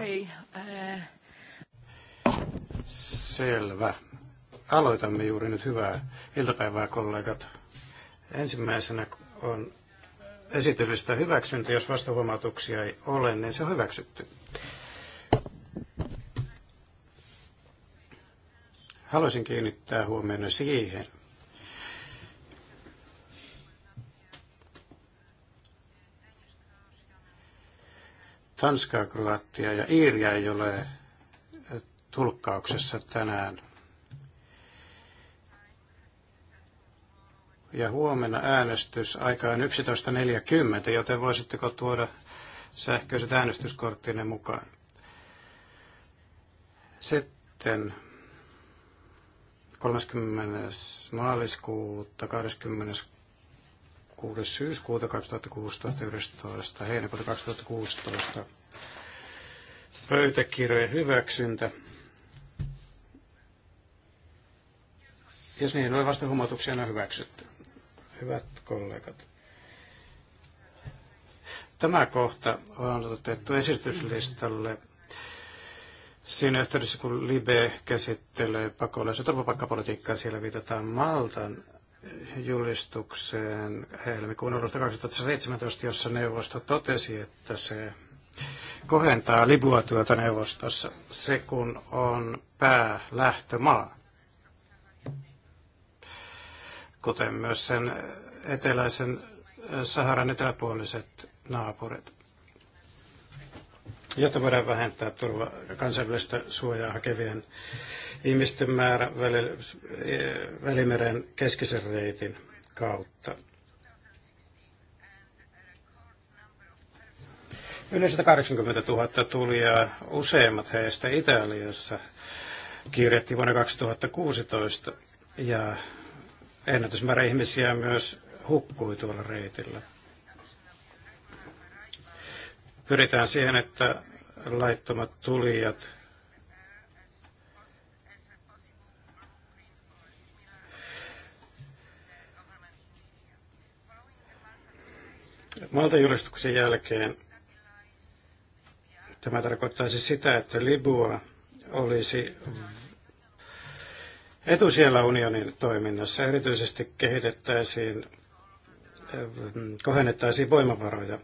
Okei. Okay. Uh, Selvä. Aloitamme juuri nyt hyvää iltapäivää, kollegat. Ensimmäisenä on esityslistä hyväksyntä. Jos vastahuomautuksia ei ole, niin se on hyväksytty. Haluaisin kiinnittää huomioon siihen, Tanskaa, Kroatiaa ja Iiriä ei ole eh, tulkkauksessa tänään. Ja huomenna äänestys aika on 11.40, joten voisitteko tuoda sähköiset äänestyskorttinne mukaan. Sitten 30. maaliskuuta, 20. 6. syyskuuta 2016, 11. heinäkuuta 2016 pöytäkirjojen hyväksyntä. Jos niihin oli vasta huomautuksia, ne on hyväksytty. Hyvät kollegat. Tämä kohta on otettu esityslistalle siinä yhteydessä, kun Libe käsittelee pakolais- ja turvapaikkapolitiikkaa. Siellä viitataan Maltan julistukseen helmikuun alusta 2017, jossa neuvosto totesi, että se kohentaa Libuatyötä tuota neuvostossa se, kun on päälähtömaa, kuten myös sen eteläisen eh, Saharan eteläpuoliset naapurit, jotta voidaan vähentää turva, kansainvälistä suojaa hakevien ihmisten määrä Välimeren keskisen reitin kautta. Yli 180 000 tuli ja useimmat heistä Italiassa kirjatti vuonna 2016 ja ennätysmäärä ihmisiä myös hukkui tuolla reitillä. Pyritään siihen, että laittomat tulijat Maltajulistuksen julistuksen jälkeen tämä tarkoittaisi sitä, että Libua olisi etusijalla unionin toiminnassa. Erityisesti kehitettäisiin, kohennettaisiin voimavaroja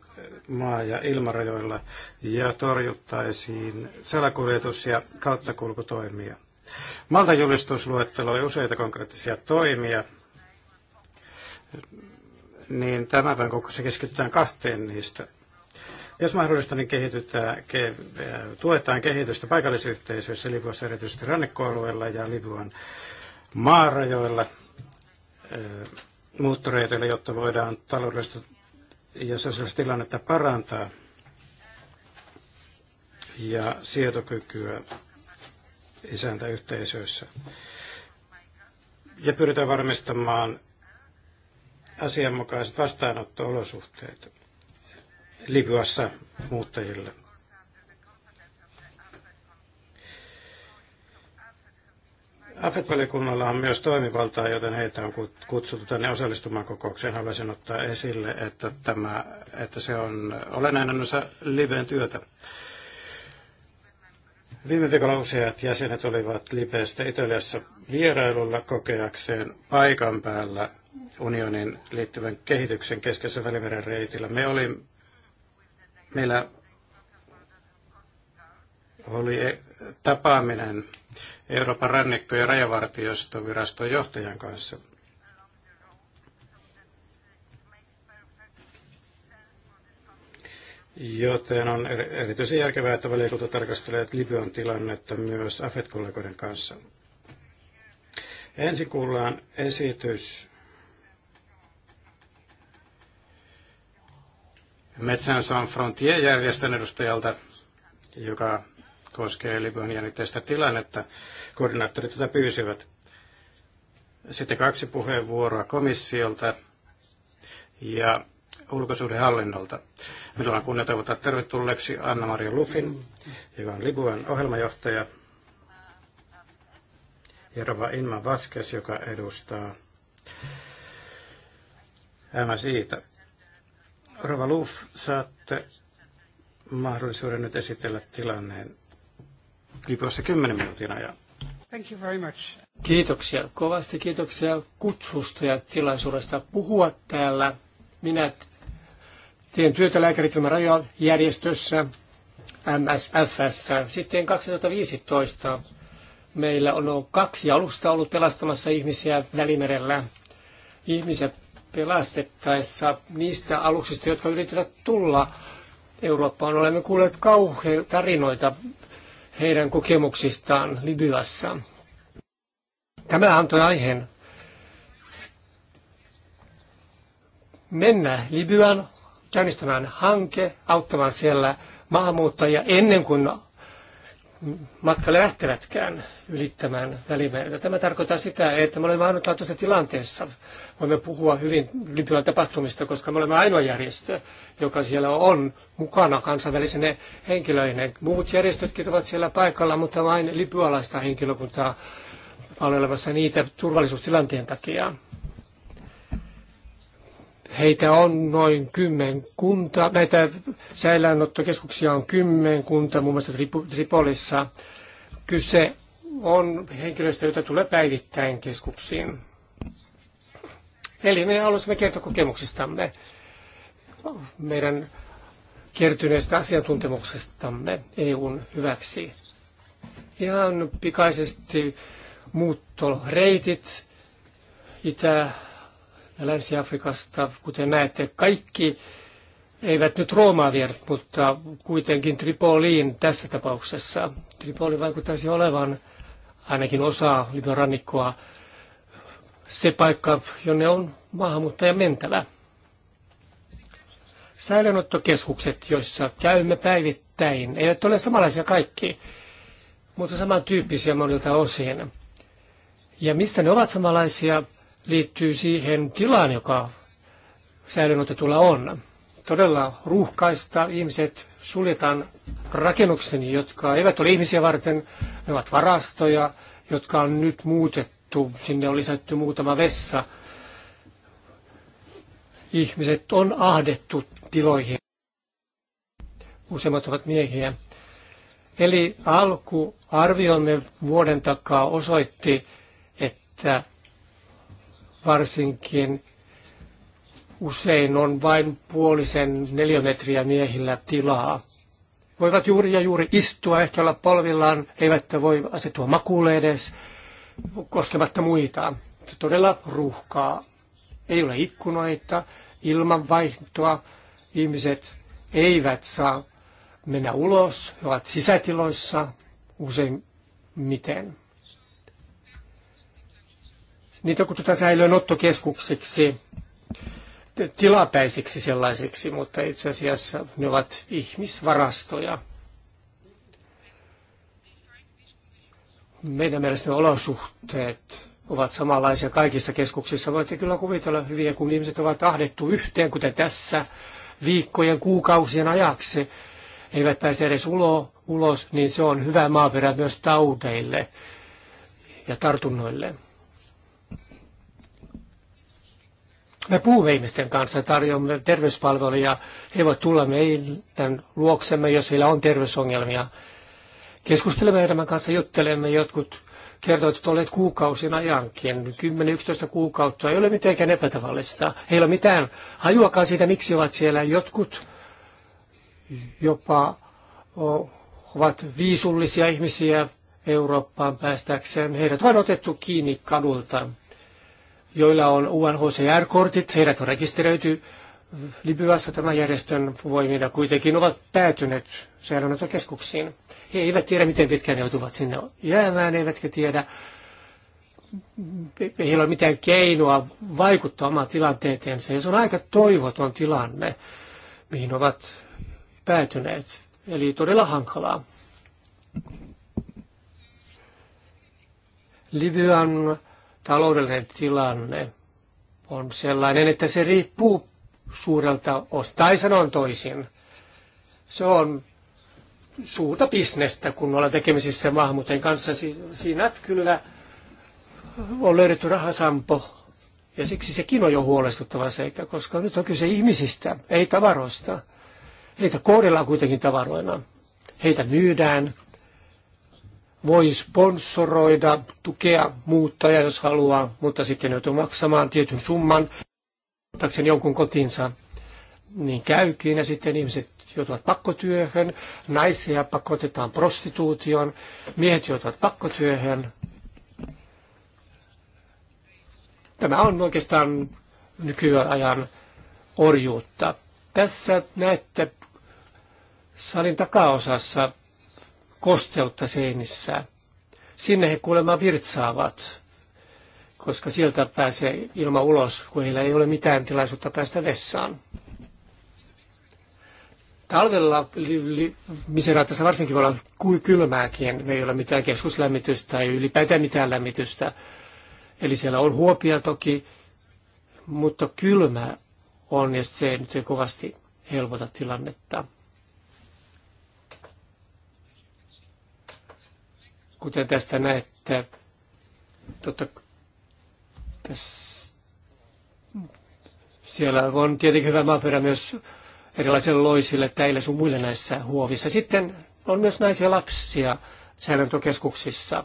maa- ja ilmarajoilla ja torjuttaisiin salakuljetus- ja kauttakulkutoimia. Maltan julistusluettelo oli useita konkreettisia toimia niin tämän päivän kokouksessa keskitytään kahteen niistä. Jos mahdollista, niin ke, eh, tuetaan kehitystä paikallisyhteisöissä Libyassa, erityisesti rannikkoalueella ja Libyan maarajoilla eh, muuttoreiteillä, jotta voidaan taloudellista ja sosiaalista tilannetta parantaa ja sietokykyä isäntäyhteisöissä. Ja pyritään varmistamaan asianmukaiset vastaanotto-olosuhteet Libyassa muuttajille. AFET-valikunnalla on myös toimivaltaa, joten heitä on kutsuttu tänne osallistumaan kokoukseen. Haluaisin ottaa esille, että, tämä, että se on olennainen osa Liben työtä. Viime viikolla useat jäsenet olivat Libestä Italiassa vierailulla kokeakseen paikan päällä unionin liittyvän kehityksen keskeisessä välimeren reitillä. Me oli, meillä oli e- tapaaminen Euroopan rannikko- ja rajavartiostoviraston johtajan kanssa. Joten on erityisen järkevää, että valiokunta tarkastelee Libyan tilannetta myös AFET-kollegoiden kanssa. Ensin kuullaan esitys Metsän San Frontier-järjestön edustajalta, joka koskee Libyan jännitteistä tilannetta. Koordinaattorit tätä pyysivät. Sitten kaksi puheenvuoroa komissiolta ja ulkosuhdehallinnolta. Minulla on kunnia toivottaa tervetulleeksi Anna-Maria Lufin, joka on Libyan ohjelmajohtaja, ja Rova Inma Vaskes, joka edustaa MSItä. Rova Luf, saatte mahdollisuuden nyt esitellä tilanneen Libyassa 10 minuutin ajan. Thank you very much. Kiitoksia kovasti, kiitoksia kutsusta ja tilaisuudesta puhua täällä. Minä teen työtä lääkäritilman rajajärjestössä MSFS. Sitten 2015 meillä on kaksi alusta ollut pelastamassa ihmisiä Välimerellä. Ihmiset pelastettaessa niistä aluksista, jotka yrittävät tulla Eurooppaan. Olemme kuulleet kauheita tarinoita heidän kokemuksistaan Libyassa. Tämä antoi aiheen mennä Libyan käynnistämään hanke, auttamaan siellä maahanmuuttajia ennen kuin matka lähtevätkään ylittämään välimerta. Tämä tarkoittaa sitä, että me olemme ainutlaatuisessa tilanteessa. Voimme puhua hyvin Libyan tapahtumista, koska me olemme ainoa järjestö, joka siellä on mukana kansainvälisenä henkilöinen Muut järjestötkin ovat siellä paikalla, mutta vain libyalaista henkilökuntaa palvelemassa niitä turvallisuustilanteen takia. Heitä on noin kymmenkunta, näitä säilöönottokeskuksia on kymmenkunta, muun muassa Tripolissa. Kyse on henkilöistä, joita tulee päivittäin keskuksiin. Eli me haluaisimme kertoa kokemuksistamme, meidän kertyneestä asiantuntemuksestamme EUn hyväksi. Ihan pikaisesti muuttoreitit Itä- Länsi-Afrikasta. Kuten näette, kaikki eivät nyt Roomaa viedä, mutta kuitenkin Tripoliin tässä tapauksessa. Tripoli vaikuttaisi olevan ainakin osa Libyan rannikkoa se paikka, jonne on maahanmuuttaja mentävä. Säilönottokeskukset, joissa käymme päivittäin, eivät ole samanlaisia kaikki, mutta samantyyppisiä monilta osin. Ja mistä ne ovat samanlaisia, liittyy siihen tilaan, joka säilönotetulla on. Todella ruuhkaista ihmiset suljetaan rakennuksiin, jotka eivät ole ihmisiä varten, ne ovat varastoja, jotka on nyt muutettu, sinne on lisätty muutama vessa. Ihmiset on ahdettu tiloihin. Useimmat ovat miehiä. Eli alkuarviomme vuoden takaa osoitti, että varsinkin usein on vain puolisen neliömetriä miehillä tilaa. Voivat juuri ja juuri istua, ehkä olla polvillaan, eivät voi asettua makuulle edes, koskematta muita. Se todella ruuhkaa. Ei ole ikkunoita, ilmanvaihtoa. Ihmiset eivät saa mennä ulos, he ovat sisätiloissa usein miten. Niitä kutsutaan säilöönottokeskuksiksi, tilapäisiksi sellaisiksi, mutta itse asiassa ne ovat ihmisvarastoja. Meidän mielestämme olosuhteet ovat samanlaisia kaikissa keskuksissa. Voitte kyllä kuvitella hyviä, kun ihmiset ovat ahdettu yhteen, kuten tässä viikkojen, kuukausien ajaksi eivät pääse edes ulo, ulos, niin se on hyvä maaperä myös taudeille ja tartunnoille. me puhumme ihmisten kanssa, tarjoamme terveyspalveluja, he voivat tulla meidän luoksemme, jos heillä on terveysongelmia. Keskustelemme heidän kanssa, juttelemme, jotkut kertovat, että olet kuukausina ajankin, 10-11 kuukautta, ei ole mitenkään epätavallista. Heillä ei ole mitään hajuakaan siitä, miksi ovat siellä. Jotkut jopa ovat viisullisia ihmisiä Eurooppaan päästäkseen. Heidät on otettu kiinni kadulta joilla on UNHCR-kortit, heidät on rekisteröity Libyassa tämän järjestön voimina, kuitenkin ovat päätyneet säilönottokeskuksiin. He eivät tiedä, miten pitkään ne joutuvat sinne jäämään, eivätkä tiedä, ei heillä ole mitään keinoa vaikuttaa omaan tilanteeseensa. Ja se on aika toivoton tilanne, mihin ovat päätyneet. Eli todella hankalaa. Libyan taloudellinen tilanne on sellainen, että se riippuu suurelta osin. Tai sanon toisin, se on suuta bisnestä, kun ollaan tekemisissä maahanmuuttajien kanssa. Siinä kyllä on löydetty rahasampo, ja siksi sekin on jo huolestuttava seikka, koska nyt on kyse ihmisistä, ei tavaroista. Heitä kohdellaan kuitenkin tavaroina. Heitä myydään, voi sponsoroida, tukea muuttaja, jos haluaa, mutta sitten joutuu maksamaan tietyn summan, ottaakseen jonkun kotinsa. Niin käykin ja sitten ihmiset joutuvat pakkotyöhön, naisia pakotetaan prostituution, miehet joutuvat pakkotyöhön. Tämä on oikeastaan nykyajan orjuutta. Tässä näette salin takaosassa kosteutta seinissään. Sinne he kuulemma virtsaavat, koska sieltä pääsee ilma ulos, kun heillä ei ole mitään tilaisuutta päästä vessaan. Talvella miseraatassa varsinkin voi olla kuin kylmääkin, ei ole mitään keskuslämmitystä tai ylipäätään mitään lämmitystä. Eli siellä on huopia toki, mutta kylmä on ja se ei nyt kovasti helpota tilannetta. Kuten tästä näette, totta, tässä, siellä on tietenkin hyvä maaperä myös erilaisille loisille, täille sun muille näissä huovissa. Sitten on myös naisia lapsia säilöntokeskuksissa.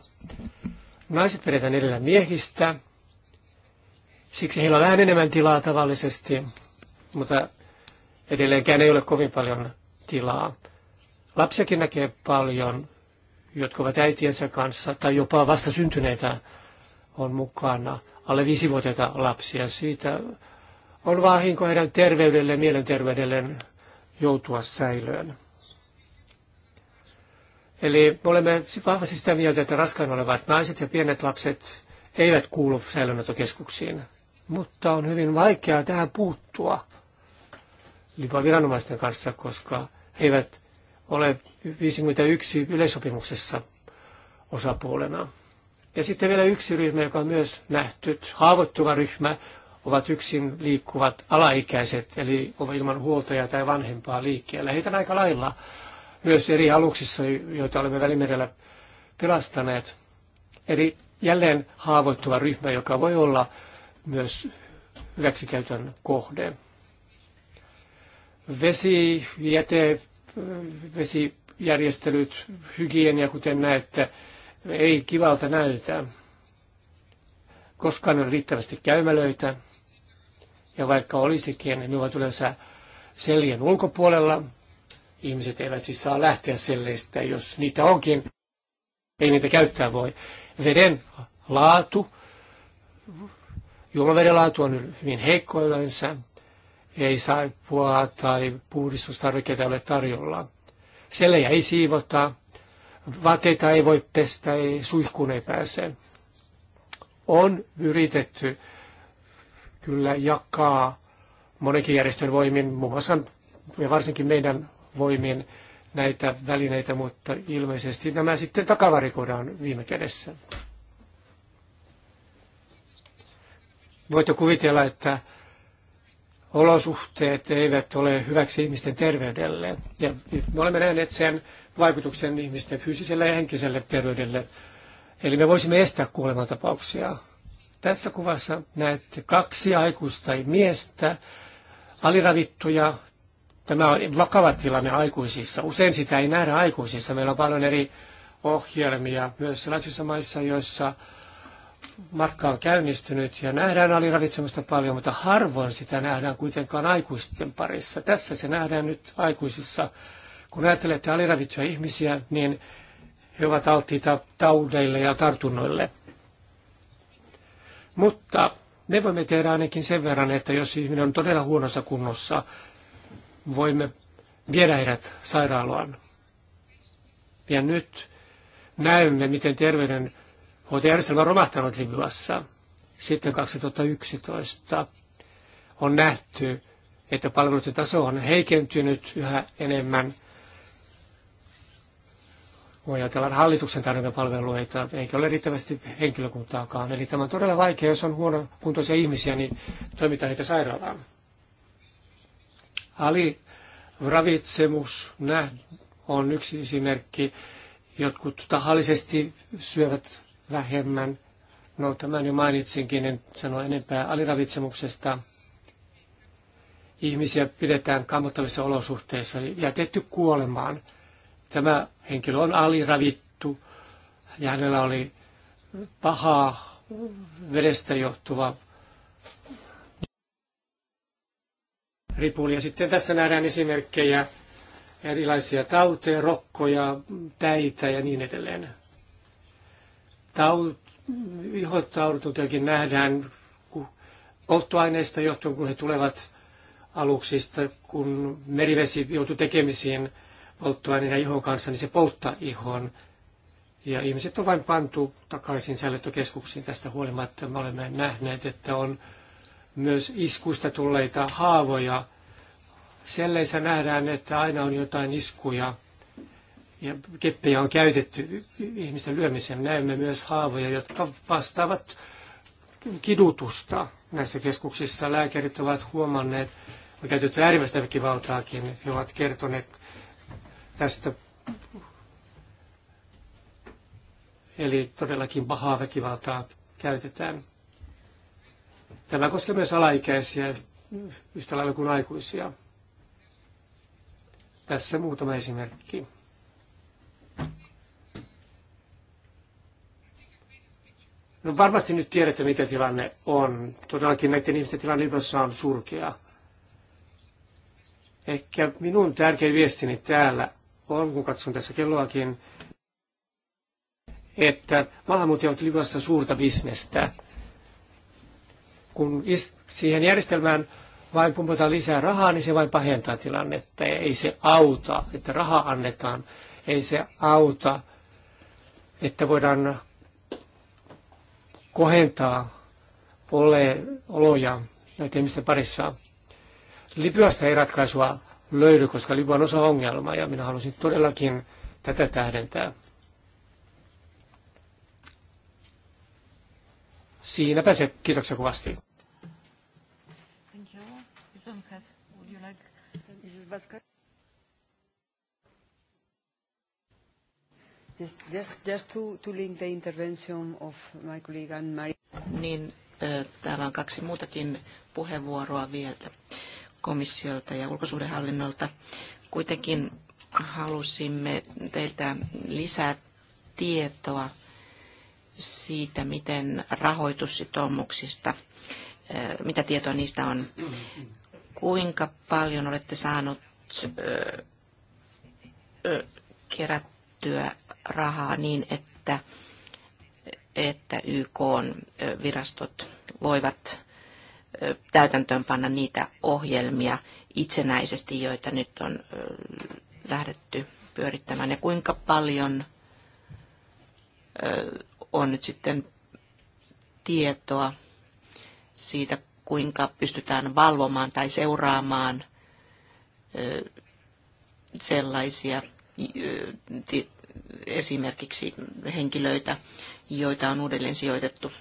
Naiset pidetään edellä miehistä, siksi heillä on vähän enemmän tilaa tavallisesti, mutta edelleenkään ei ole kovin paljon tilaa. Lapsiakin näkee paljon jotka ovat äitiensä kanssa tai jopa vasta syntyneitä on mukana, alle viisivuotiaita lapsia. Siitä on vahinko heidän ja mielenterveydelleen joutua säilöön. Eli me olemme vahvasti sitä mieltä, että raskaana olevat naiset ja pienet lapset eivät kuulu säilönnätokeskuksiin, mutta on hyvin vaikeaa tähän puuttua lipa viranomaisten kanssa, koska he eivät ole 51 yleisopimuksessa osapuolena. Ja sitten vielä yksi ryhmä, joka on myös nähty, haavoittuva ryhmä, ovat yksin liikkuvat alaikäiset, eli ovat ilman huoltajaa tai vanhempaa liikkeellä. Heitä on aika lailla myös eri aluksissa, joita olemme Välimerellä pelastaneet. Eli jälleen haavoittuva ryhmä, joka voi olla myös hyväksikäytön kohde. Vesi, jäte, vesi järjestelyt, hygienia, kuten näette, ei kivalta näytä. Koskaan on riittävästi käymälöitä, ja vaikka olisikin, niin ne ovat yleensä sellien ulkopuolella. Ihmiset eivät siis saa lähteä selleistä, jos niitä onkin. Ei niitä käyttää voi. Veden laatu, juomaveden laatu on hyvin heikko yleensä. Ei saippuaa tai puhdistustarvikkeita ole tarjolla. Sellejä ei siivota, vateita ei voi pestä, ei, suihkuun ei pääse. On yritetty kyllä jakaa monenkin järjestön voimin, muun muassa ja varsinkin meidän voimin näitä välineitä, mutta ilmeisesti nämä sitten takavarikoidaan viime kädessä. Voitte kuvitella, että olosuhteet eivät ole hyväksi ihmisten terveydelle. Ja me olemme nähneet sen vaikutuksen ihmisten fyysiselle ja henkiselle terveydelle. Eli me voisimme estää kuolemantapauksia. Tässä kuvassa näette kaksi aikuista miestä, aliravittuja. Tämä on vakava tilanne aikuisissa. Usein sitä ei nähdä aikuisissa. Meillä on paljon eri ohjelmia myös sellaisissa maissa, joissa matka on käynnistynyt ja nähdään aliravitsemusta paljon, mutta harvoin sitä nähdään kuitenkaan aikuisten parissa. Tässä se nähdään nyt aikuisissa. Kun ajattelette aliravittuja ihmisiä, niin he ovat alttiita taudeille ja tartunnoille. Mutta me voimme tehdä ainakin sen verran, että jos ihminen on todella huonossa kunnossa, voimme viedä heidät sairaalaan. Ja nyt näemme, miten terveyden hoitojärjestelmä on romahtanut Libyassa. Sitten 2011 on nähty, että palveluiden taso on heikentynyt yhä enemmän. Voi ajatella hallituksen tarjoamia palveluita, eikä ole riittävästi henkilökuntaakaan. Eli tämä on todella vaikea, jos on kuntoisia ihmisiä, niin toimitaan heitä sairaalaan. Ali ravitsemus on yksi esimerkki. Jotkut tahallisesti syövät vähemmän. No tämän jo mainitsinkin, en sano enempää aliravitsemuksesta. Ihmisiä pidetään kammottavissa olosuhteissa ja tehty kuolemaan. Tämä henkilö on aliravittu ja hänellä oli pahaa vedestä johtuva ripuli. Ja sitten tässä nähdään esimerkkejä erilaisia tauteja, rokkoja, täitä ja niin edelleen jotenkin nähdään polttoaineista johtuen, kun he tulevat aluksista, kun merivesi joutuu tekemisiin polttoaineen ja ihon kanssa, niin se polttaa ihon. Ja ihmiset on vain pantu takaisin säilyttökeskuksiin tästä huolimatta. Me olemme nähneet, että on myös iskuista tulleita haavoja. Selleissä nähdään, että aina on jotain iskuja ja keppejä on käytetty ihmisten lyömiseen. Näemme myös haavoja, jotka vastaavat kidutusta näissä keskuksissa. Lääkärit ovat huomanneet, on käytetty äärimmäistä väkivaltaakin. He ovat kertoneet tästä. Eli todellakin pahaa väkivaltaa käytetään. Tämä koskee myös alaikäisiä yhtä lailla kuin aikuisia. Tässä muutama esimerkki. No varmasti nyt tiedätte, mikä tilanne on. Todellakin näiden ihmisten tilanne Libanossa on surkea. Ehkä minun tärkein viestini täällä on, kun katson tässä kelloakin, että maahanmuuttajat Libanossa suurta bisnestä. Kun siihen järjestelmään vain pumpataan lisää rahaa, niin se vain pahentaa tilannetta. Ja ei se auta, että rahaa annetaan. Ei se auta, että voidaan kohentaa ole, oloja näiden ihmisten parissa. Libyasta ei ratkaisua löydy, koska Libya on osa ongelmaa ja minä halusin todellakin tätä tähdentää. Siinäpä se. Kiitoksia kovasti. Thank you. You don't have, would you like just to, link the intervention of my colleague Niin, täällä on kaksi muutakin puheenvuoroa vielä komissiolta ja ulkosuhdehallinnolta. Kuitenkin halusimme teiltä lisää tietoa siitä, miten rahoitussitoumuksista, mitä tietoa niistä on. Kuinka paljon olette saanut kerättyä käytettyä rahaa niin, että, että YK virastot voivat täytäntöönpanna niitä ohjelmia itsenäisesti, joita nyt on lähdetty pyörittämään. Ja kuinka paljon on nyt sitten tietoa siitä, kuinka pystytään valvomaan tai seuraamaan sellaisia esimerkiksi henkilöitä, joita on uudelleen sijoitettu,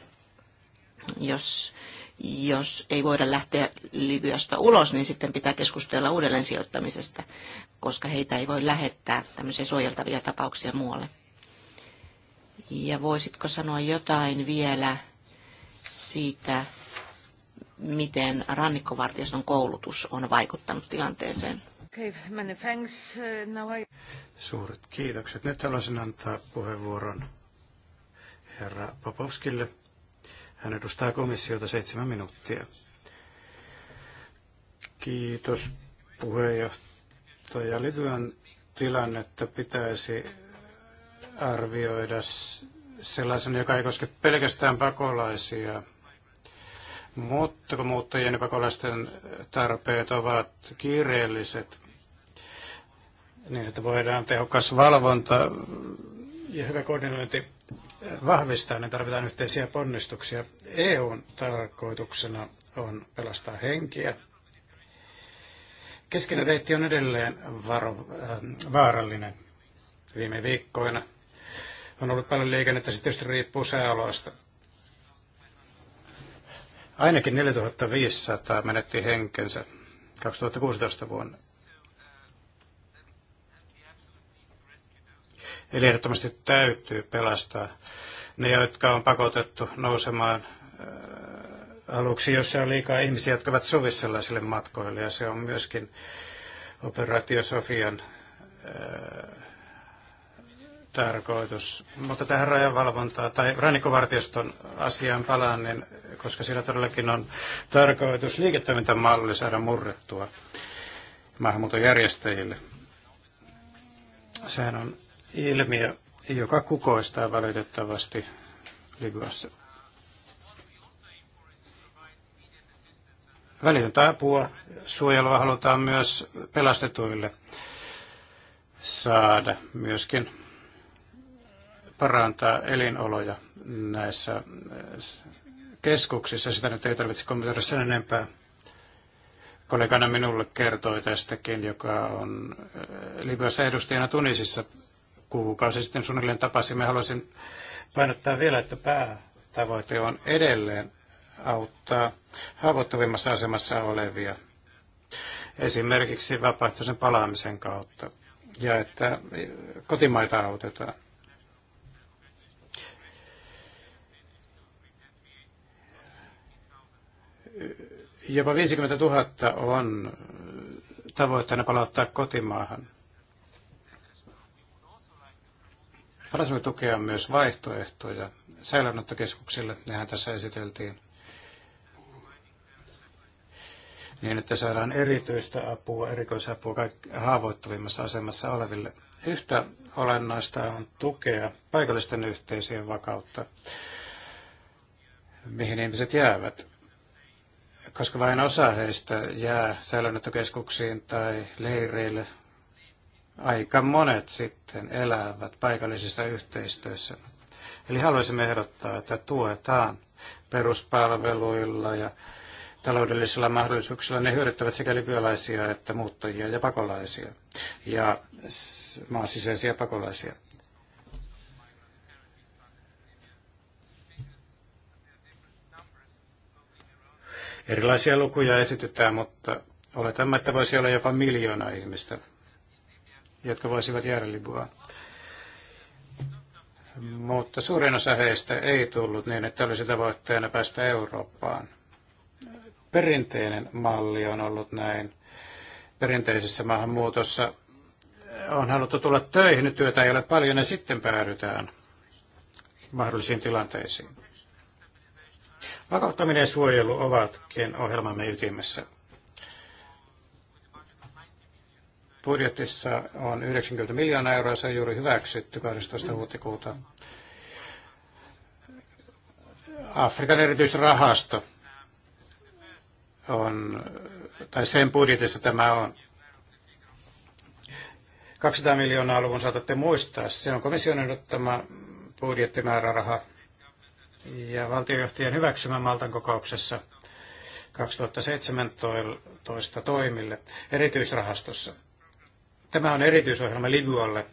jos jos ei voida lähteä Libyasta ulos, niin sitten pitää keskustella uudelleen sijoittamisesta, koska heitä ei voi lähettää tämmöisiä suojeltavia tapauksia muualle. Ja voisitko sanoa jotain vielä siitä, miten rannikkovartioston koulutus on vaikuttanut tilanteeseen? Okay, many thanks. Uh, now I... Suuret kiitokset. Nyt haluaisin antaa puheenvuoron herra Popovskille. Hän edustaa komissiota seitsemän minuuttia. Kiitos puheenjohtaja. Libyan tilannetta pitäisi arvioida sellaisen, joka ei koske pelkästään pakolaisia, mutta kun muuttajien ja pakolaisten tarpeet ovat kiireelliset, niin että voidaan tehokas valvonta ja hyvä koordinointi vahvistaa, niin tarvitaan yhteisiä ponnistuksia. EUn tarkoituksena on pelastaa henkiä. Keskinen reitti on edelleen varo, äh, vaarallinen viime viikkoina. On ollut paljon liikennettä, se tietysti riippuu sääoloista. Ainakin 4500 menetti henkensä 2016 vuonna. Eli ehdottomasti täytyy pelastaa ne, jotka on pakotettu nousemaan äh, aluksi, jossa on liikaa ihmisiä, jotka ovat sovi sellaisille matkoille. Ja se on myöskin operaatio Sofian äh, tarkoitus. Mutta tähän rajavalvontaan tai rannikkovartioston asiaan palaan, niin, koska siellä todellakin on tarkoitus liiketoimintamalli saada murrettua maahanmuuton järjestäjille. Sehän on ilmiö, joka kukoistaa valitettavasti Libyassa. Välitöntä apua, suojelua halutaan myös pelastetuille saada myöskin parantaa elinoloja näissä keskuksissa. Sitä nyt ei tarvitse kommentoida sen enempää. Kollegana minulle kertoi tästäkin, joka on eh, Libyassa edustajana Tunisissa kuukausi sitten suunnilleen tapasimme. Haluaisin painottaa vielä, että päätavoite on edelleen auttaa haavoittuvimmassa asemassa olevia, esimerkiksi vapaaehtoisen palaamisen kautta, ja että kotimaita autetaan. Jopa 50 000 on tavoitteena palauttaa kotimaahan. Haluaisimme tukea myös vaihtoehtoja säilönottokeskuksille, nehän tässä esiteltiin, niin että saadaan erityistä apua, erikoisapua kaikki haavoittuvimmassa asemassa oleville. Yhtä olennaista on tukea paikallisten yhteisöjen vakautta, mihin ihmiset jäävät koska vain osa heistä jää säilöönottokeskuksiin tai leireille aika monet sitten elävät paikallisissa yhteistyössä. Eli haluaisimme ehdottaa, että tuetaan peruspalveluilla ja taloudellisilla mahdollisuuksilla. Ne hyödyttävät sekä libyalaisia että muuttajia ja pakolaisia ja maan sisäisiä pakolaisia. Erilaisia lukuja esitetään, mutta oletamme, että voisi olla jopa miljoona ihmistä jotka voisivat jäädä Libuaan. Mutta suurin osa heistä ei tullut niin, että olisi tavoitteena päästä Eurooppaan. Perinteinen malli on ollut näin. Perinteisessä maahanmuutossa on haluttu tulla töihin, nyt työtä ei ole paljon ja sitten päädytään mahdollisiin tilanteisiin. Vakauttaminen ja suojelu ovatkin ohjelmamme ytimessä. budjetissa on 90 miljoonaa euroa, se on juuri hyväksytty 12. huhtikuuta. Afrikan erityisrahasto on, tai sen budjetissa tämä on. 200 miljoonaa luvun saatatte muistaa. Se on komission ehdottama budjettimääräraha ja valtiojohtajien hyväksymä Maltan kokouksessa 2017 toimille erityisrahastossa. Tämä on erityisohjelma Libyalle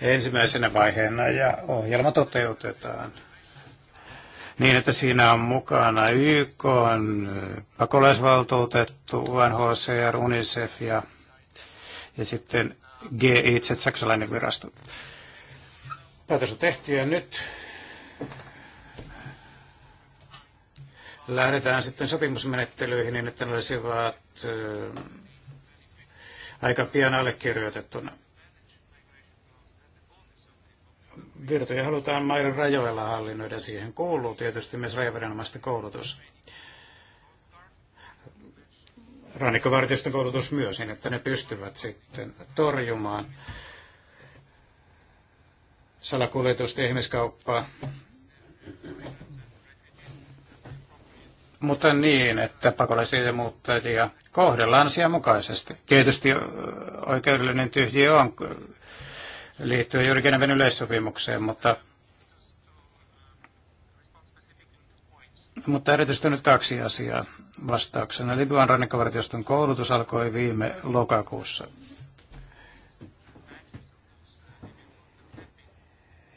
ensimmäisenä vaiheena ja ohjelma toteutetaan niin, että siinä on mukana YK, on pakolaisvaltuutettu, UNHCR, UNICEF ja, ja sitten G itse, saksalainen virasto. Päätös on tehty ja nyt lähdetään sitten sopimusmenettelyihin niin, että ne olisivat aika pian allekirjoitettuna. Virtoja halutaan maiden rajoilla hallinnoida. Siihen kuuluu tietysti myös rajaviranomaisten koulutus. Rannikkovartioston koulutus myös, niin että ne pystyvät sitten torjumaan salakuljetusta ja ihmiskauppaa mutta niin, että pakolaisia ja muuttajia kohdellaan mukaisesti. Tietysti oikeudellinen tyhjiö on liittyy juuri Geneven yleissopimukseen, mutta, mutta erityisesti nyt kaksi asiaa vastauksena. Libyan rannikkovartioston koulutus alkoi viime lokakuussa.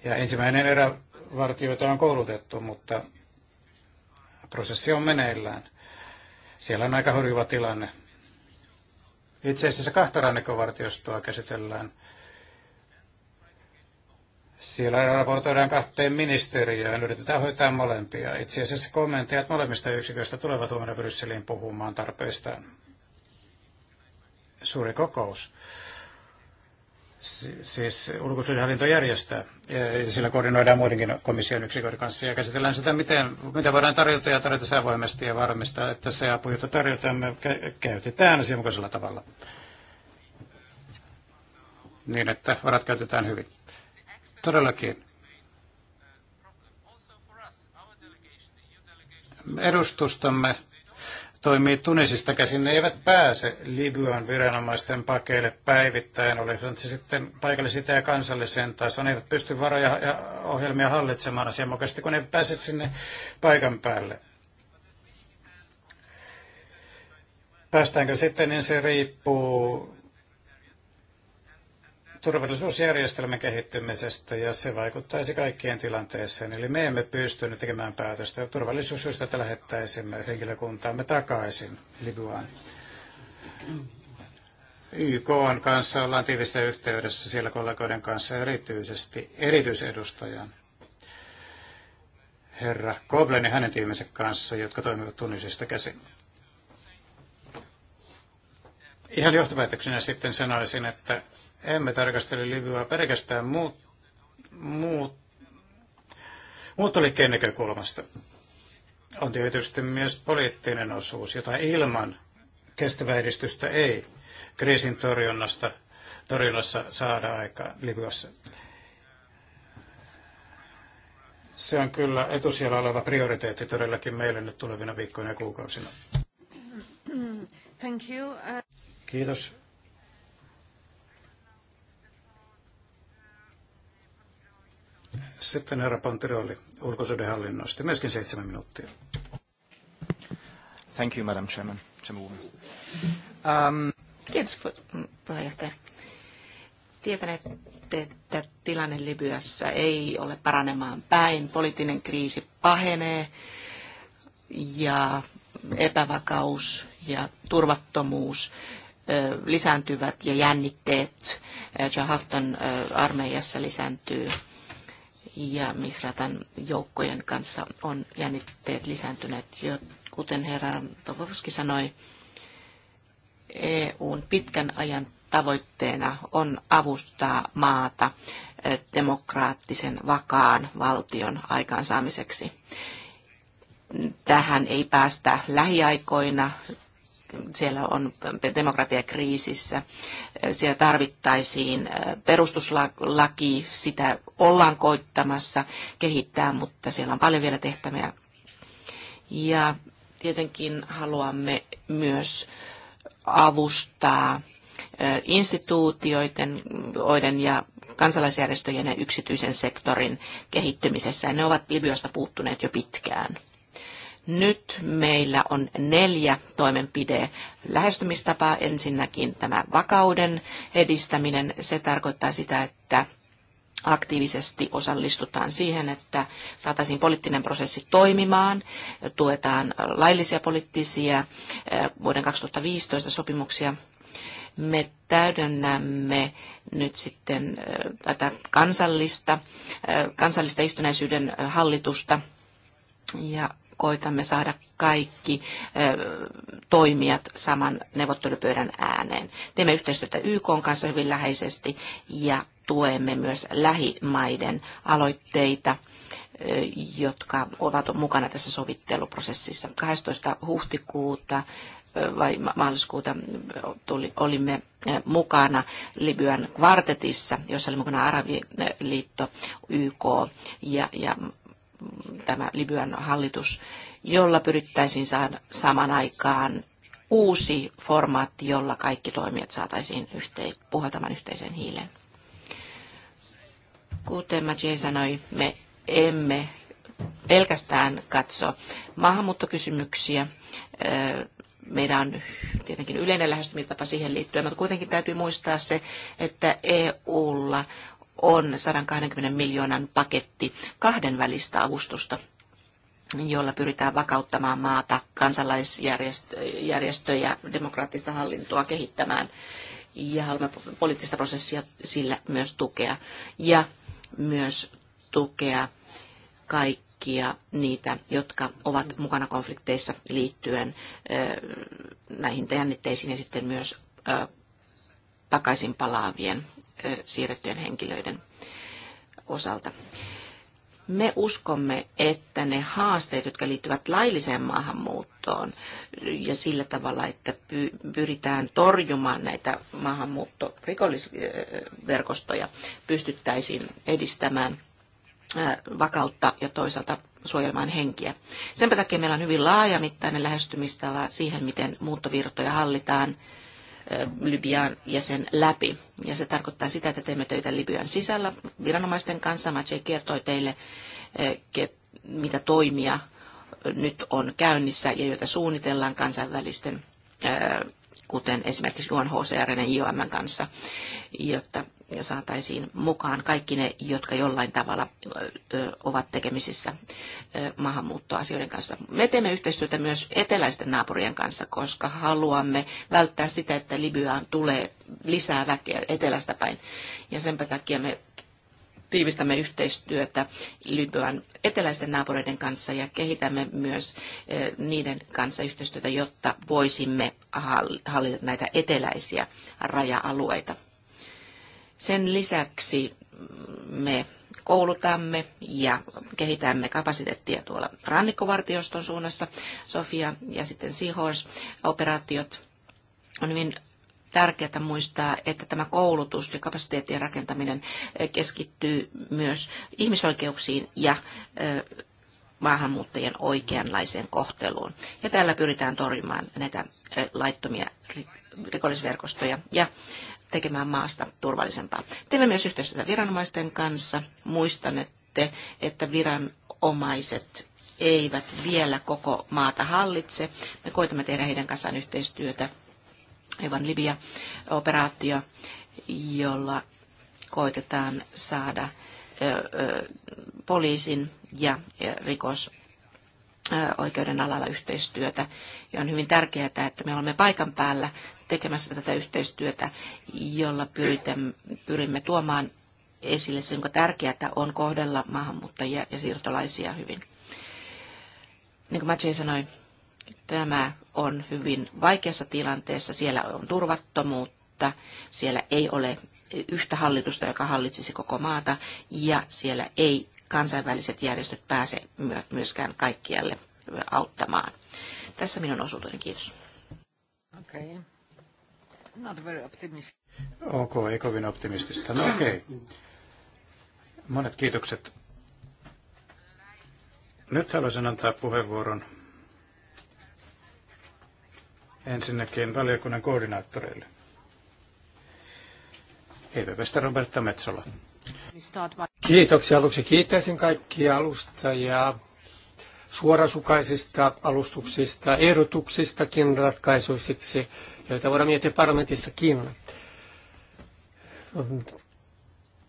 Ja ensimmäinen erä vartijoita on koulutettu, mutta Prosessi on meneillään. Siellä on aika horjuva tilanne. Itse asiassa kahta rannikkovartiostoa käsitellään. Siellä raportoidaan kahteen ministeriöön, yritetään hoitaa molempia. Itse asiassa kommentteja molemmista yksiköistä tulevat huomenna Brysseliin puhumaan tarpeistaan. Suuri kokous siis ulkosuhdehallinto järjestää. Sillä koordinoidaan muidenkin komission yksiköiden kanssa ja käsitellään sitä, miten, mitä voidaan tarjota ja tarjota säävoimasti ja varmistaa, että se apu, jota tarjotaan, me käytetään asianmukaisella tavalla. Niin, että varat käytetään hyvin. Todellakin. Edustustamme toimii Tunisista käsin, ne eivät pääse Libyan viranomaisten pakeille päivittäin, se sitten paikallisita ja kansalliseen tasoon, ne eivät pysty varoja ja ohjelmia hallitsemaan asianmukaisesti, kun ne eivät pääse sinne paikan päälle. Päästäänkö sitten, niin se riippuu turvallisuusjärjestelmän kehittymisestä ja se vaikuttaisi kaikkien tilanteeseen. Eli me emme pystynyt tekemään päätöstä turvallisuussyistä, että lähettäisimme henkilökuntaamme takaisin Libyaan. YK on kanssa ollaan tiivistä yhteydessä siellä kollegoiden kanssa erityisesti erityisedustajan herra Koblen ja hänen tiiminsä kanssa, jotka toimivat Tunisista käsin. Ihan johtopäätöksenä sitten sanoisin, että emme tarkastele Libyaa pelkästään muut, muut, muuttoliikkeen näkökulmasta. On tietysti myös poliittinen osuus, jota ilman kestävää edistystä ei kriisin torjunnasta, torjunnassa saada aikaan Libyassa. Se on kyllä etusijalla oleva prioriteetti todellakin meille nyt tulevina viikkoina ja kuukausina. Thank you. Kiitos. Sitten herra Panteroli ulkosuudenhallinnosta, myöskin seitsemän minuuttia. Thank you, Madam Chairman. Um... Kiitos, puheenjohtaja. Tietän, että tilanne Libyassa ei ole paranemaan päin. Poliittinen kriisi pahenee ja epävakaus ja turvattomuus lisääntyvät ja jännitteet Jahaftan armeijassa lisääntyy ja Misratan joukkojen kanssa on jännitteet lisääntyneet. Jo, kuten herra Papovski sanoi, EUn pitkän ajan tavoitteena on avustaa maata eh, demokraattisen vakaan valtion aikaansaamiseksi. Tähän ei päästä lähiaikoina siellä on demokratiakriisissä, siellä tarvittaisiin perustuslaki, sitä ollaan koittamassa kehittää, mutta siellä on paljon vielä tehtäviä. Ja tietenkin haluamme myös avustaa instituutioiden ja kansalaisjärjestöjen ja yksityisen sektorin kehittymisessä. ne ovat Libyasta puuttuneet jo pitkään. Nyt meillä on neljä toimenpide lähestymistapaa. Ensinnäkin tämä vakauden edistäminen. Se tarkoittaa sitä, että aktiivisesti osallistutaan siihen, että saataisiin poliittinen prosessi toimimaan, tuetaan laillisia poliittisia eh, vuoden 2015 sopimuksia. Me täydennämme nyt sitten eh, tätä kansallista, eh, kansallista yhtenäisyyden hallitusta ja koitamme saada kaikki toimijat saman neuvottelupöydän ääneen. Teemme yhteistyötä YK kanssa hyvin läheisesti ja tuemme myös lähimaiden aloitteita jotka ovat mukana tässä sovitteluprosessissa. 12. huhtikuuta vai maaliskuuta tuli, olimme mukana Libyan kvartetissa, jossa oli mukana Arabiliitto, YK ja, ja tämä Libyan hallitus, jolla pyrittäisiin saada saman aikaan uusi formaatti, jolla kaikki toimijat saataisiin yhteis- puhaltamaan yhteiseen hiileen. Kuten Majin sanoi, me emme pelkästään katso maahanmuuttokysymyksiä. Meidän on tietenkin yleinen lähestymistapa siihen liittyen, mutta kuitenkin täytyy muistaa se, että EUlla on 120 miljoonan paketti kahdenvälistä avustusta jolla pyritään vakauttamaan maata, kansalaisjärjestöjä, demokraattista hallintoa kehittämään ja haluamme poliittista prosessia sillä myös tukea ja myös tukea kaikkia niitä, jotka ovat mukana konflikteissa liittyen näihin jännitteisiin ja sitten myös takaisin palaavien siirrettyjen henkilöiden osalta. Me uskomme, että ne haasteet, jotka liittyvät lailliseen maahanmuuttoon ja sillä tavalla, että pyritään torjumaan näitä maahanmuuttorikollisverkostoja, pystyttäisiin edistämään vakautta ja toisaalta suojelemaan henkiä. Sen takia meillä on hyvin laajamittainen lähestymistapa siihen, miten muuttovirtoja hallitaan, Libyan ja sen läpi. Ja se tarkoittaa sitä, että teemme töitä Libyan sisällä viranomaisten kanssa. Mace kertoi teille, mitä toimia nyt on käynnissä ja joita suunnitellaan kansainvälisten, kuten esimerkiksi UNHCR ja IOM kanssa, jotta ja saataisiin mukaan kaikki ne, jotka jollain tavalla ovat tekemisissä maahanmuuttoasioiden kanssa. Me teemme yhteistyötä myös eteläisten naapurien kanssa, koska haluamme välttää sitä, että Libyaan tulee lisää väkeä etelästä päin. Ja sen takia me tiivistämme yhteistyötä Libyan eteläisten naapureiden kanssa ja kehitämme myös niiden kanssa yhteistyötä, jotta voisimme hallita näitä eteläisiä raja-alueita sen lisäksi me koulutamme ja kehitämme kapasiteettia tuolla rannikkovartioston suunnassa, Sofia ja sitten Seahorse-operaatiot. On hyvin tärkeää muistaa, että tämä koulutus ja kapasiteettien rakentaminen eh, keskittyy myös ihmisoikeuksiin ja eh, maahanmuuttajien oikeanlaiseen kohteluun. Ja tällä pyritään torjumaan näitä eh, laittomia rikollisverkostoja ja tekemään maasta turvallisempaa. Teemme myös yhteistyötä viranomaisten kanssa. Muistanette, että viranomaiset eivät vielä koko maata hallitse. Me koitamme tehdä heidän kanssaan yhteistyötä, evan Libia-operaatio, jolla koitetaan saada poliisin ja rikos oikeuden alalla yhteistyötä. Ja on hyvin tärkeää, että me olemme paikan päällä tekemässä tätä yhteistyötä, jolla pyrimme tuomaan esille sen, kuinka tärkeää on kohdella maahanmuuttajia ja siirtolaisia hyvin. Niin kuin Matsi sanoi, tämä on hyvin vaikeassa tilanteessa. Siellä on turvattomuutta, siellä ei ole yhtä hallitusta, joka hallitsisi koko maata, ja siellä ei kansainväliset järjestöt pääse myöskään kaikkialle auttamaan. Tässä minun osuuteni. Kiitos. Okay. Not very optimistic. Ok, ei kovin optimistista. No okei. Okay. Monet kiitokset. Nyt haluaisin antaa puheenvuoron ensinnäkin valiokunnan koordinaattoreille. EVPstä Roberta Metsola. Kiitoksia. Aluksi kiittäisin kaikkia alustajia suorasukaisista alustuksista, ehdotuksistakin ratkaisuisiksi joita voidaan miettiä parlamentissakin.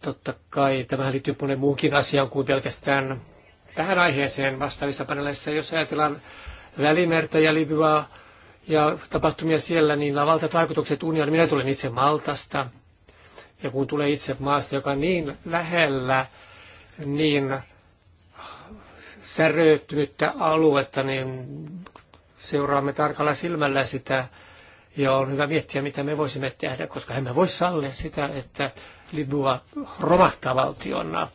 Totta kai tämä liittyy monen muunkin asiaan kuin pelkästään tähän aiheeseen vastaavissa paneleissa, Jos ajatellaan Välimerta ja Libyaa ja tapahtumia siellä, niin valtavat vaikutukset unioon. Minä tulen itse Maltasta ja kun tulee itse maasta, joka on niin lähellä, niin säröittynyttä aluetta, niin seuraamme tarkalla silmällä sitä, ja on hyvä miettiä, mitä me voisimme tehdä, koska emme voi sallia sitä, että libua romahtaa valtiona.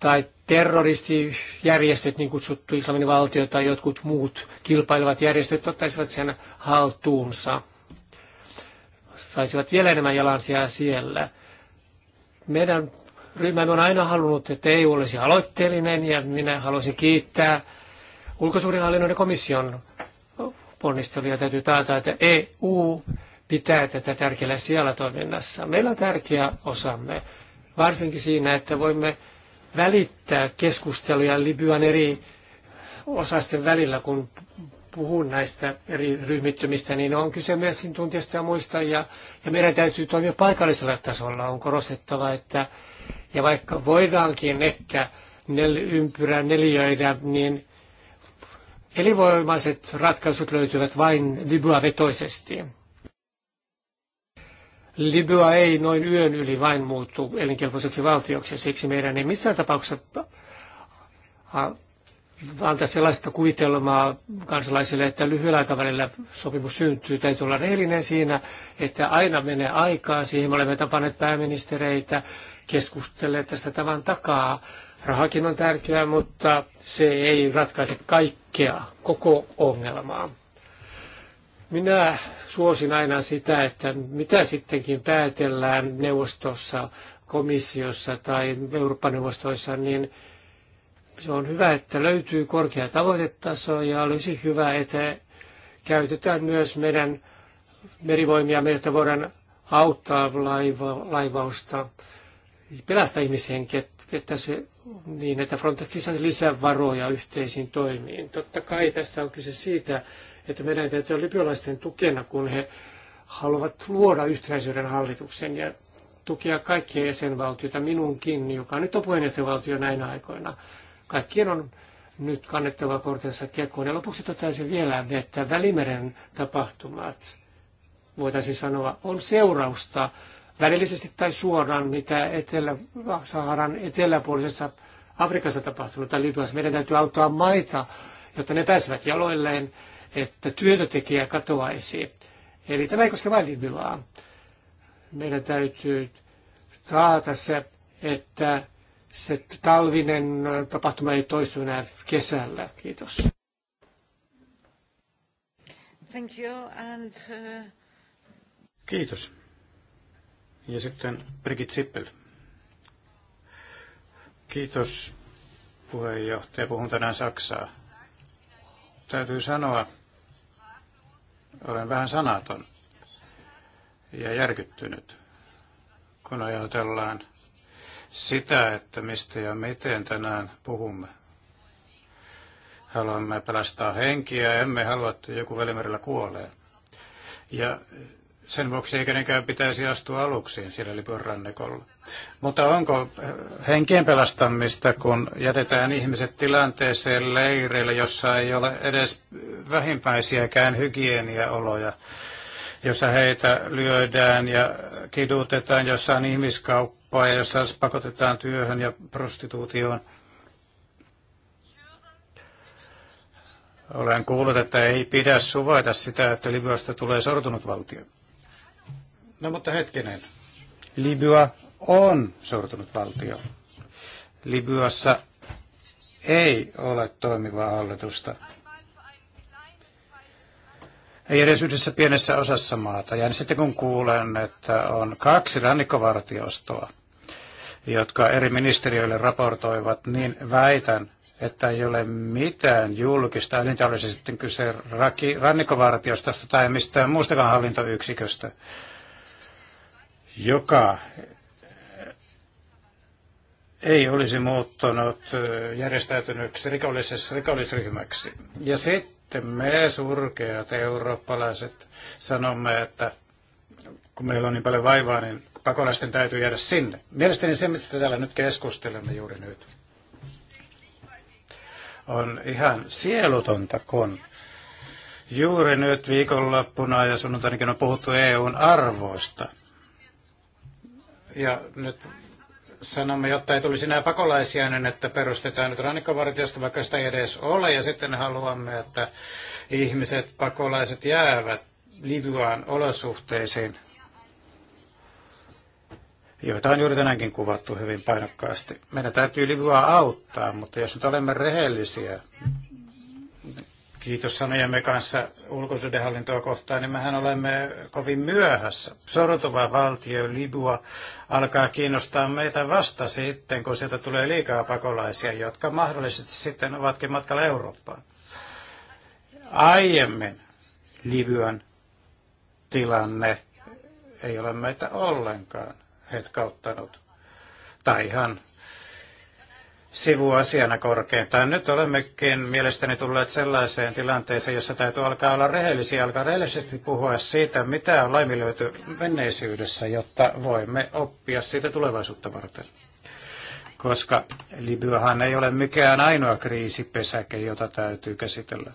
Tai terroristijärjestöt, niin kutsuttu islamin valtio tai jotkut muut kilpailevat järjestöt, ottaisivat sen haltuunsa. Saisivat vielä enemmän jalansijaa siellä. Meidän ryhmämme on aina halunnut, että EU olisi aloitteellinen ja minä haluaisin kiittää ulkosuurihallinnon ja komission ponnisteluja niin täytyy taata, että EU pitää tätä tärkeällä siellä toiminnassa. Meillä on tärkeä osamme, varsinkin siinä, että voimme välittää keskusteluja Libyan eri osasten välillä, kun puhun näistä eri ryhmittymistä, niin on kyse myös tuntijasta ja muista, ja, ja meidän täytyy toimia paikallisella tasolla. On korostettava, että ja vaikka voidaankin ehkä nel, ympyrä neliöidä, niin Elinvoimaiset ratkaisut löytyvät vain Libya-vetoisesti. Libya ei noin yön yli vain muuttu elinkelpoiseksi valtioksi, siksi meidän ei missään tapauksessa antaa sellaista kuvitelmaa kansalaisille, että lyhyellä aikavälillä sopimus syntyy. Täytyy olla rehellinen siinä, että aina menee aikaa. Siihen me olemme tapanneet pääministereitä, keskustelleet tästä tavan takaa. Rahakin on tärkeää, mutta se ei ratkaise kaikkea, koko ongelmaa. Minä suosin aina sitä, että mitä sittenkin päätellään neuvostossa, komissiossa tai Euroopan neuvostoissa, niin se on hyvä, että löytyy korkea tavoitetaso ja olisi hyvä, että käytetään myös meidän merivoimia, meiltä voidaan auttaa laiva, laivausta, pelastaa ihmishenkiä, että se niin, että Frontex saisi lisää varoja yhteisiin toimiin. Totta kai tässä on kyse siitä, että meidän täytyy olla libyalaisten tukena, kun he haluavat luoda yhtenäisyyden hallituksen ja tukea kaikkia jäsenvaltioita, minunkin, joka nyt on puheenjohtajavaltio näinä aikoina. Kaikkien on nyt kannettava kortensa kekoon. Ja lopuksi toteaisin vielä, että Välimeren tapahtumat, voitaisiin sanoa, on seurausta välillisesti tai suoraan, mitä etelä, Saharan eteläpuolisessa Afrikassa tapahtunut tai Libyassa. Meidän täytyy auttaa maita, jotta ne pääsevät jaloilleen, että työtötekijä katoaisi. Eli tämä ei koske vain Libyaa. Meidän täytyy taata se, että se talvinen tapahtuma ei toistu enää kesällä. Kiitos. Thank you and, uh... Kiitos. Ja sitten Brigitte Sippel. Kiitos puheenjohtaja. Puhun tänään Saksaa. Täytyy sanoa, olen vähän sanaton ja järkyttynyt, kun ajatellaan sitä, että mistä ja miten tänään puhumme. Haluamme pelastaa henkiä, emme halua, että joku välimerellä kuolee. Ja sen vuoksi ei kenenkään pitäisi astua aluksiin siellä Libyan rannikolla. Mutta onko eh, henkien pelastamista, kun jätetään ihmiset tilanteeseen leireille, jossa ei ole edes vähimpäisiäkään hygieniaoloja, jossa heitä lyödään ja kidutetaan, jossa on ihmiskauppaa ja jossa pakotetaan työhön ja prostituutioon? Olen kuullut, että ei pidä suvaita sitä, että Libyasta tulee sortunut valtio. No mutta hetkinen. Libya on sortunut valtio. Libyassa ei ole toimivaa hallitusta. Ei edes yhdessä pienessä osassa maata. Ja sitten kun kuulen, että on kaksi rannikkovartiostoa, jotka eri ministeriöille raportoivat, niin väitän, että ei ole mitään julkista, eli olisi sitten kyse rannikkovartiostosta tai mistään muustakaan hallintoyksiköstä, joka ei olisi muuttunut järjestäytyneeksi rikollisessa rikollisryhmäksi. Ja sitten me surkeat eurooppalaiset sanomme, että kun meillä on niin paljon vaivaa, niin pakolaisten täytyy jäädä sinne. Mielestäni se, mistä täällä nyt keskustelemme juuri nyt, on ihan sielutonta, kun juuri nyt viikonloppuna ja sunnuntainakin on puhuttu EUn arvoista – ja nyt sanomme, jotta ei tulisi enää pakolaisia, niin että perustetaan nyt rannikkovartiosta, vaikka sitä ei edes ole. Ja sitten haluamme, että ihmiset, pakolaiset jäävät Libyaan olosuhteisiin, joita on juuri tänäänkin kuvattu hyvin painokkaasti. Meidän täytyy Libyaa auttaa, mutta jos nyt olemme rehellisiä, kiitos sanojamme kanssa ulkosuudenhallintoa kohtaan, niin mehän olemme kovin myöhässä. Sortuva valtio Libua alkaa kiinnostaa meitä vasta sitten, kun sieltä tulee liikaa pakolaisia, jotka mahdollisesti sitten ovatkin matkalla Eurooppaan. Aiemmin Libyan tilanne ei ole meitä ollenkaan hetkauttanut. Tai ihan sivuasiana korkeintaan. Nyt olemmekin mielestäni tulleet sellaiseen tilanteeseen, jossa täytyy alkaa olla rehellisiä, alkaa rehellisesti puhua siitä, mitä on laiminlyöty menneisyydessä, jotta voimme oppia siitä tulevaisuutta varten. Koska Libyahan ei ole mikään ainoa kriisipesäke, jota täytyy käsitellä.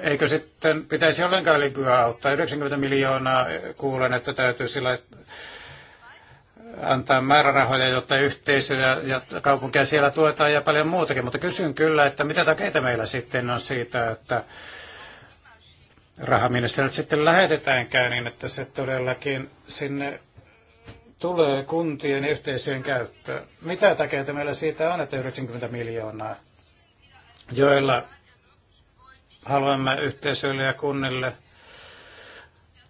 Eikö sitten pitäisi ollenkaan Libyaa auttaa? 90 miljoonaa kuulen, että täytyy sillä antaa määrärahoja, jotta yhteisöjä ja kaupunkia siellä tuetaan ja paljon muutakin. Mutta kysyn kyllä, että mitä takeita meillä sitten on siitä, että raha, minne se nyt sitten lähetetäänkään, niin että se todellakin sinne tulee kuntien yhteiseen käyttöön. Mitä takeita meillä siitä on, että 90 miljoonaa, joilla haluamme yhteisöille ja kunnille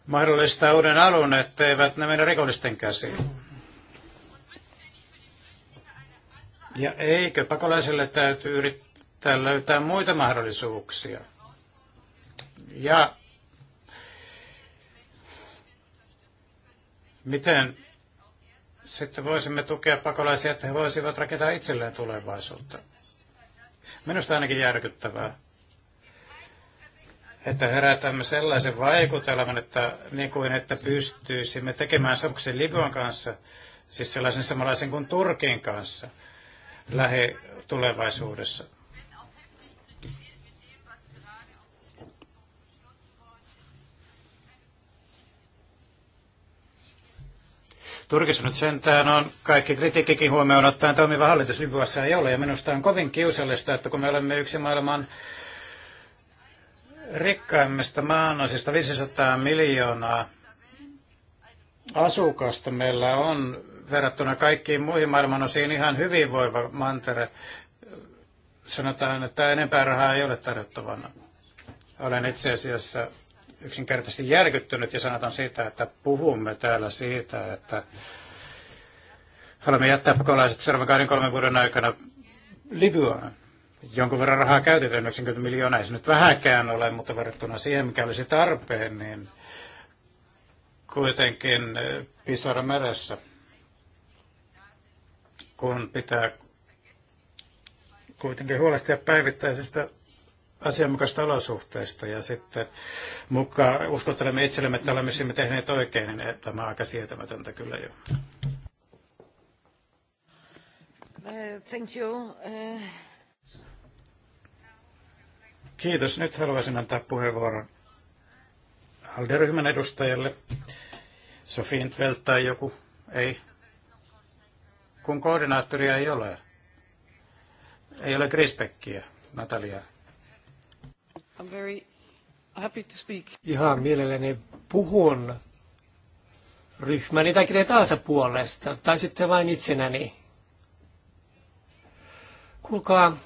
mahdollistaa uuden alun, etteivät ne mene rikollisten käsiin? Ja eikö pakolaisille täytyy yrittää löytää muita mahdollisuuksia? Ja miten sitten voisimme tukea pakolaisia, että he voisivat rakentaa itselleen tulevaisuutta? Minusta ainakin järkyttävää, että herätämme sellaisen vaikutelman, että, niin kuin, että pystyisimme tekemään sopuksen Libyan kanssa, siis sellaisen samanlaisen kuin Turkin kanssa – lähe tulevaisuudessa. Turkissa nyt sentään on kaikki kritiikkikin huomioon ottaen toimiva hallitus Libyassa ei ole. Ja minusta on kovin kiusallista, että kun me olemme yksi maailman rikkaimmista maanosista 500 miljoonaa asukasta meillä on verrattuna kaikkiin muihin maailmanosiin ihan hyvinvoiva mantere. Sanotaan, että enempää rahaa ei ole tarjottavana. Olen itse asiassa yksinkertaisesti järkyttynyt ja sanotaan siitä, että puhumme täällä siitä, että haluamme jättää pakolaiset seuraavan 23 vuoden aikana Libyaan. Jonkun verran rahaa käytetään, 90 miljoonaa ei se nyt vähäkään ole, mutta verrattuna siihen, mikä olisi tarpeen, niin kuitenkin eh, pisara meressä kun pitää kuitenkin huolehtia päivittäisestä asianmukaisista olosuhteista ja sitten mukaan uskottelemme itsellemme, että olemme me tehneet oikein, niin e- tämä on aika sietämätöntä kyllä jo. Eh, thank you. Eh. Kiitos. Nyt haluaisin antaa puheenvuoron alderyhmän edustajalle. Sofiin Tvelt tai joku. Ei kun koordinaattoria ei ole. Ei ole Grispekkiä, Natalia. I'm very happy to speak. Ihan mielelläni puhun ryhmäni tai Kretaansa puolesta, tai sitten vain itsenäni. Kuulkaa,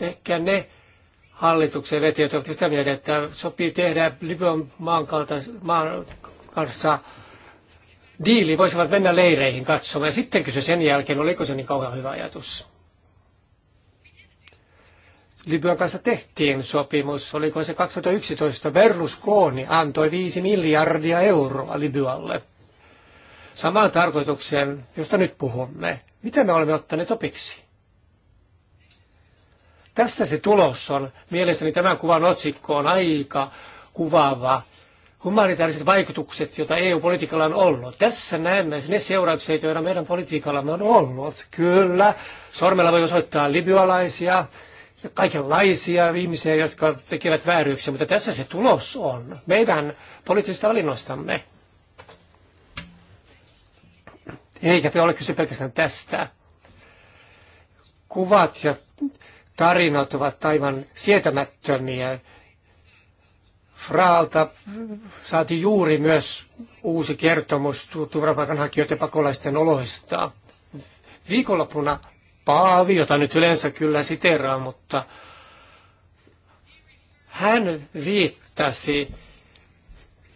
ehkä ne hallituksen vetijät ovat sitä mieltä, että sopii tehdä Libyan maan, kaltais, maan kanssa diili voisivat mennä leireihin katsomaan. Ja sitten kysy sen jälkeen, oliko se niin kauhean hyvä ajatus. Libyan kanssa tehtiin sopimus, oliko se 2011, Berlusconi antoi 5 miljardia euroa Libyalle. Samaan tarkoitukseen, josta nyt puhumme. Mitä me olemme ottaneet opiksi? Tässä se tulos on. Mielestäni tämän kuvan otsikko on aika kuvaava humanitaariset vaikutukset, joita EU-politiikalla on ollut. Tässä näemme ne seuraukset, joita meidän politiikallamme on ollut. Kyllä, sormella voi osoittaa libyalaisia ja kaikenlaisia ihmisiä, jotka tekevät vääryyksiä, mutta tässä se tulos on meidän poliittisista valinnoistamme. Eikä ole kyse pelkästään tästä. Kuvat ja tarinat ovat aivan sietämättömiä Fraalta saati juuri myös uusi kertomus turvapaikanhakijoiden pakolaisten oloista. Viikonloppuna Paavi, jota nyt yleensä kyllä siteraa, mutta hän viittasi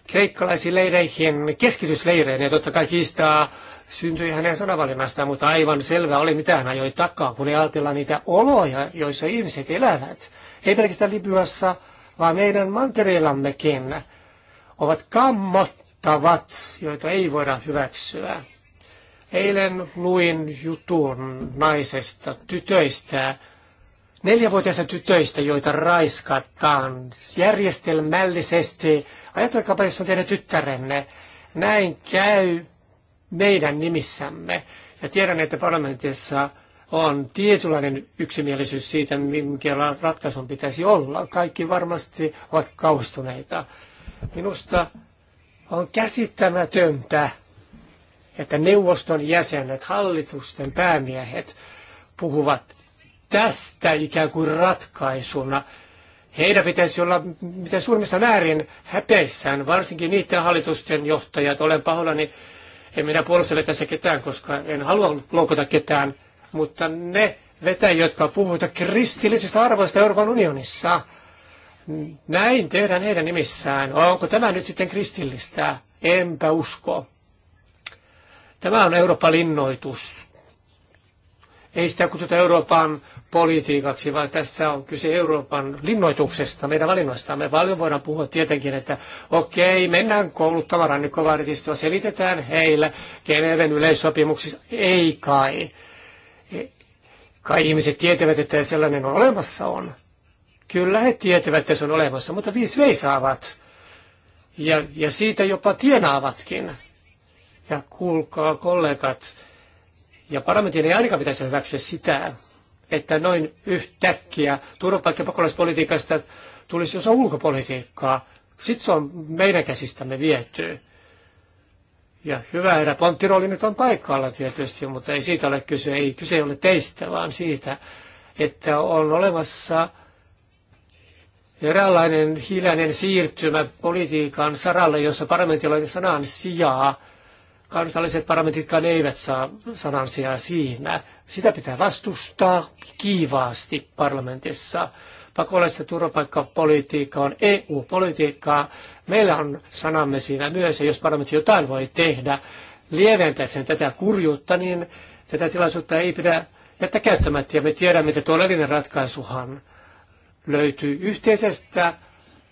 kreikkalaisiin leireihin, keskitysleireihin, ja totta kai kiistaa syntyi hänen sanavalinnastaan, mutta aivan selvä oli, mitä hän ajoi takaa, kun ajatella niitä oloja, joissa ihmiset elävät. Ei pelkästään Libyassa, vaan meidän mantereillammekin ovat kammottavat, joita ei voida hyväksyä. Eilen luin jutun naisesta, tytöistä, neljävuotiaista tytöistä, joita raiskataan järjestelmällisesti. Ajatelkaapa, jos on teidän tyttärenne. Näin käy meidän nimissämme. Ja tiedän, että parlamentissa on tietynlainen yksimielisyys siitä, minkä ratkaisun pitäisi olla. Kaikki varmasti ovat kaustuneita. Minusta on käsittämätöntä, että neuvoston jäsenet, hallitusten päämiehet puhuvat tästä ikään kuin ratkaisuna. Heidän pitäisi olla mitä suurimmissa määrin häpeissään, varsinkin niiden hallitusten johtajat. Olen pahoillani, en minä puolustele tässä ketään, koska en halua loukata ketään – mutta ne vetäjät, jotka puhuvat kristillisistä arvoista Euroopan unionissa, näin tehdään heidän nimissään. Onko tämä nyt sitten kristillistä? Enpä usko. Tämä on Euroopan linnoitus. Ei sitä kutsuta Euroopan politiikaksi, vaan tässä on kyse Euroopan linnoituksesta, meidän valinnoistamme. Paljon voidaan puhua tietenkin, että okei, mennään kouluttamaan rannikkovartistoa, selitetään heille Geneven yleissopimuksissa. Ei kai. Kai ihmiset tietävät, että sellainen on olemassa on. Kyllä he tietävät, että se on olemassa, mutta viisi veisaavat. Ja, ja siitä jopa tienaavatkin. Ja kuulkaa kollegat, ja parlamentin ei ainakaan pitäisi hyväksyä sitä, että noin yhtäkkiä turvapaikka- ja pakolaispolitiikasta tulisi osa ulkopolitiikkaa. Sitten se on meidän käsistämme viety. Ja hyvä herra Ponttiroli nyt on paikalla tietysti, mutta ei siitä ole kyse. Ei kyse ole teistä, vaan siitä, että on olemassa eräänlainen hiljainen siirtymä politiikan saralle, jossa parlamentilla on sanan sijaa. Kansalliset parlamentitkaan eivät saa sanan sijaa siinä. Sitä pitää vastustaa kiivaasti parlamentissa pakolaisten turvapaikkapolitiikka on EU-politiikkaa. Meillä on sanamme siinä myös, ja jos parlamentti jotain voi tehdä lieventääkseen tätä kurjuutta, niin tätä tilaisuutta ei pidä jättää käyttämättä. Ja me tiedämme, että todellinen ratkaisuhan löytyy yhteisestä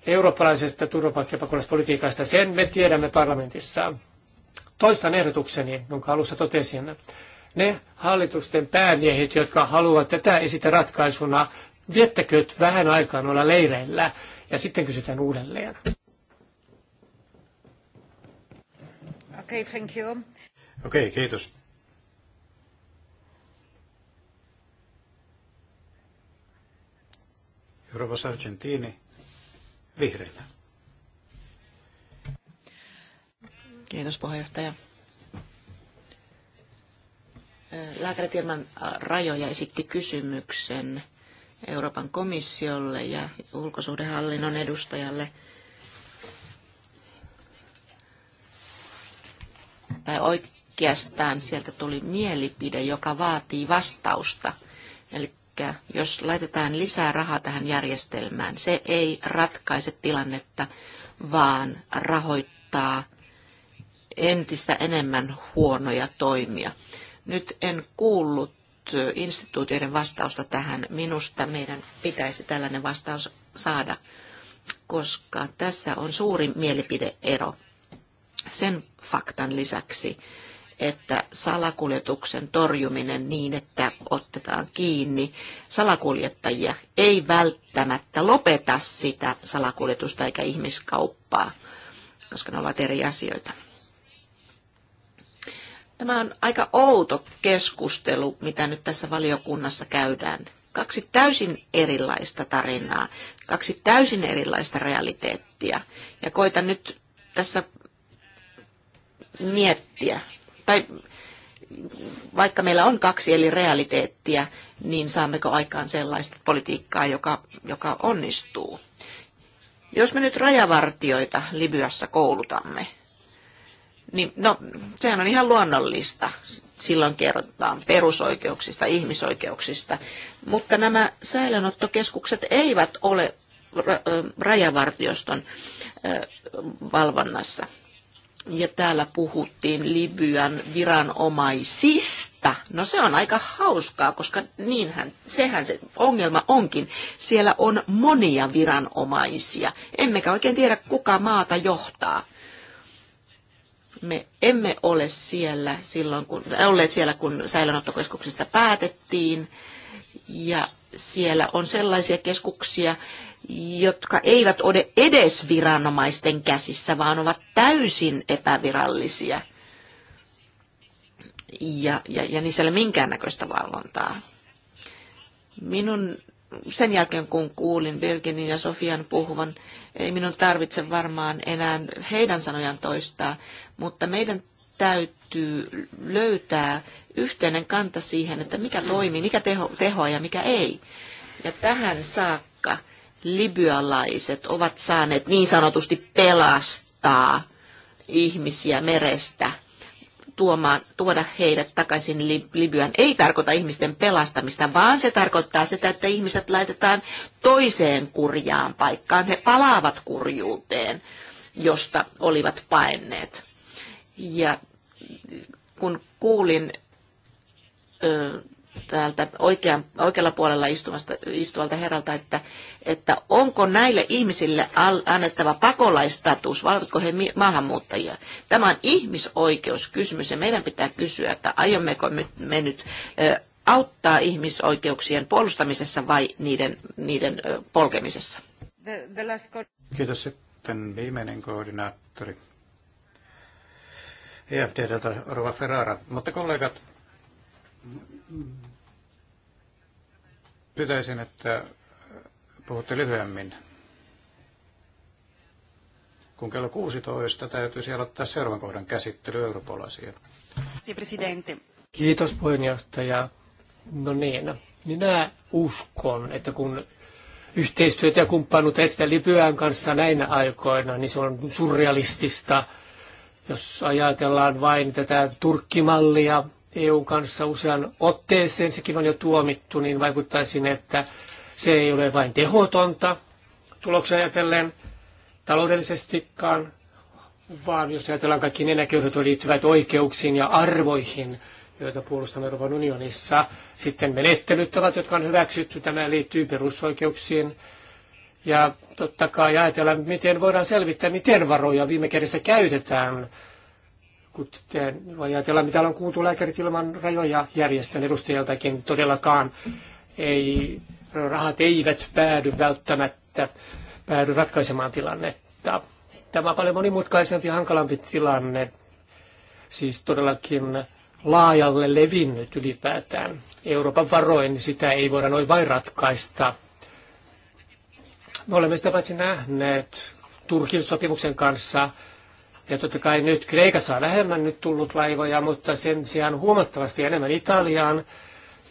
eurooppalaisesta turvapaikka- ja pakolaispolitiikasta. Sen me tiedämme parlamentissa. Toistan ehdotukseni, jonka alussa totesin. Ne hallitusten päämiehet, jotka haluavat tätä esitä ratkaisuna, viettäkö vähän aikaa noilla leireillä ja sitten kysytään uudelleen. Okei, okay, thank you. Okei, okay, kiitos. Euroopassa Sargentini vihreitä. Kiitos puheenjohtaja. Lääkärit ilman rajoja esitti kysymyksen Euroopan komissiolle ja ulkosuhdehallinnon edustajalle. Tai oikeastaan sieltä tuli mielipide, joka vaatii vastausta. Eli jos laitetaan lisää rahaa tähän järjestelmään, se ei ratkaise tilannetta, vaan rahoittaa entistä enemmän huonoja toimia. Nyt en kuullut instituutioiden vastausta tähän. Minusta meidän pitäisi tällainen vastaus saada, koska tässä on suuri mielipideero sen faktan lisäksi, että salakuljetuksen torjuminen niin, että otetaan kiinni salakuljettajia, ei välttämättä lopeta sitä salakuljetusta eikä ihmiskauppaa, koska ne ovat eri asioita. Tämä on aika outo keskustelu, mitä nyt tässä valiokunnassa käydään. Kaksi täysin erilaista tarinaa, kaksi täysin erilaista realiteettia. Ja koitan nyt tässä miettiä, tai vaikka meillä on kaksi eli realiteettia, niin saammeko aikaan sellaista politiikkaa, joka, joka onnistuu. Jos me nyt rajavartioita Libyassa koulutamme, niin no, sehän on ihan luonnollista. Silloin kerrotaan perusoikeuksista, ihmisoikeuksista. Mutta nämä säilönottokeskukset eivät ole rajavartioston valvonnassa. Ja täällä puhuttiin Libyan viranomaisista. No se on aika hauskaa, koska niinhän, sehän se ongelma onkin. Siellä on monia viranomaisia. Emmekä oikein tiedä, kuka maata johtaa me emme ole siellä silloin, kun, olleet siellä, kun säilönottokeskuksista päätettiin. Ja siellä on sellaisia keskuksia, jotka eivät ole edes viranomaisten käsissä, vaan ovat täysin epävirallisia. Ja, ja, ja niissä ei ole minkäännäköistä valvontaa. Minun sen jälkeen, kun kuulin Virginin ja Sofian puhuvan, ei minun tarvitse varmaan enää heidän sanojan toistaa, mutta meidän täytyy löytää yhteinen kanta siihen, että mikä toimii, mikä teho, tehoa ja mikä ei. Ja tähän saakka libyalaiset ovat saaneet niin sanotusti pelastaa ihmisiä merestä – tuomaan, tuoda heidät takaisin Libyan ei tarkoita ihmisten pelastamista, vaan se tarkoittaa sitä, että ihmiset laitetaan toiseen kurjaan paikkaan. He palaavat kurjuuteen, josta olivat paenneet. Ja kun kuulin ö, täältä oikean, oikealla puolella istuvasta, istuvalta herralta, että, että onko näille ihmisille annettava pakolaistatus, vai he maahanmuuttajia. Tämä on ihmisoikeuskysymys ja meidän pitää kysyä, että aiommeko me nyt auttaa ihmisoikeuksien puolustamisessa vai niiden, niiden polkemisessa. Kiitos sitten viimeinen koordinaattori. EFDltä Rova Ferrara. Mutta kollegat, Pyytäisin, että puhutte lyhyemmin. Kun kello 16 täytyisi aloittaa seuraavan kohdan käsittely europol Kiitos puheenjohtaja. No niin, minä uskon, että kun yhteistyötä ja kumppanuutta etsitään Libyan kanssa näinä aikoina, niin se on surrealistista, jos ajatellaan vain tätä turkkimallia, EUn kanssa usean otteeseen, sekin on jo tuomittu, niin vaikuttaisin, että se ei ole vain tehotonta tuloksia ajatellen taloudellisestikaan, vaan jos ajatellaan kaikki ne näkökohdat liittyvät oikeuksiin ja arvoihin, joita puolustamme Euroopan unionissa. Sitten menettelytavat, jotka on hyväksytty, tämä liittyy perusoikeuksiin. Ja totta kai ajatellaan, miten voidaan selvittää, miten varoja viime kädessä käytetään kuten voi ajatella, mitä on kuultu lääkärit ilman rajoja järjestön edustajaltakin todellakaan. Ei, rahat eivät päädy välttämättä päädy ratkaisemaan tilannetta. Tämä on paljon monimutkaisempi ja hankalampi tilanne, siis todellakin laajalle levinnyt ylipäätään. Euroopan varoin sitä ei voida noin vain ratkaista. Me olemme sitä paitsi nähneet Turkin sopimuksen kanssa ja totta kai nyt Kreikassa on vähemmän nyt tullut laivoja, mutta sen sijaan huomattavasti enemmän Italiaan.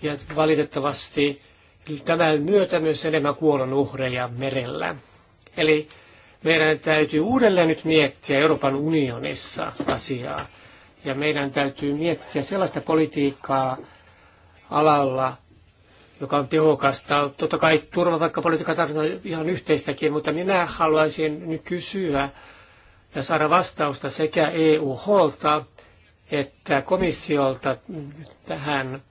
Ja valitettavasti tämän myötä myös enemmän kuolonuhreja merellä. Eli meidän täytyy uudelleen nyt miettiä Euroopan unionissa asiaa. Ja meidän täytyy miettiä sellaista politiikkaa alalla, joka on tehokasta. Totta kai turvapaikkapolitiikka tarvitaan ihan yhteistäkin, mutta minä haluaisin nyt kysyä, ja saada vastausta sekä EU-holta että komissiolta tähän.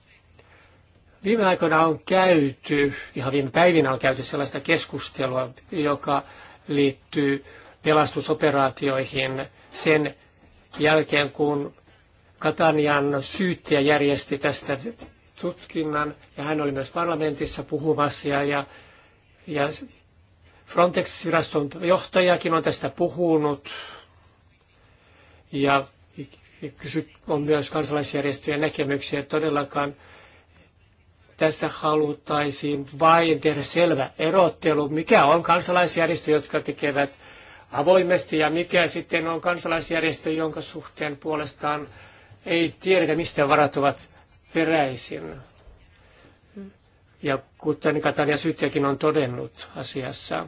Viime aikoina on käyty, ihan viime päivinä on käyty sellaista keskustelua, joka liittyy pelastusoperaatioihin sen jälkeen, kun Katanian syyttäjä järjesti tästä tutkinnan ja hän oli myös parlamentissa puhumassa ja, ja Frontex-viraston johtajakin on tästä puhunut ja kysyt on myös kansalaisjärjestöjen näkemyksiä. Todellakaan tässä halutaisiin vain tehdä selvä erottelu, mikä on kansalaisjärjestö, jotka tekevät avoimesti ja mikä sitten on kansalaisjärjestö, jonka suhteen puolestaan ei tiedetä, mistä varat ovat peräisin. Ja kuten Katania Syttiäkin on todennut asiassa.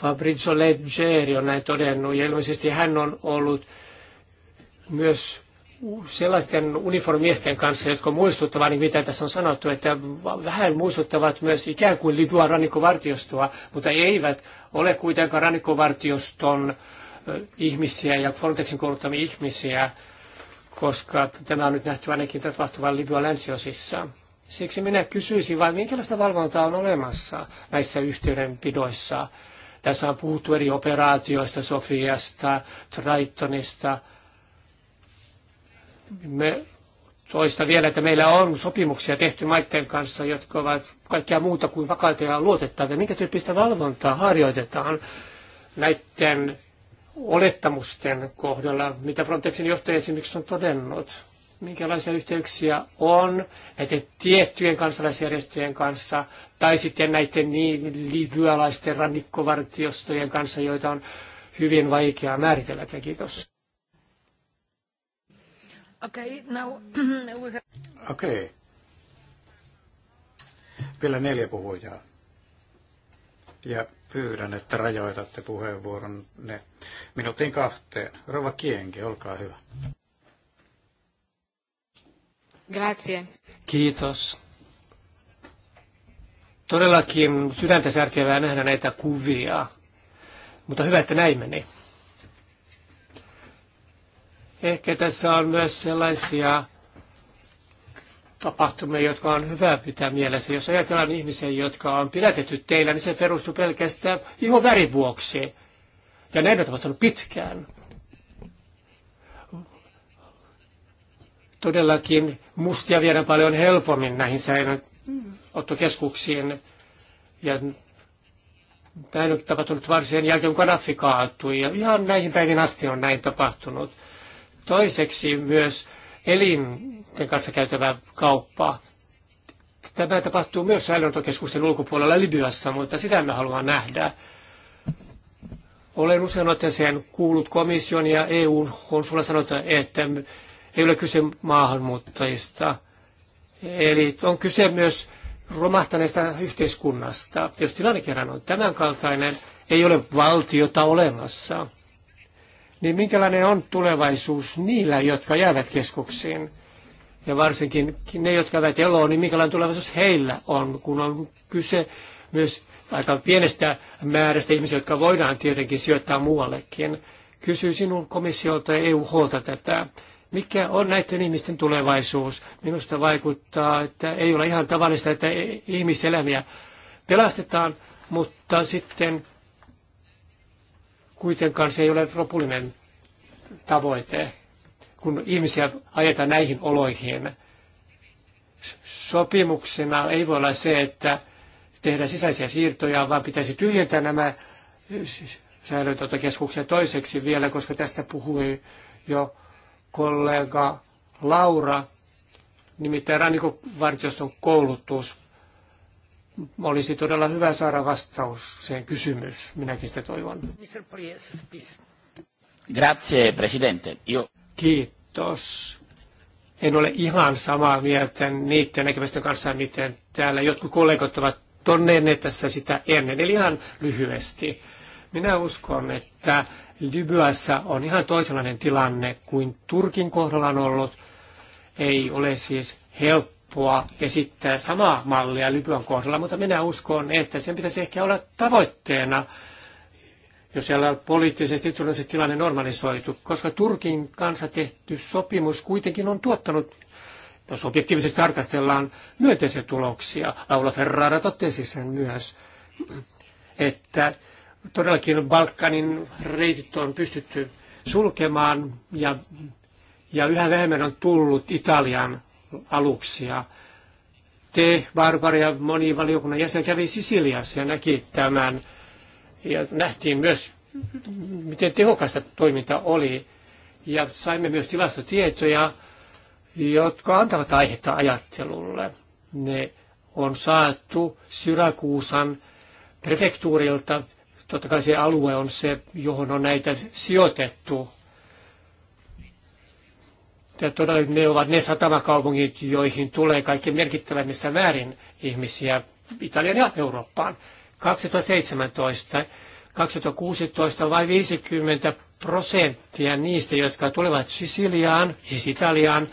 Fabrizio Leggeri on näin todennut, ja ilmeisesti hän on ollut myös sellaisten uniformiesten kanssa, jotka muistuttavat, niin mitä tässä on sanottu, että vähän muistuttavat myös ikään kuin Libyan rannikkovartiostoa, mutta eivät ole kuitenkaan rannikkovartioston ihmisiä ja Frontexin kouluttamia ihmisiä, koska tämä on nyt nähty ainakin tapahtuvan Libyan länsiosissa. Siksi minä kysyisin vain, minkälaista valvontaa on olemassa näissä yhteydenpidoissa tässä on puhuttu eri operaatioista, Sofiasta, Tritonista. Me toista vielä, että meillä on sopimuksia tehty maiden kanssa, jotka ovat kaikkea muuta kuin vakaita ja luotettavia. Minkä tyyppistä valvontaa harjoitetaan näiden olettamusten kohdalla, mitä Frontexin johtaja esimerkiksi on todennut? minkälaisia yhteyksiä on näiden tiettyjen kansalaisjärjestöjen kanssa tai sitten näiden niin libyalaisten rannikkovartiostojen kanssa, joita on hyvin vaikeaa määritellä. Kiitos. Okei, okay, have... Okay. Vielä neljä puhujaa. Ja pyydän, että rajoitatte puheenvuoronne minuutin kahteen. Rova Kienki, olkaa hyvä. Grazie. Kiitos. Todellakin sydäntä särkevää nähdä näitä kuvia, mutta hyvä, että näin meni. Ehkä tässä on myös sellaisia tapahtumia, jotka on hyvä pitää mielessä. Jos ajatellaan ihmisiä, jotka on pidätetty teillä, niin se perustuu pelkästään ihon värin vuoksi. Ja näin on tapahtunut pitkään. Todellakin mustia viedään paljon helpommin näihin säilönottokeskuksiin. Ja näin on tapahtunut varsin jälkeen, kun Gaddafi kaatui. Ja ihan näihin päivin asti on näin tapahtunut. Toiseksi myös elinten kanssa käytävää kauppaa. Tämä tapahtuu myös säilönottokeskusten ulkopuolella Libyassa, mutta sitä me haluamme nähdä. Olen usein otteeseen kuullut komission ja EUn konsulla sanota, että ei ole kyse maahanmuuttajista. Eli on kyse myös romahtaneesta yhteiskunnasta. Jos tilanne kerran on tämänkaltainen, ei ole valtiota olemassa, niin minkälainen on tulevaisuus niillä, jotka jäävät keskuksiin? Ja varsinkin ne, jotka jäävät eloon, niin minkälainen tulevaisuus heillä on, kun on kyse myös aika pienestä määrästä ihmisiä, jotka voidaan tietenkin sijoittaa muuallekin. Kysyisin sinun komissiolta ja EUH tätä. Mikä on näiden ihmisten tulevaisuus? Minusta vaikuttaa, että ei ole ihan tavallista, että ihmiselämiä pelastetaan, mutta sitten kuitenkaan se ei ole lopullinen tavoite, kun ihmisiä ajetaan näihin oloihin. Sopimuksena ei voi olla se, että tehdään sisäisiä siirtoja, vaan pitäisi tyhjentää nämä säilöönottokeskuksia toiseksi vielä, koska tästä puhui jo kollega Laura, nimittäin rannikkovartioston koulutus. Olisi todella hyvä saada vastaus siihen kysymys. Minäkin sitä toivon. Grazie, presidente. Io... Kiitos. En ole ihan samaa mieltä niiden näkemysten kanssa, miten täällä jotkut kollegat ovat tonneet tässä sitä ennen. Eli ihan lyhyesti. Minä uskon, että Libyassa on ihan toisenlainen tilanne kuin Turkin kohdalla on ollut. Ei ole siis helppoa esittää samaa mallia Libyan kohdalla, mutta minä uskon, että sen pitäisi ehkä olla tavoitteena, jos siellä on poliittisesti se tilanne normalisoitu, koska Turkin kanssa tehty sopimus kuitenkin on tuottanut jos objektiivisesti tarkastellaan myönteisiä tuloksia, Laula Ferrara totesi sen myös, että todellakin Balkanin reitit on pystytty sulkemaan ja, ja yhä vähemmän on tullut Italian aluksia. Te, Barbaria, moni valiokunnan jäsen kävi Sisiliassa ja näki tämän. Ja nähtiin myös, miten tehokasta toiminta oli. Ja saimme myös tilastotietoja, jotka antavat aihetta ajattelulle. Ne on saatu Syrakuusan prefektuurilta Totta kai se alue on se, johon on näitä sijoitettu. Ja todella ne ovat ne satamakaupungit, joihin tulee kaikki merkittävämmissä määrin ihmisiä Italian ja Eurooppaan. 2017, 2016 vain 50 prosenttia niistä, jotka tulevat Sisiliaan, siis Italiaan,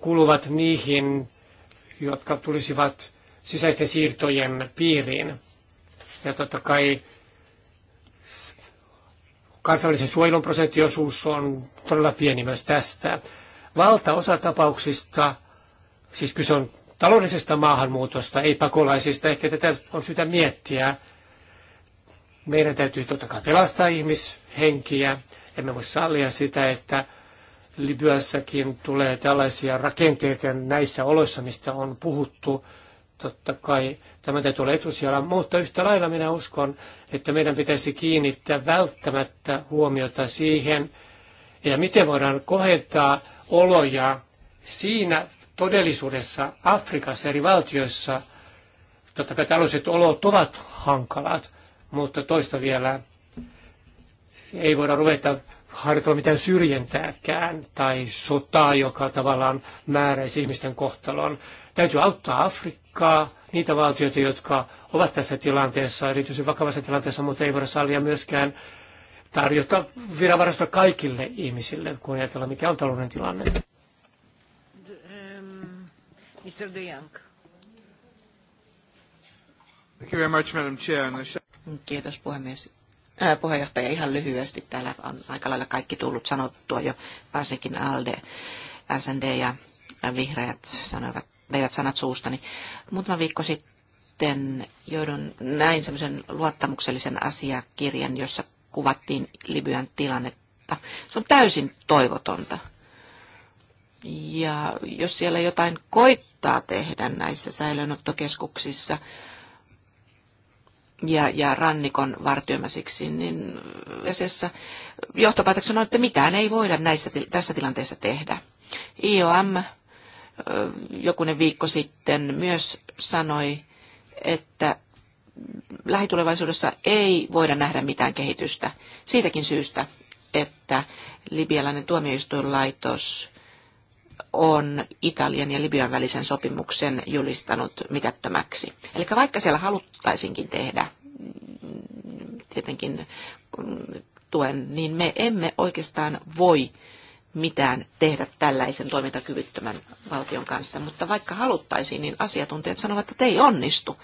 kuuluvat niihin, jotka tulisivat sisäisten siirtojen piiriin. Ja totta kai kansallisen suojelun prosenttiosuus on todella pieni myös tästä. Valtaosa tapauksista, siis kyse on taloudellisesta maahanmuutosta, ei pakolaisista, ehkä tätä on syytä miettiä. Meidän täytyy totta kai pelastaa ihmishenkiä. Emme voi sallia sitä, että Libyassakin tulee tällaisia rakenteita näissä oloissa, mistä on puhuttu totta kai tämä täytyy olla etusijalla, mutta yhtä lailla minä uskon, että meidän pitäisi kiinnittää välttämättä huomiota siihen, ja miten voidaan kohentaa oloja siinä todellisuudessa Afrikassa eri valtioissa. Totta kai tällaiset olot ovat hankalat, mutta toista vielä ei voida ruveta harjoittamaan mitään syrjintääkään tai sotaa, joka tavallaan määräisi ihmisten kohtalon. Täytyy auttaa Afrikkaa paikkaa niitä valtioita, jotka ovat tässä tilanteessa, erityisen vakavassa tilanteessa, mutta ei voida sallia myöskään tarjota viranvarastoa kaikille ihmisille, kun ajatellaan, mikä on talouden tilanne. Mr. Um, De Young. Thank you very much, Madam Chair. Kiitos puhemies. Äh, puheenjohtaja, ihan lyhyesti. Täällä on aika lailla kaikki tullut sanottua jo, varsinkin ALDE, SND ja vihreät sanoivat veivät sanat suustani. Muutama viikko sitten joudun näin semmoisen luottamuksellisen asiakirjan, jossa kuvattiin Libyan tilannetta. Se on täysin toivotonta. Ja jos siellä jotain koittaa tehdä näissä säilönottokeskuksissa ja, ja rannikon vartioimasiksi, niin vesessä johtopäätöksen on, että mitään ei voida näissä, tässä tilanteessa tehdä. IOM jokunen viikko sitten myös sanoi, että lähitulevaisuudessa ei voida nähdä mitään kehitystä siitäkin syystä, että libialainen tuomioistuinlaitos on Italian ja Libyan välisen sopimuksen julistanut mitättömäksi. Eli vaikka siellä haluttaisinkin tehdä tietenkin tuen, niin me emme oikeastaan voi mitään tehdä tällaisen toimintakyvyttömän valtion kanssa. Mutta vaikka haluttaisiin, niin asiantuntijat sanovat, että ei onnistu.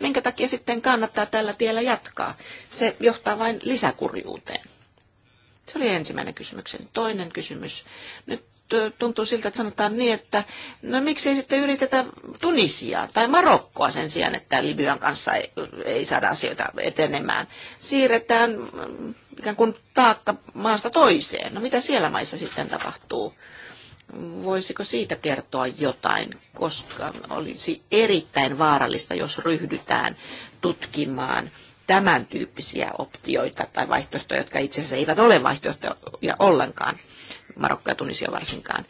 Minkä takia sitten kannattaa tällä tiellä jatkaa? Se johtaa vain lisäkurjuuteen. Se oli ensimmäinen kysymykseni. Toinen kysymys. Nyt tuntuu siltä, että sanotaan niin, että no ei sitten yritetä Tunisiaa tai Marokkoa sen sijaan, että Libyan kanssa ei, ei saada asioita etenemään. Siirretään mm, ikään kuin taakka maasta toiseen. No mitä siellä maissa sitten tapahtuu? Voisiko siitä kertoa jotain, koska olisi erittäin vaarallista, jos ryhdytään tutkimaan tämän tyyppisiä optioita tai vaihtoehtoja, jotka itse asiassa eivät ole vaihtoehtoja ollenkaan. Marokko ja Tunisia varsinkaan.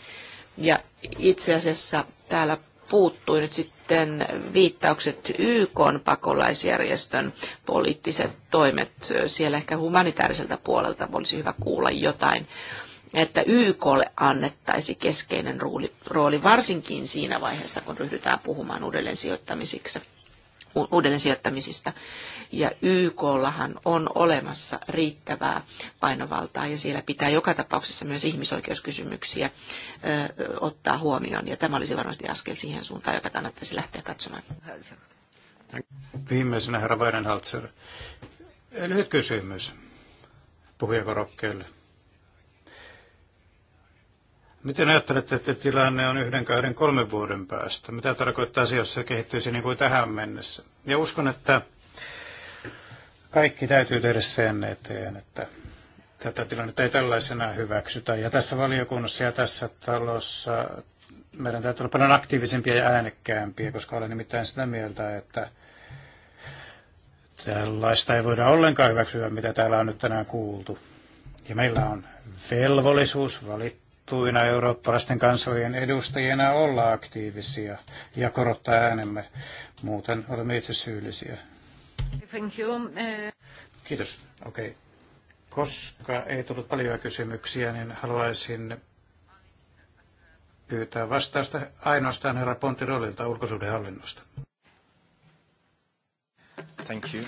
Ja itse asiassa täällä puuttui nyt sitten viittaukset YK pakolaisjärjestön poliittiset toimet. Siellä ehkä humanitaariselta puolelta olisi hyvä kuulla jotain, että YKlle annettaisi keskeinen rooli, varsinkin siinä vaiheessa, kun ryhdytään puhumaan uudelleen sijoittamisiksi uudelleen sijoittamisista. Ja YKllahan on olemassa riittävää painovaltaa ja siellä pitää joka tapauksessa myös ihmisoikeuskysymyksiä ö, ottaa huomioon. Ja tämä olisi varmasti askel siihen suuntaan, jota kannattaisi lähteä katsomaan. Viimeisenä herra Weidenhaltzer. Lyhyt kysymys puhujakorokkeelle. Miten ajattelette, että tilanne on yhden, kahden, kolmen vuoden päästä? Mitä tarkoittaa se, jos se kehittyisi niin kuin tähän mennessä? Ja uskon, että kaikki täytyy tehdä sen eteen, että tätä tilannetta ei tällaisena hyväksytä. Ja tässä valiokunnassa ja tässä talossa meidän täytyy olla paljon aktiivisempia ja äänekkäämpiä, koska olen nimittäin sitä mieltä, että tällaista ei voida ollenkaan hyväksyä, mitä täällä on nyt tänään kuultu. Ja meillä on velvollisuus valittaa valittuina eurooppalaisten kansojen edustajina olla aktiivisia ja korottaa äänemme. Muuten olemme itse syyllisiä. Thank you. Eh. Kiitos. Okei. Okay. Koska ei tullut paljon kysymyksiä, niin haluaisin pyytää vastausta ainoastaan herra Pontirolilta ulkosuhdehallinnosta. Thank you.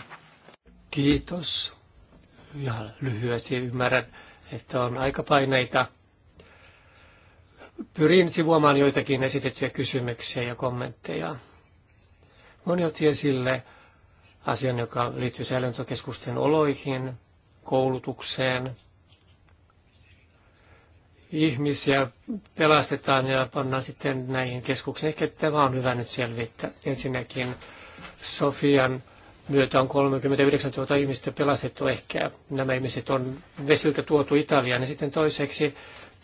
Kiitos. Ja lyhyesti ymmärrän, että on aika paineita. Pyrin sivuamaan joitakin esitettyjä kysymyksiä ja kommentteja. Moni otti esille asian, joka liittyy säilöntökeskusten oloihin, koulutukseen. Ihmisiä pelastetaan ja pannaan sitten näihin keskuksiin. Ehkä tämä on hyvä nyt selvittää. Ensinnäkin Sofian myötä on 39 000 ihmistä pelastettu ehkä. Nämä ihmiset on vesiltä tuotu Italiaan. Ja sitten toiseksi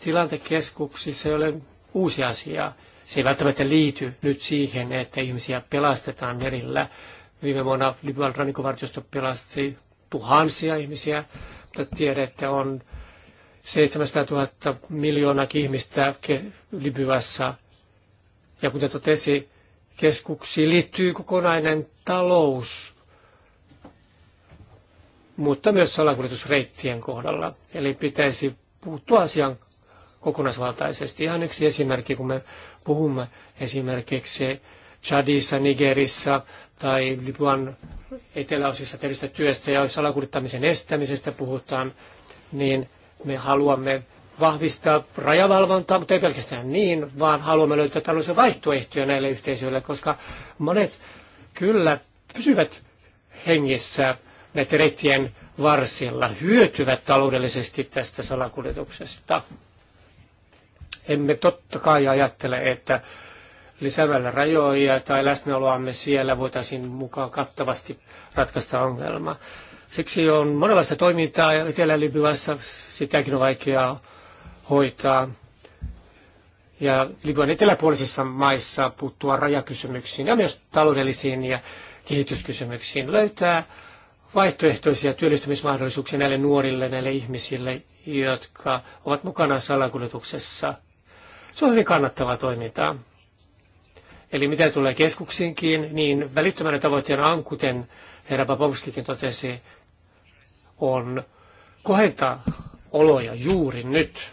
tilantekeskuksissa ei ole uusi asia. Se ei välttämättä liity nyt siihen, että ihmisiä pelastetaan merillä. Viime vuonna Libyan rannikkovartiosto pelasti tuhansia ihmisiä, mutta että on 700 000 miljoonaa ihmistä Libyassa. Ja kuten totesi, keskuksiin liittyy kokonainen talous, mutta myös salakuljetusreittien kohdalla. Eli pitäisi puuttua asian kokonaisvaltaisesti. Ihan yksi esimerkki, kun me puhumme esimerkiksi Chadissa, Nigerissä tai Libuan eteläosissa tehdystä työstä ja salakuljettamisen estämisestä puhutaan, niin me haluamme vahvistaa rajavalvontaa, mutta ei pelkästään niin, vaan haluamme löytää tällaisia vaihtoehtoja näille yhteisöille, koska monet kyllä pysyvät hengissä näiden reittien varsilla, hyötyvät taloudellisesti tästä salakuljetuksesta. Emme totta kai ajattele, että lisäämällä rajoja tai läsnäoloamme siellä voitaisiin mukaan kattavasti ratkaista ongelma. Siksi on monenlaista toimintaa Etelä-Libyassa, sitäkin on vaikeaa hoitaa. Ja Libyan eteläpuolisissa maissa puuttua rajakysymyksiin ja myös taloudellisiin ja kehityskysymyksiin löytää vaihtoehtoisia työllistymismahdollisuuksia näille nuorille, näille ihmisille, jotka ovat mukana salakuljetuksessa – se on hyvin kannattavaa toimintaa. Eli mitä tulee keskuksiinkin, niin välittömänä tavoitteena on, kuten herra Papovskikin totesi, on kohentaa oloja juuri nyt.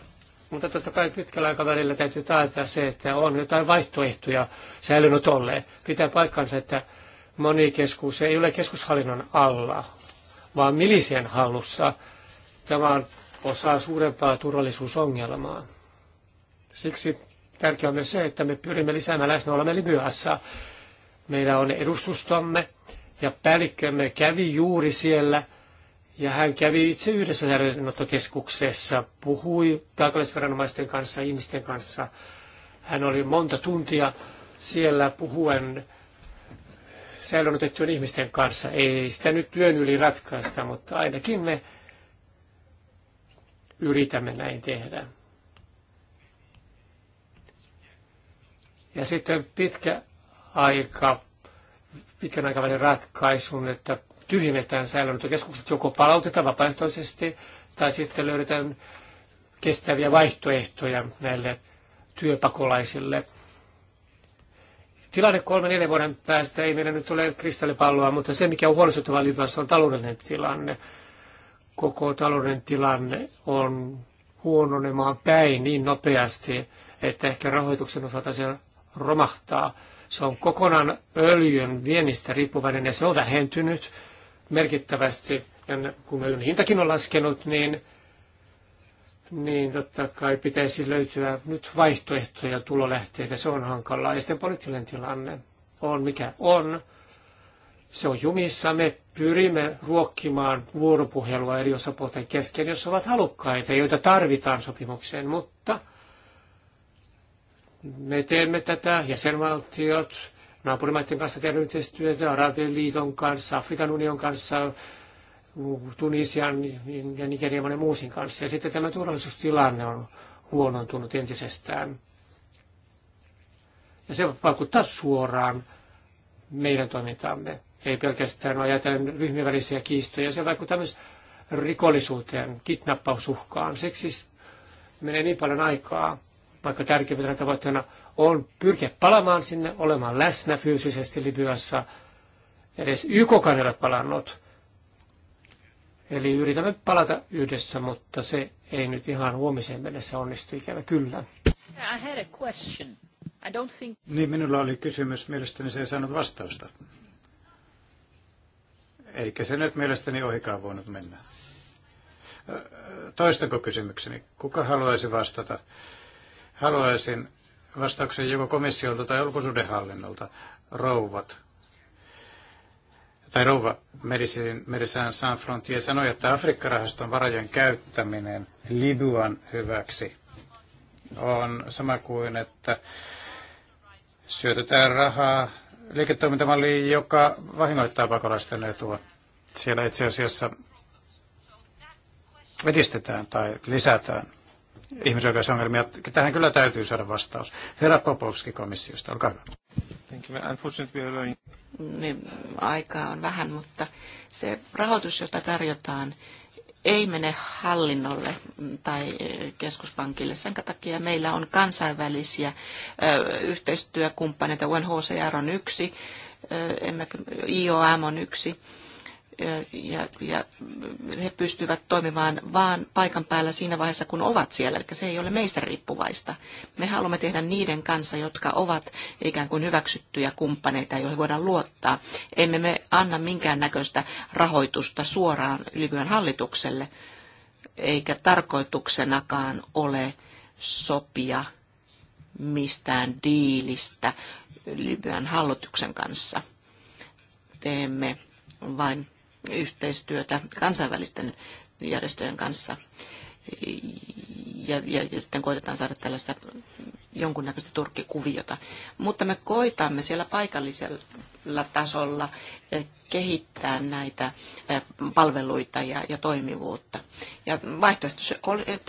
Mutta totta kai pitkällä aikavälillä täytyy taata se, että on jotain vaihtoehtoja olleen. Pitää paikkansa, että moni keskus ei ole keskushallinnon alla, vaan milisien hallussa. Tämä on osa suurempaa turvallisuusongelmaa. Siksi tärkeää on myös se, että me pyrimme lisäämään läsnäolomme Libyassa. Meillä on edustustomme ja päällikkömme kävi juuri siellä ja hän kävi itse yhdessä terveydenottokeskuksessa, puhui paikallisviranomaisten kanssa, ihmisten kanssa. Hän oli monta tuntia siellä puhuen säilönotettujen ihmisten kanssa. Ei sitä nyt työn yli ratkaista, mutta ainakin me yritämme näin tehdä. Ja sitten pitkä aika, pitkän aikavälin ratkaisun, että tyhjennetään säilöönottokeskukset joko palautetaan vapaaehtoisesti tai sitten löydetään kestäviä vaihtoehtoja näille työpakolaisille. Tilanne kolmen neljä vuoden päästä ei meillä nyt ole kristallipalloa, mutta se mikä on huolestuttava Libyassa on taloudellinen tilanne. Koko taloudellinen tilanne on huononemaan päin niin nopeasti, että ehkä rahoituksen osalta se romahtaa. Se on kokonaan öljyn viennistä riippuvainen ja se on vähentynyt merkittävästi. Ja kun öljyn hintakin on laskenut, niin, niin totta kai pitäisi löytyä nyt vaihtoehtoja tulolähteitä. Se on hankalaa. Ja sitten poliittinen tilanne on mikä on. Se on jumissa. Me pyrimme ruokkimaan vuoropuhelua eri osapuolten kesken, jos ovat halukkaita, joita tarvitaan sopimukseen, mutta – me teemme tätä, jäsenvaltiot, naapurimaiden kanssa tehdään yhteistyötä, Arabian liiton kanssa, Afrikan union kanssa, Tunisian ja Nigerian monen muusin kanssa. Ja sitten tämä turvallisuustilanne on huonontunut entisestään. Ja se vaikuttaa suoraan meidän toimintaamme. Ei pelkästään ajatellen ryhmien välisiä kiistoja, se vaikuttaa myös rikollisuuteen, kidnappausuhkaan. Seksis menee niin paljon aikaa, vaikka kärkivetran tavoitteena on pyrkiä palamaan sinne, olemaan läsnä fyysisesti Libyassa. Edes YK ei ole palannut. Eli yritämme palata yhdessä, mutta se ei nyt ihan huomiseen mennessä onnistu ikävä kyllä. I had a question. I don't think... Niin, minulla oli kysymys. Mielestäni se ei saanut vastausta. Eikä se nyt mielestäni ohikaan voinut mennä. Toistako kysymykseni? Kuka haluaisi vastata? Haluaisin vastauksen joko komissiolta tai ulkosuhdehallinnolta. Rouvat. Tai rouva Medicine San Frontier sanoi, että Afrikkarahaston varojen käyttäminen Liduan hyväksi on sama kuin, että syötetään rahaa liiketoimintamalliin, joka vahingoittaa pakolaisten etua. Siellä itse asiassa edistetään tai lisätään ihmisoikeusongelmia. Tähän kyllä täytyy saada vastaus. Herra Popovski komissiosta, olkaa hyvä. Thank you. Unfortunately, niin, aikaa on vähän, mutta se rahoitus, jota tarjotaan, ei mene hallinnolle tai eh, keskuspankille. Sen takia meillä on kansainvälisiä eh, yhteistyökumppaneita. UNHCR on yksi, eh, IOM on yksi ja, ja he pystyvät toimimaan vaan paikan päällä siinä vaiheessa, kun ovat siellä. Eli se ei ole meistä riippuvaista. Me haluamme tehdä niiden kanssa, jotka ovat ikään kuin hyväksyttyjä kumppaneita, joihin voidaan luottaa. Emme me anna minkäännäköistä rahoitusta suoraan Libyan hallitukselle, eikä tarkoituksenakaan ole sopia mistään diilistä Libyan hallituksen kanssa. Teemme vain yhteistyötä kansainvälisten järjestöjen kanssa. Ja, ja, ja sitten koitetaan saada tällaista jonkunnäköistä turkkikuviota. Mutta me koitamme siellä paikallisella tasolla eh, kehittää näitä eh, palveluita ja, ja toimivuutta. Ja vaihtoehtoisesti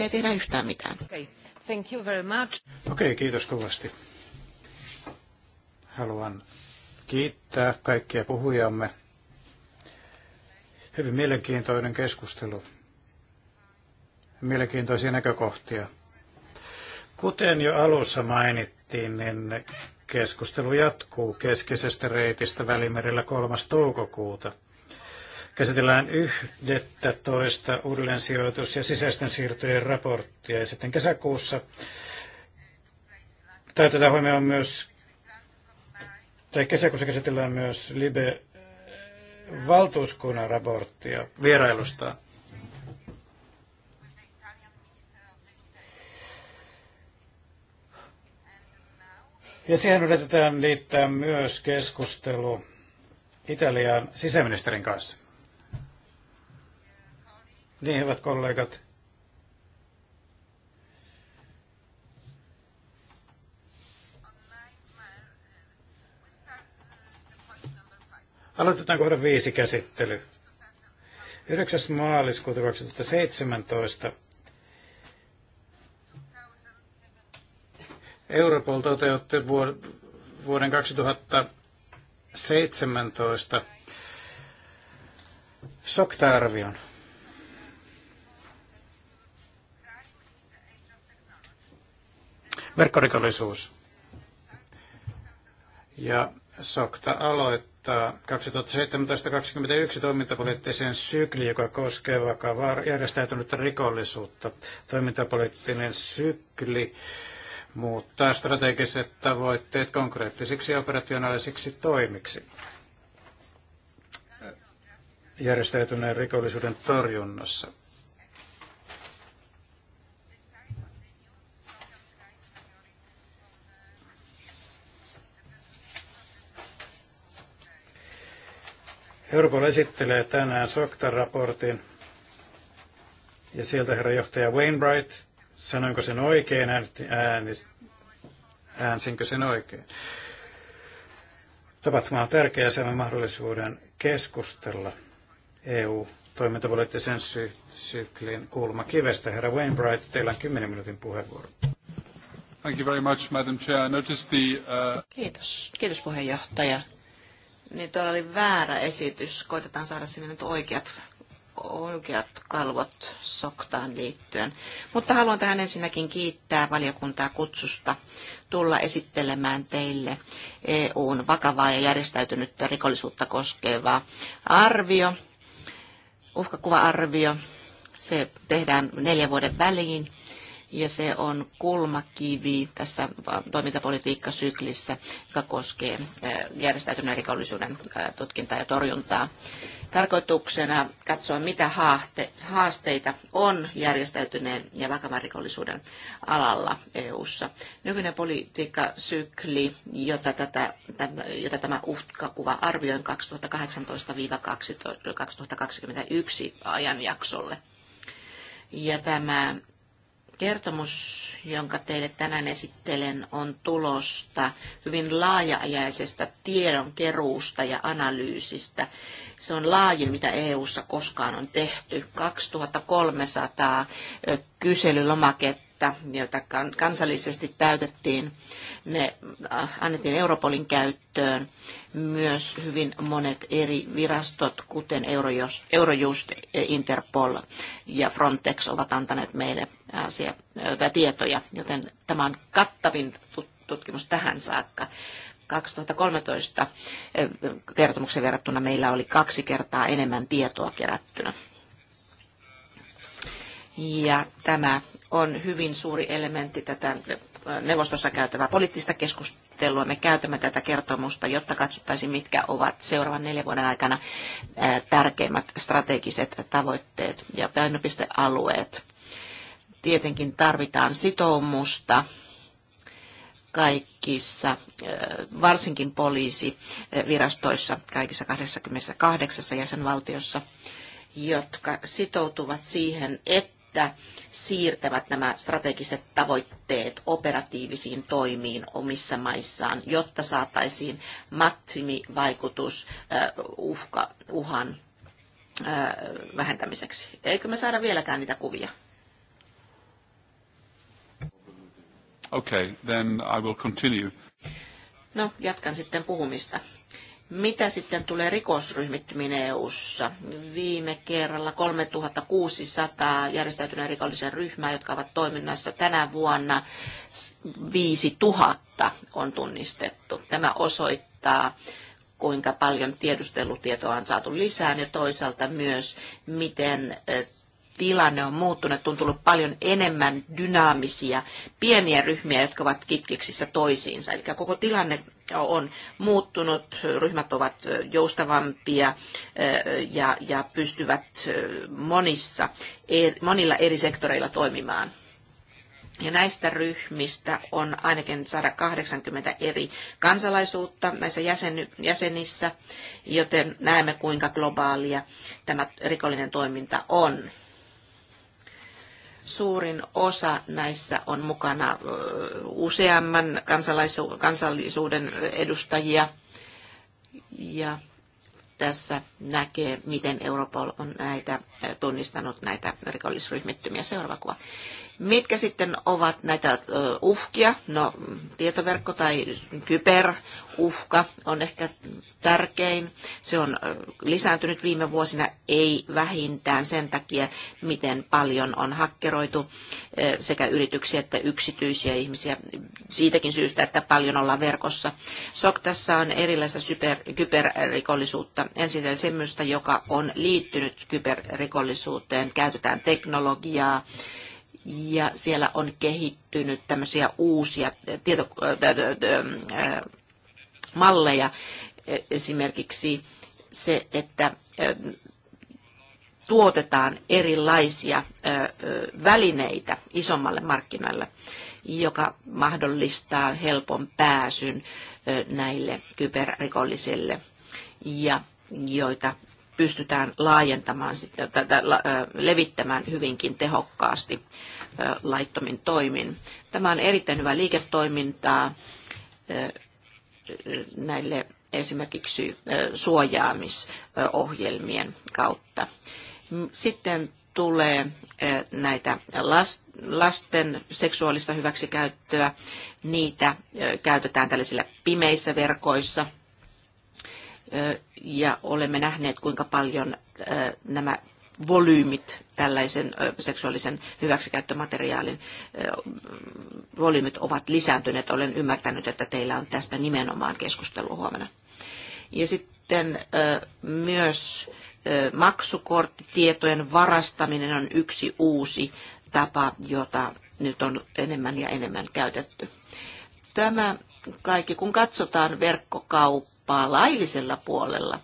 ei tehdä yhtään mitään. Okay. Thank you very much. Okei, okay, kiitos kovasti. Haluan kiittää kaikkia puhujamme. Hyvin mielenkiintoinen keskustelu. Mielenkiintoisia näkökohtia. Kuten jo alussa mainittiin, niin keskustelu jatkuu keskisestä reitistä Välimerellä 3. toukokuuta. Käsitellään 11 uudelleensijoitus- ja sisäisten siirtojen raporttia. Ja sitten kesäkuussa täytetään huomioon myös, tai kesäkuussa käsitellään myös Libe valtuuskunnan raporttia vierailusta. Ja siihen yritetään liittää myös keskustelu Italian sisäministerin kanssa. Niin, hyvät kollegat, Aloitetaan kohdan viisi käsittely. 9. maaliskuuta 2017 Europol toteutti vuoden 2017 sokta-arvion. Verkkorikollisuus. Ja Sokta aloitti viittaa 2017-2021 toimintapoliittiseen sykliin, joka koskee vakavaa järjestäytynyttä rikollisuutta. Toimintapoliittinen sykli muuttaa strategiset tavoitteet konkreettisiksi ja operationaalisiksi toimiksi järjestäytyneen rikollisuuden torjunnassa. Europol esittelee tänään SOCTA-raportin ja sieltä herra johtaja Wainwright, sanoinko sen oikein, äänsinkö sen oikein. Tapahtuma on tärkeä saamme mahdollisuuden keskustella EU-toimintapoliittisen sy- syklin kulmakivestä. Herra Wainwright, teillä on 10 minuutin puheenvuoro. Thank you very much, Madam Chair. the, uh... Kiitos. Kiitos puheenjohtaja niin tuolla oli väärä esitys. Koitetaan saada sinne nyt oikeat, oikeat kalvot soktaan liittyen. Mutta haluan tähän ensinnäkin kiittää valiokuntaa kutsusta tulla esittelemään teille EUn vakavaa ja järjestäytynyttä rikollisuutta koskeva arvio, uhkakuva-arvio. Se tehdään neljän vuoden väliin ja se on kulmakivi tässä toimintapolitiikkasyklissä, joka koskee järjestäytyneen rikollisuuden tutkintaa ja torjuntaa. Tarkoituksena katsoa, mitä haasteita on järjestäytyneen ja vakavan rikollisuuden alalla EU:ssa. Nykyinen politiikkasykli, jota, tätä, jota tämä uhkakuva arvioin 2018-2021 ajanjaksolle. Ja tämä Kertomus, jonka teille tänään esittelen, on tulosta hyvin laaja-ajaisesta tiedonkeruusta ja analyysistä. Se on laajin, mitä EU:ssa koskaan on tehty. 2300 kyselylomaketta, joita kansallisesti täytettiin, ne äh, annettiin Europolin käyttöön. Myös hyvin monet eri virastot, kuten Eurojust, Interpol ja Frontex, ovat antaneet meille asia, tai tietoja, joten tämä on kattavin tutkimus tähän saakka. 2013 kertomuksen verrattuna meillä oli kaksi kertaa enemmän tietoa kerättynä. Ja tämä on hyvin suuri elementti tätä neuvostossa käytävää poliittista keskustelua. Me käytämme tätä kertomusta, jotta katsottaisiin, mitkä ovat seuraavan neljän vuoden aikana tärkeimmät strategiset tavoitteet ja painopistealueet tietenkin tarvitaan sitoumusta kaikissa, eh, varsinkin poliisivirastoissa, kaikissa 28 jäsenvaltiossa, jotka sitoutuvat siihen, että siirtävät nämä strategiset tavoitteet operatiivisiin toimiin omissa maissaan, jotta saataisiin maksimivaikutus eh, uhka, uhan eh, vähentämiseksi. Eikö me saada vieläkään niitä kuvia? Okay, then I will continue. No, jatkan sitten puhumista. Mitä sitten tulee rikosryhmittymiin EU-ssa? Viime kerralla 3600 järjestäytyneen rikollisen ryhmää, jotka ovat toiminnassa tänä vuonna 5000 on tunnistettu. Tämä osoittaa, kuinka paljon tiedustelutietoa on saatu lisään ja toisaalta myös, miten eh, tilanne on muuttunut, on tullut paljon enemmän dynaamisia pieniä ryhmiä, jotka ovat kitkiksissä toisiinsa. Eli koko tilanne on muuttunut, ryhmät ovat joustavampia ja, ja pystyvät monissa, monilla eri sektoreilla toimimaan. Ja näistä ryhmistä on ainakin 180 eri kansalaisuutta näissä jäseny, jäsenissä, joten näemme kuinka globaalia tämä rikollinen toiminta on. Suurin osa näissä on mukana useamman kansallisuuden edustajia. Ja tässä näkee, miten Europol on näitä, tunnistanut näitä rikollisryhmittymiä. Seuraava kuva. Mitkä sitten ovat näitä uhkia? No, tietoverkko tai kyberuhka on ehkä tärkein. Se on lisääntynyt viime vuosina, ei vähintään sen takia, miten paljon on hakkeroitu sekä yrityksiä että yksityisiä ihmisiä siitäkin syystä, että paljon ollaan verkossa. tässä on erilaista super, kyberrikollisuutta. Ensinnäkin semmoista, joka on liittynyt kyberrikollisuuteen, käytetään teknologiaa, ja siellä on kehittynyt tämmöisiä uusia tieto, malleja, esimerkiksi se, että tuotetaan erilaisia välineitä isommalle markkinoille, joka mahdollistaa helpon pääsyn näille kyberrikollisille ja joita pystytään laajentamaan sitten, levittämään hyvinkin tehokkaasti laittomin toimin. Tämä on erittäin hyvä liiketoimintaa näille esimerkiksi suojaamisohjelmien kautta. Sitten tulee näitä lasten seksuaalista hyväksikäyttöä. Niitä käytetään tällaisilla pimeissä verkoissa. Ja olemme nähneet, kuinka paljon nämä volyymit tällaisen seksuaalisen hyväksikäyttömateriaalin volyymit ovat lisääntyneet. Olen ymmärtänyt, että teillä on tästä nimenomaan keskustelu huomenna. Ja sitten myös maksukorttitietojen varastaminen on yksi uusi tapa, jota nyt on enemmän ja enemmän käytetty. Tämä kaikki, kun katsotaan verkkokauppaa laillisella puolella,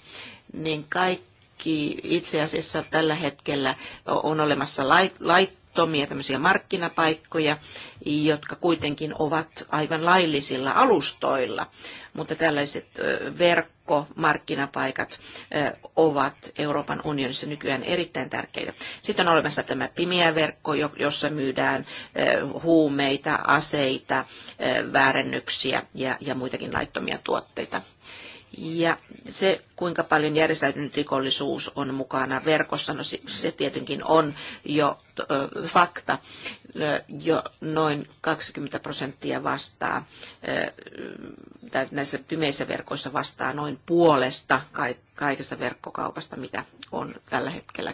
niin kaikki itse asiassa tällä hetkellä on olemassa lait, lait, laittomia tämmöisiä markkinapaikkoja, jotka kuitenkin ovat aivan laillisilla alustoilla. Mutta tällaiset verkkomarkkinapaikat ovat Euroopan unionissa nykyään erittäin tärkeitä. Sitten on olemassa tämä pimeä verkko, jossa myydään huumeita, aseita, väärennyksiä ja, ja muitakin laittomia tuotteita ja se, kuinka paljon järjestäytynyt rikollisuus on mukana verkossa, no se tietenkin on jo fakta. Jo noin 20 prosenttia vastaa, tai näissä pimeissä verkoissa vastaa noin puolesta kaikesta verkkokaupasta, mitä on tällä hetkellä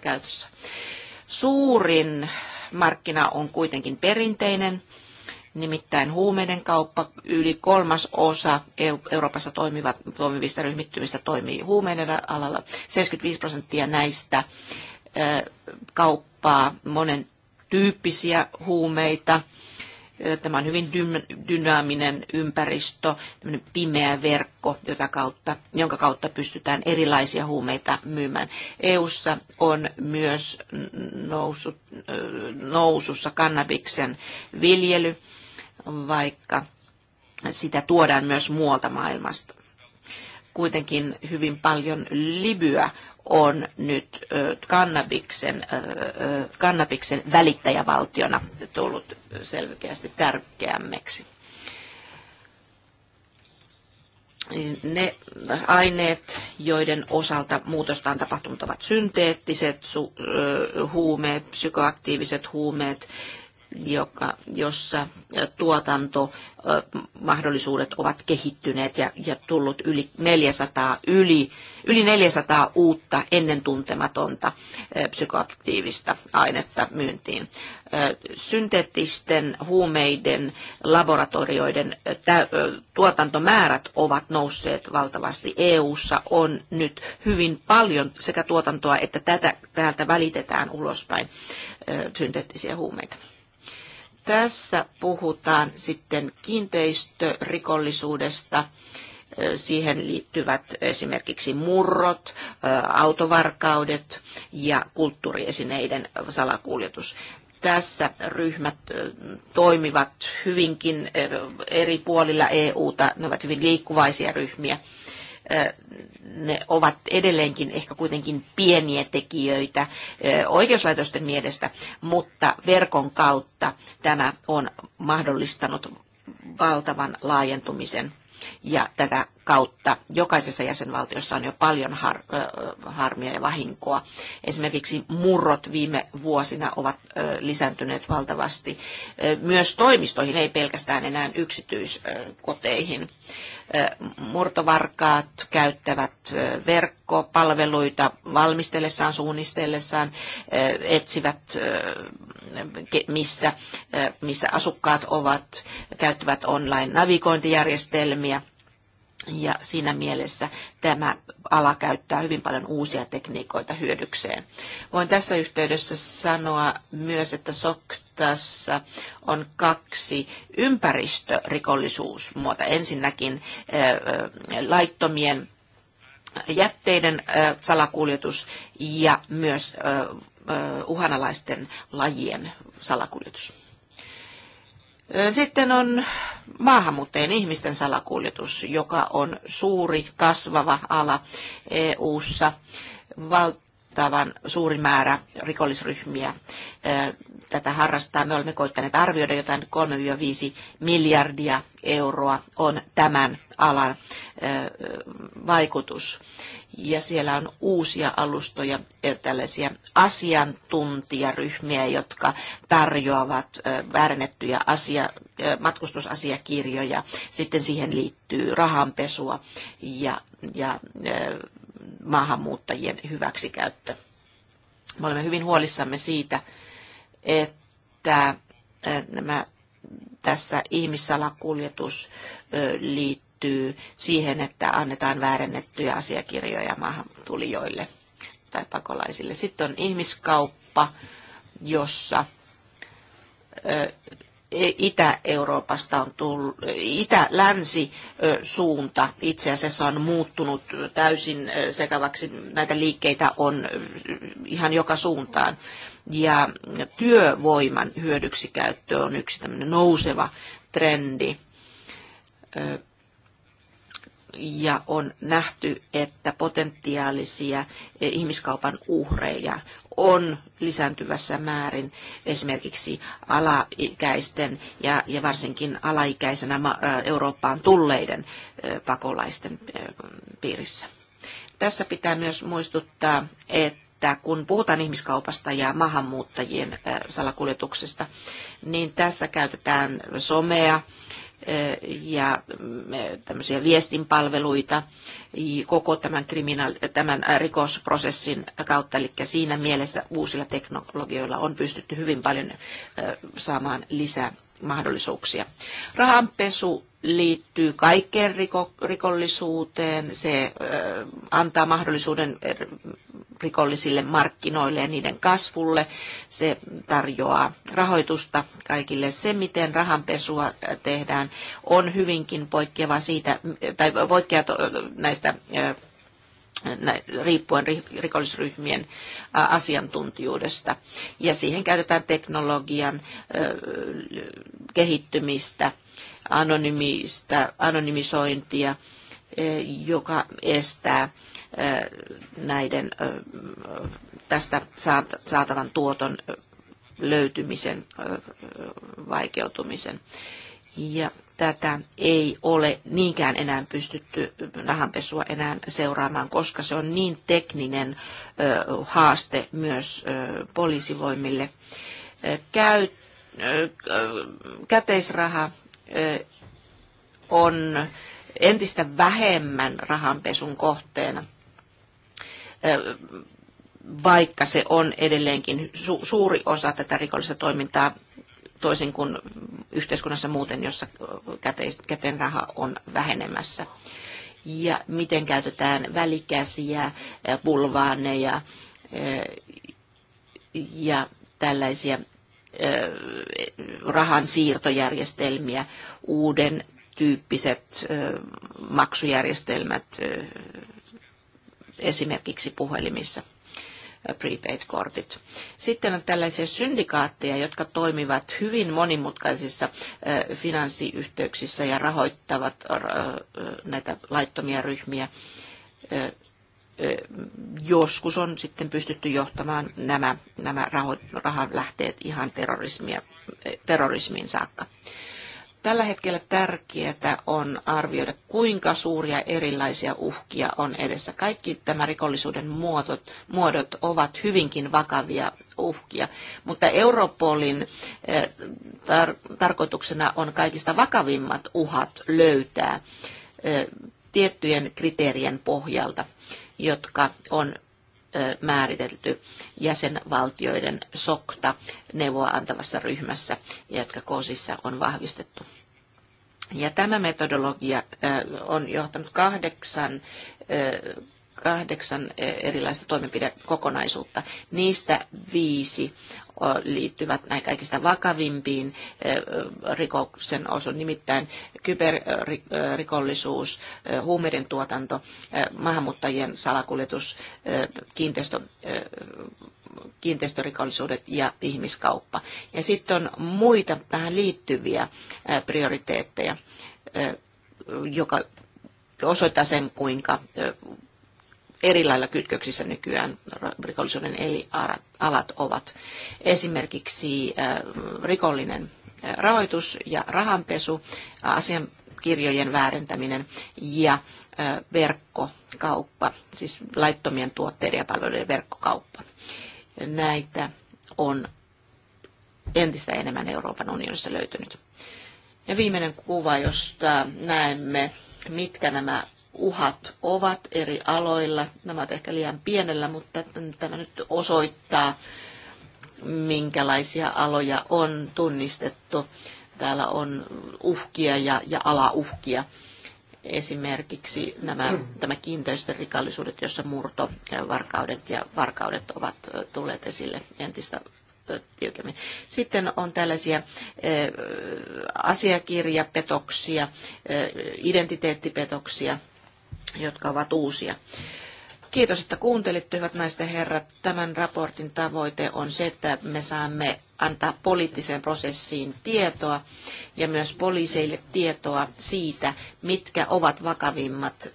käytössä. Suurin markkina on kuitenkin perinteinen Nimittäin huumeiden kauppa, yli kolmas osa Euroopassa toimivat, toimivista ryhmittymistä toimii huumeiden alalla. 75 prosenttia näistä kauppaa monen tyyppisiä huumeita. Tämä on hyvin dynaaminen ympäristö, tämmöinen pimeä verkko, jota kautta, jonka kautta pystytään erilaisia huumeita myymään. EU:ssa on myös noussut, nousussa kannabiksen viljely vaikka sitä tuodaan myös muualta maailmasta. Kuitenkin hyvin paljon libyä on nyt kannabiksen, kannabiksen välittäjävaltiona tullut selkeästi tärkeämmäksi. Ne aineet, joiden osalta muutosta on tapahtunut, ovat synteettiset huumeet, psykoaktiiviset huumeet, joka, jossa tuotantomahdollisuudet ovat kehittyneet ja, ja tullut yli 400, yli, yli 400 uutta ennen tuntematonta psykoaktiivista ainetta myyntiin. Synteettisten huumeiden laboratorioiden tuotantomäärät ovat nousseet valtavasti. EU:ssa on nyt hyvin paljon sekä tuotantoa että tätä, täältä välitetään ulospäin synteettisiä huumeita. Tässä puhutaan sitten kiinteistörikollisuudesta. Siihen liittyvät esimerkiksi murrot, autovarkaudet ja kulttuuriesineiden salakuljetus tässä ryhmät toimivat hyvinkin eri puolilla EUta, ne ovat hyvin liikkuvaisia ryhmiä ne ovat edelleenkin ehkä kuitenkin pieniä tekijöitä oikeuslaitosten mielestä, mutta verkon kautta tämä on mahdollistanut valtavan laajentumisen ja tätä kautta. Jokaisessa jäsenvaltiossa on jo paljon har, harmia ja vahinkoa. Esimerkiksi murrot viime vuosina ovat lisääntyneet valtavasti. Myös toimistoihin, ei pelkästään enää yksityiskoteihin. Murtovarkaat käyttävät verkkopalveluita valmistellessaan, suunnistellessaan, etsivät missä, missä asukkaat ovat, käyttävät online-navigointijärjestelmiä ja siinä mielessä tämä ala käyttää hyvin paljon uusia tekniikoita hyödykseen. Voin tässä yhteydessä sanoa myös, että Soktassa on kaksi ympäristörikollisuusmuota. Ensinnäkin laittomien jätteiden salakuljetus ja myös uhanalaisten lajien salakuljetus. Sitten on maahanmuuttajien ihmisten salakuljetus, joka on suuri kasvava ala EU-ssa. Valtavan suuri määrä rikollisryhmiä tätä harrastaa. Me olemme koittaneet arvioida jotain 3-5 miljardia euroa on tämän alan vaikutus ja siellä on uusia alustoja, eh, tällaisia asiantuntijaryhmiä, jotka tarjoavat eh, väärennettyjä asia, eh, matkustusasiakirjoja. Sitten siihen liittyy rahanpesua ja, ja maahanmuuttajien hyväksikäyttö. Me olemme hyvin huolissamme siitä, että nämä tässä ihmissalakuljetus liittyy liittyy siihen, että annetaan väärennettyjä asiakirjoja maahantulijoille tai pakolaisille. Sitten on ihmiskauppa, jossa Itä-Euroopasta on tullut, Itä-Länsi-suunta itse asiassa on muuttunut täysin sekavaksi. Näitä liikkeitä on ihan joka suuntaan. Ja työvoiman hyödyksikäyttö on yksi tämmöinen nouseva trendi ja on nähty, että potentiaalisia eh, ihmiskaupan uhreja on lisääntyvässä määrin esimerkiksi alaikäisten ja, ja varsinkin alaikäisenä eh, Eurooppaan tulleiden eh, pakolaisten piirissä. Tässä pitää myös muistuttaa, että että kun puhutaan ihmiskaupasta ja maahanmuuttajien salakuljetuksesta, niin tässä käytetään somea, ja mm, tämmöisiä viestinpalveluita koko tämän, tämän rikosprosessin kautta. Eli siinä mielessä uusilla teknologioilla on pystytty hyvin paljon saamaan lisää mahdollisuuksia. Rahanpesu liittyy kaikkeen riko, rikollisuuteen. Se ö, antaa mahdollisuuden rikollisille markkinoille ja niiden kasvulle. Se tarjoaa rahoitusta kaikille. Se, miten rahanpesua tehdään, on hyvinkin poikkeava siitä, tai poikkeava näistä riippuen rikollisryhmien asiantuntijuudesta. Ja siihen käytetään teknologian kehittymistä, anonymista, anonymisointia, e, joka estää näiden tästä saatavan tuoton löytymisen vaikeutumisen. Ja tätä ei ole niinkään enää pystytty rahanpesua enää seuraamaan, koska se on niin tekninen haaste myös poliisivoimille. Käy, käteisraha on entistä vähemmän rahanpesun kohteena, vaikka se on edelleenkin suuri osa tätä rikollista toimintaa toisin kuin yhteiskunnassa muuten, jossa käteen raha on vähenemässä. Ja miten käytetään välikäsiä, pulvaaneja ja tällaisia rahan siirtojärjestelmiä, uuden tyyppiset maksujärjestelmät esimerkiksi puhelimissa – prepaid-kortit. Sitten on tällaisia syndikaatteja, jotka toimivat hyvin monimutkaisissa finanssiyhteyksissä ja rahoittavat näitä laittomia ryhmiä. Joskus on sitten pystytty johtamaan nämä, nämä rahan lähteet ihan terrorismiin saakka. Tällä hetkellä tärkeää on arvioida, kuinka suuria erilaisia uhkia on edessä. Kaikki tämä rikollisuuden muodot, muodot ovat hyvinkin vakavia uhkia, mutta Europolin eh, tar- tarkoituksena on kaikista vakavimmat uhat löytää eh, tiettyjen kriteerien pohjalta, jotka on eh, määritelty jäsenvaltioiden sokta neuvoa antavassa ryhmässä, ja jotka koosissa on vahvistettu. Ja tämä metodologia äh, on johtanut kahdeksan, äh, kahdeksan äh, erilaista toimenpidekokonaisuutta. Niistä viisi liittyvät näin kaikista vakavimpiin rikoksen osuun, nimittäin kyberrikollisuus, huumeiden tuotanto, maahanmuuttajien salakuljetus, kiinteistö, kiinteistörikollisuudet ja ihmiskauppa. Ja sitten on muita tähän liittyviä prioriteetteja, joka osoittaa sen, kuinka eri lailla kytköksissä nykyään rikollisuuden eri alat ovat. Esimerkiksi rikollinen rahoitus ja rahanpesu, asiakirjojen väärentäminen ja verkkokauppa, siis laittomien tuotteiden ja palveluiden verkkokauppa näitä on entistä enemmän Euroopan unionissa löytynyt. Ja viimeinen kuva, josta näemme, mitkä nämä uhat ovat eri aloilla. Nämä ovat ehkä liian pienellä, mutta tämä nyt osoittaa, minkälaisia aloja on tunnistettu. Täällä on uhkia ja, ja alauhkia. Esimerkiksi nämä, tämä rikallisuudet, jossa murto, varkaudet ja varkaudet ovat tulleet esille entistä tiukemmin. Sitten on tällaisia asiakirjapetoksia, identiteettipetoksia, jotka ovat uusia. Kiitos, että kuuntelitte, hyvät naiset ja herrat. Tämän raportin tavoite on se, että me saamme antaa poliittiseen prosessiin tietoa ja myös poliiseille tietoa siitä, mitkä ovat vakavimmat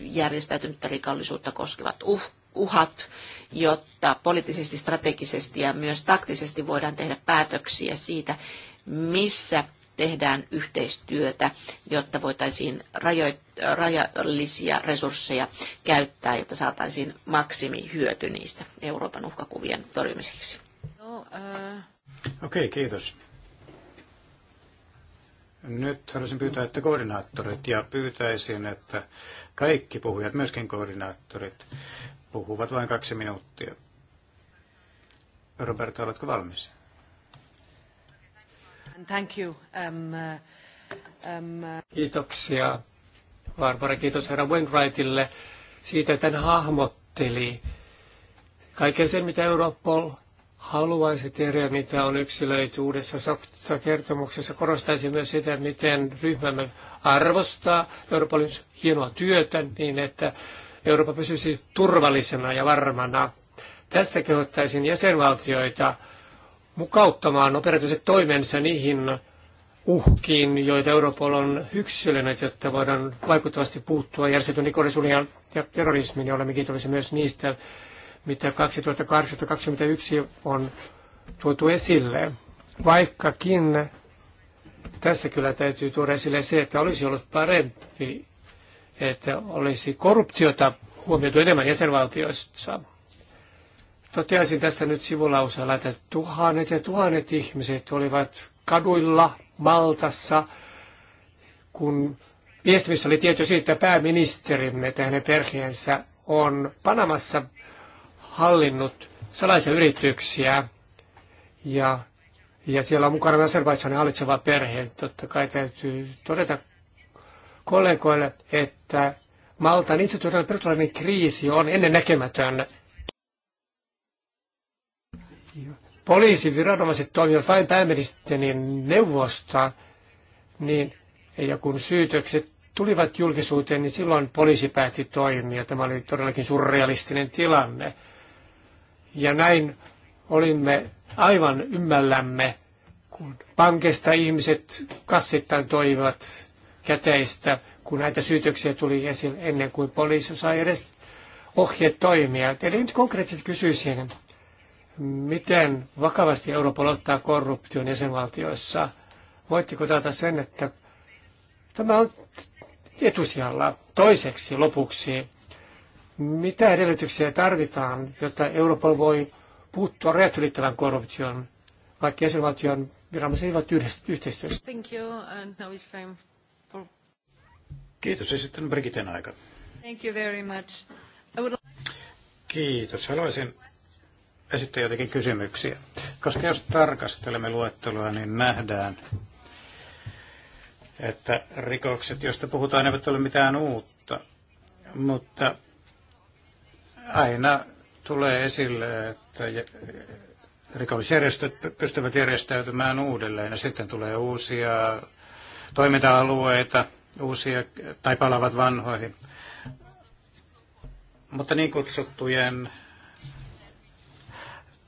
järjestäytynyttä rikollisuutta koskevat uh, uhat, jotta poliittisesti, strategisesti ja myös taktisesti voidaan tehdä päätöksiä siitä, missä tehdään yhteistyötä, jotta voitaisiin rajallisia resursseja käyttää, jotta saataisiin maksimi hyöty niistä Euroopan uhkakuvien torjumiseksi. Uh... Okei, okay, kiitos. Nyt haluaisin pyytää, että koordinaattorit ja pyytäisin, että kaikki puhujat, myöskin koordinaattorit, puhuvat vain kaksi minuuttia. Roberto, oletko valmis? Thank you. Um, uh, um... Uh. Kiitoksia. Barbara, kiitos herra Wainwrightille siitä, että hän hahmotteli kaiken sen, mitä Europol haluaisi tehdä, mitä on yksilöity uudessa kertomuksessa. Korostaisin myös sitä, miten ryhmämme arvostaa Euroopan hienoa työtä niin, että Eurooppa pysyisi turvallisena ja varmana. Tästä kehottaisin jäsenvaltioita mukauttamaan operatiiviset toimensa niihin uhkiin, joita Europol on yksilönyt, jotta voidaan vaikuttavasti puuttua järjestetyn rikollisuuden ja terrorismin, ja olemme kiitollisia myös niistä mitä 2021 on tuotu esille. Vaikkakin tässä kyllä täytyy tuoda esille se, että olisi ollut parempi, että olisi korruptiota huomioitu enemmän jäsenvaltioissa. Toteaisin tässä nyt sivulausella, että tuhannet ja tuhannet ihmiset olivat kaduilla Maltassa, kun viestimissä oli tieto siitä pääministerimme, että hänen perheensä on Panamassa hallinnut salaisia yrityksiä ja, ja siellä on mukana Azerbaidsanin hallitseva perhe. Totta kai täytyy todeta kollegoille, että Maltan itsetyöllinen perustuslainen kriisi on ennennäkemätön. Poliisiviranomaiset toimivat vain pääministerin neuvosta, niin, ja kun syytökset tulivat julkisuuteen, niin silloin poliisi päätti toimia. Tämä oli todellakin surrealistinen tilanne. Ja näin olimme aivan ymmällämme, kun pankista ihmiset kassittain toivat käteistä, kun näitä syytöksiä tuli esille ennen kuin poliisi sai edes ohjeet toimia. Eli nyt konkreettisesti kysyisin, miten vakavasti Eurooppa ottaa korruption jäsenvaltioissa? Voitteko taata sen, että tämä on etusijalla? Toiseksi lopuksi mitä edellytyksiä tarvitaan, jotta Europol voi puuttua rajat ylittävän korruptioon, vaikka jäsenvaltion viranomaiset eivät yhteistyössä? Thank you, and now it's time for... Kiitos, ja sitten Brigitten aika. Thank you very much. I would... Kiitos. Haluaisin esittää jotakin kysymyksiä. Koska jos tarkastelemme luettelua, niin nähdään, että rikokset, joista puhutaan, eivät ole mitään uutta. Mutta aina tulee esille, että rikollisjärjestöt pystyvät järjestäytymään uudelleen ja sitten tulee uusia toiminta-alueita, uusia, tai palavat vanhoihin. Mutta niin kutsuttujen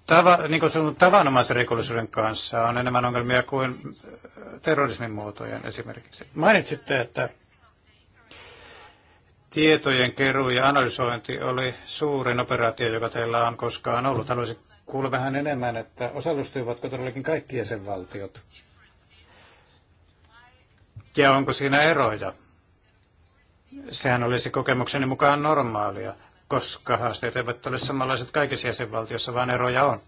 tava, niin kutsutun tavanomaisen rikollisuuden kanssa on enemmän ongelmia kuin terrorismin muotojen esimerkiksi. Mainitsitte, että tietojen keruu ja analysointi oli suurin operaatio, joka teillä on koskaan ollut. Haluaisin kuulla vähän enemmän, että osallistuivatko todellakin kaikki jäsenvaltiot? Ja onko siinä eroja? Sehän olisi kokemukseni mukaan normaalia, koska haasteet eivät ole samanlaiset kaikissa jäsenvaltiossa, vaan eroja on.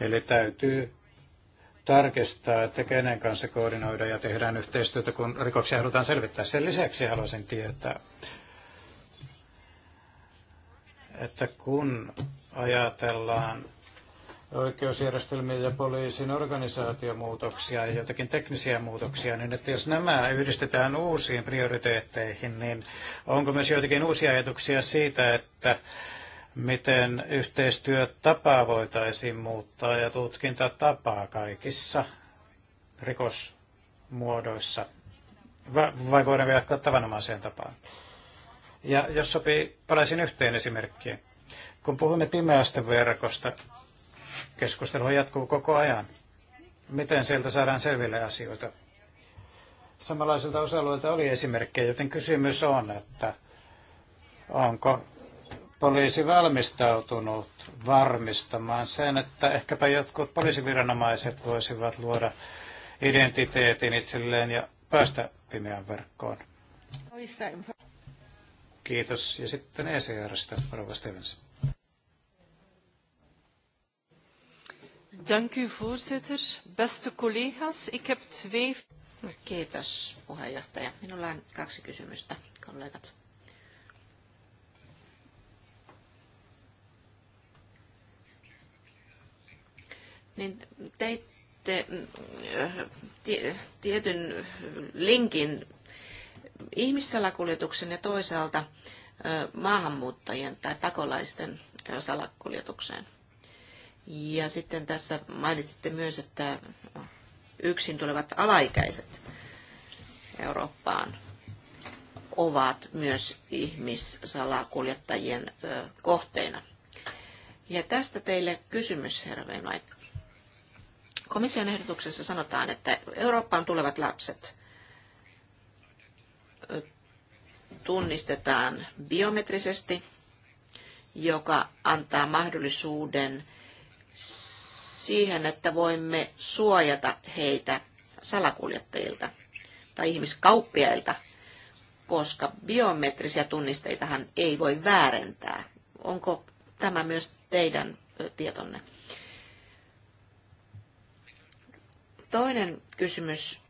Eli täytyy tarkistaa, että kenen kanssa koordinoida ja tehdään yhteistyötä, kun rikoksia halutaan selvittää. Sen lisäksi haluaisin tietää, että kun ajatellaan oikeusjärjestelmien ja poliisin organisaatiomuutoksia ja jotakin teknisiä muutoksia, niin että jos nämä yhdistetään uusiin prioriteetteihin, niin onko myös joitakin uusia ajatuksia siitä, että miten yhteistyötapaa voitaisiin muuttaa ja tutkintatapaa kaikissa rikosmuodoissa. Vai voidaan vielä tavanomaiseen tapaan? Ja jos sopii, palaisin yhteen esimerkkiin. Kun puhumme pimeästä verkosta, keskustelu jatkuu koko ajan. Miten sieltä saadaan selville asioita? Samanlaisilta osa-alueilta oli esimerkkejä, joten kysymys on, että onko poliisi valmistautunut varmistamaan sen, että ehkäpä jotkut poliisiviranomaiset voisivat luoda identiteetin itselleen ja päästä pimeään verkkoon. Kiitos. Ja sitten ECRstä, Rova Stevens. Dank u voorzitter. Beste collega's, ik heb twee... Kiitos puheenjohtaja. Minulla on kaksi kysymystä, kollegat. niin teitte äh, tietyn linkin ihmissalakuljetuksen ja toisaalta äh, maahanmuuttajien tai pakolaisten äh, salakuljetukseen. Ja sitten tässä mainitsitte myös, että yksin tulevat alaikäiset Eurooppaan ovat myös ihmissalakuljettajien kohteina. Ja tästä teille kysymys, herra Veinlainen Komission ehdotuksessa sanotaan, että Eurooppaan tulevat lapset tunnistetaan biometrisesti, joka antaa mahdollisuuden siihen, että voimme suojata heitä salakuljettajilta tai ihmiskauppiailta, koska biometrisiä tunnisteitahan ei voi väärentää. Onko tämä myös teidän tietonne? Toinen kysymys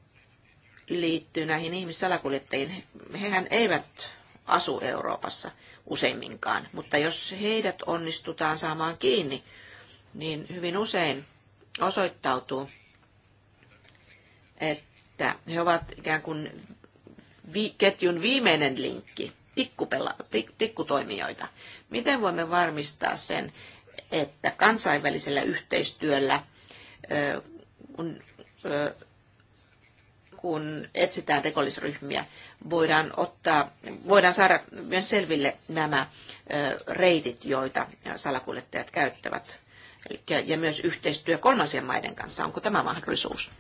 liittyy näihin ihmissalakuljettajiin. Hehän eivät asu Euroopassa useimminkaan, mutta jos heidät onnistutaan saamaan kiinni, niin hyvin usein osoittautuu, että he ovat ikään kuin vi- ketjun viimeinen linkki, pikkupela- pik- pikkutoimijoita. Miten voimme varmistaa sen, että kansainvälisellä yhteistyöllä, kun kun etsitään rikollisryhmiä, voidaan, ottaa, voidaan saada myös selville nämä reitit, joita salakuljettajat käyttävät. Ja myös yhteistyö kolmansien maiden kanssa. Onko tämä mahdollisuus?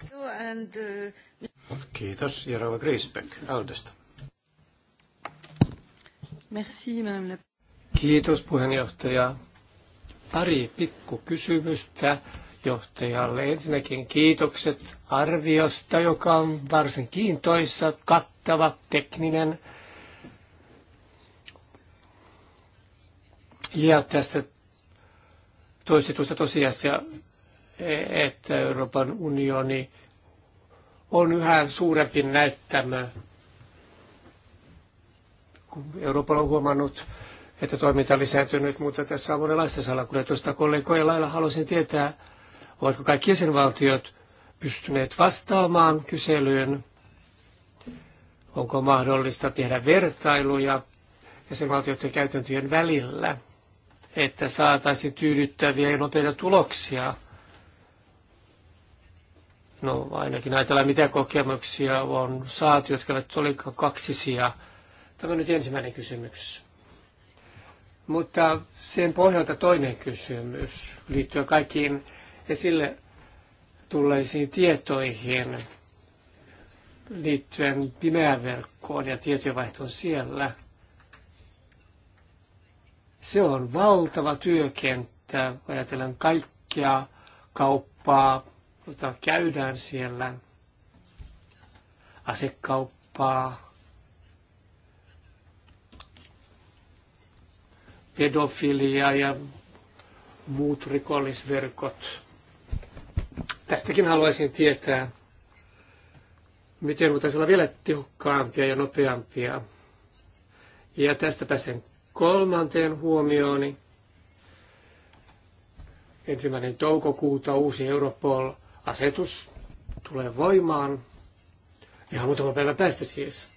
Kiitos. Jarova Grisbeck, Aldesta. Merci, Kiitos puheenjohtaja. Pari pikku kysymystä johtajalle. Ensinnäkin kiitokset arviosta, joka on varsin kiintoissa, kattava, tekninen. Ja tästä toistetusta tosiasiasta, että Euroopan unioni on yhä suurempi näyttämö. Eurooppa on huomannut, että toiminta on lisääntynyt, mutta tässä on monenlaista salakuljetusta. Kollegojen lailla haluaisin tietää, Ovatko kaikki jäsenvaltiot pystyneet vastaamaan kyselyyn? Onko mahdollista tehdä vertailuja jäsenvaltioiden käytäntöjen välillä, että saataisiin tyydyttäviä ja nopeita tuloksia? No ainakin ajatellaan, mitä kokemuksia on saatu, jotka ovat olikaan kaksisia. Tämä on nyt ensimmäinen kysymys. Mutta sen pohjalta toinen kysymys liittyy kaikkiin esille tulleisiin tietoihin liittyen pimeään verkkoon ja tietojenvaihtoon siellä. Se on valtava työkenttä, ajatellen kaikkia kauppaa, jota käydään siellä, asekauppaa, pedofilia ja muut rikollisverkot. Tästäkin haluaisin tietää, miten voitaisiin olla vielä tiukkaampia ja nopeampia. Ja tästä pääsen kolmanteen huomiooni. Ensimmäinen toukokuuta uusi Europol-asetus tulee voimaan. Ihan muutama päivä päästä siis.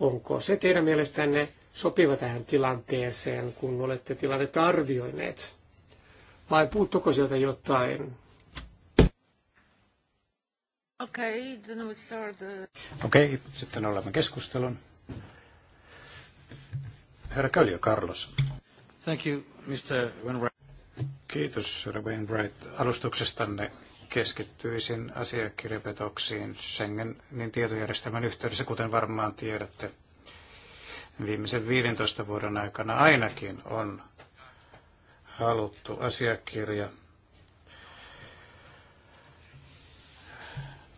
Onko se teidän mielestänne sopiva tähän tilanteeseen, kun olette tilannetta arvioineet? Vai puuttuko sieltä jotain, Okei, okay, the... okay, sitten olemme keskustelun. Herra Köljo, Carlos. Thank you, Mr. Wainwright. Kiitos, herra Wainwright, alustuksestanne. Keskittyisin asiakirjapetoksiin Schengenin tietojärjestelmän yhteydessä, kuten varmaan tiedätte. Viimeisen 15 vuoden aikana ainakin on haluttu asiakirja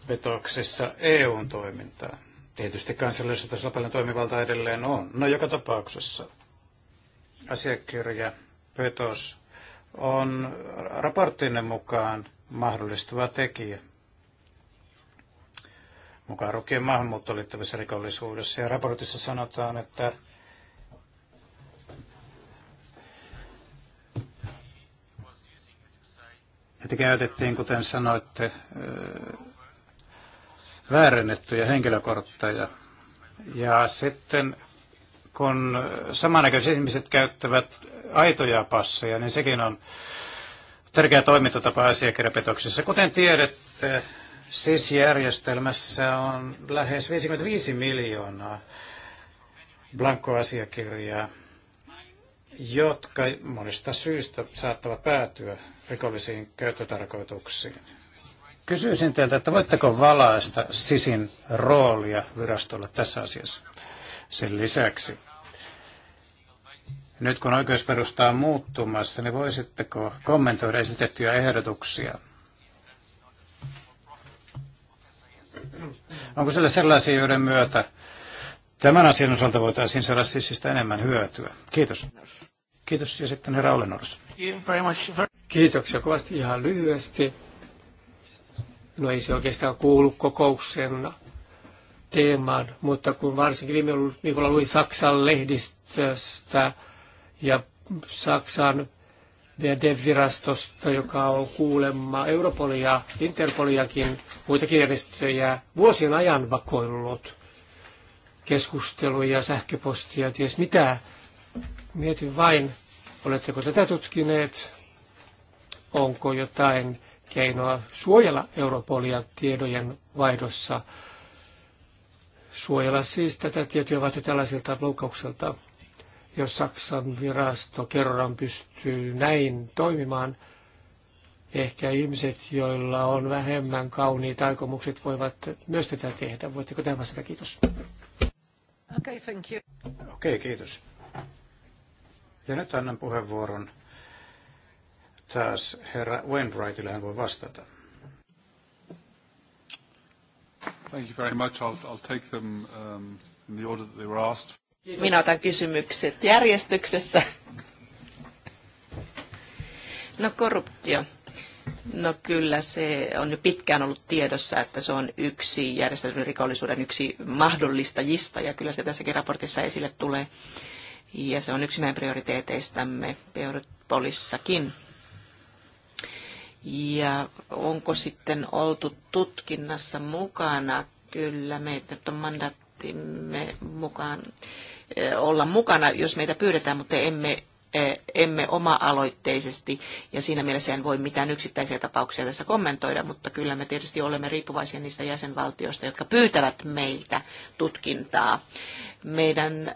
petoksissa EUn toimintaa. Tietysti kansallisessa tasolla paljon toimivalta edelleen on. No joka tapauksessa asiakirja petos on raporttinne mukaan mahdollistava tekijä mukaan lukien maahanmuuttoon liittyvässä rikollisuudessa. Ja raportissa sanotaan, että että käytettiin, kuten sanoitte, väärennettyjä henkilökortteja. Ja sitten kun samanäköiset ihmiset käyttävät aitoja passeja, niin sekin on tärkeä toimintatapa asiakirjapetoksessa. Kuten tiedätte, SIS-järjestelmässä on lähes 55 miljoonaa blankkoasiakirjaa, jotka monista syistä saattavat päätyä rikollisiin käyttötarkoituksiin. Kysyisin teiltä, että voitteko valaista sisin roolia virastolle tässä asiassa sen lisäksi? Nyt kun oikeusperusta on muuttumassa, niin voisitteko kommentoida esitettyjä ehdotuksia? Onko siellä sellaisia, joiden myötä tämän asian osalta voitaisiin saada sisistä enemmän hyötyä? Kiitos. Kiitos ja sitten herra Olenors. Kiitoksia kovasti ihan lyhyesti No ei se oikeastaan kuulu kokouksen teemaan, mutta kun varsinkin viime viikolla luin Saksan lehdistöstä ja Saksan DEV-virastosta, joka on kuulemma Europolia, Interpoliakin, muitakin järjestöjä vuosien ajan vakoillut keskusteluja, sähköpostia, ties mitä. Mietin vain, oletteko tätä tutkineet, onko jotain keinoa suojella Europolia tiedojen vaihdossa, suojella siis tätä tietoja vaihto tällaisilta loukkaukselta. Jos Saksan virasto kerran pystyy näin toimimaan, ehkä ihmiset, joilla on vähemmän kauniit aikomukset, voivat myös tätä tehdä. Voitteko tehdä vastata? Kiitos. Okei, okay, thank you. okay, kiitos. Ja nyt annan puheenvuoron taas herra Wainwrightille hän voi vastata. Thank you very much. I'll, I'll take them um, in the order that they were asked. Minä otan kysymykset järjestyksessä. No korruptio. No kyllä se on jo pitkään ollut tiedossa, että se on yksi järjestetyn rikollisuuden yksi mahdollistajista ja kyllä se tässäkin raportissa esille tulee. Ja se on yksi meidän prioriteeteistamme Europolissakin ja onko sitten oltu tutkinnassa mukana? Kyllä, meitä on mandaattimme mukaan eh, olla mukana, jos meitä pyydetään, mutta emme Eh, emme oma-aloitteisesti, ja siinä mielessä en voi mitään yksittäisiä tapauksia tässä kommentoida, mutta kyllä me tietysti olemme riippuvaisia niistä jäsenvaltioista, jotka pyytävät meiltä tutkintaa. Meidän eh,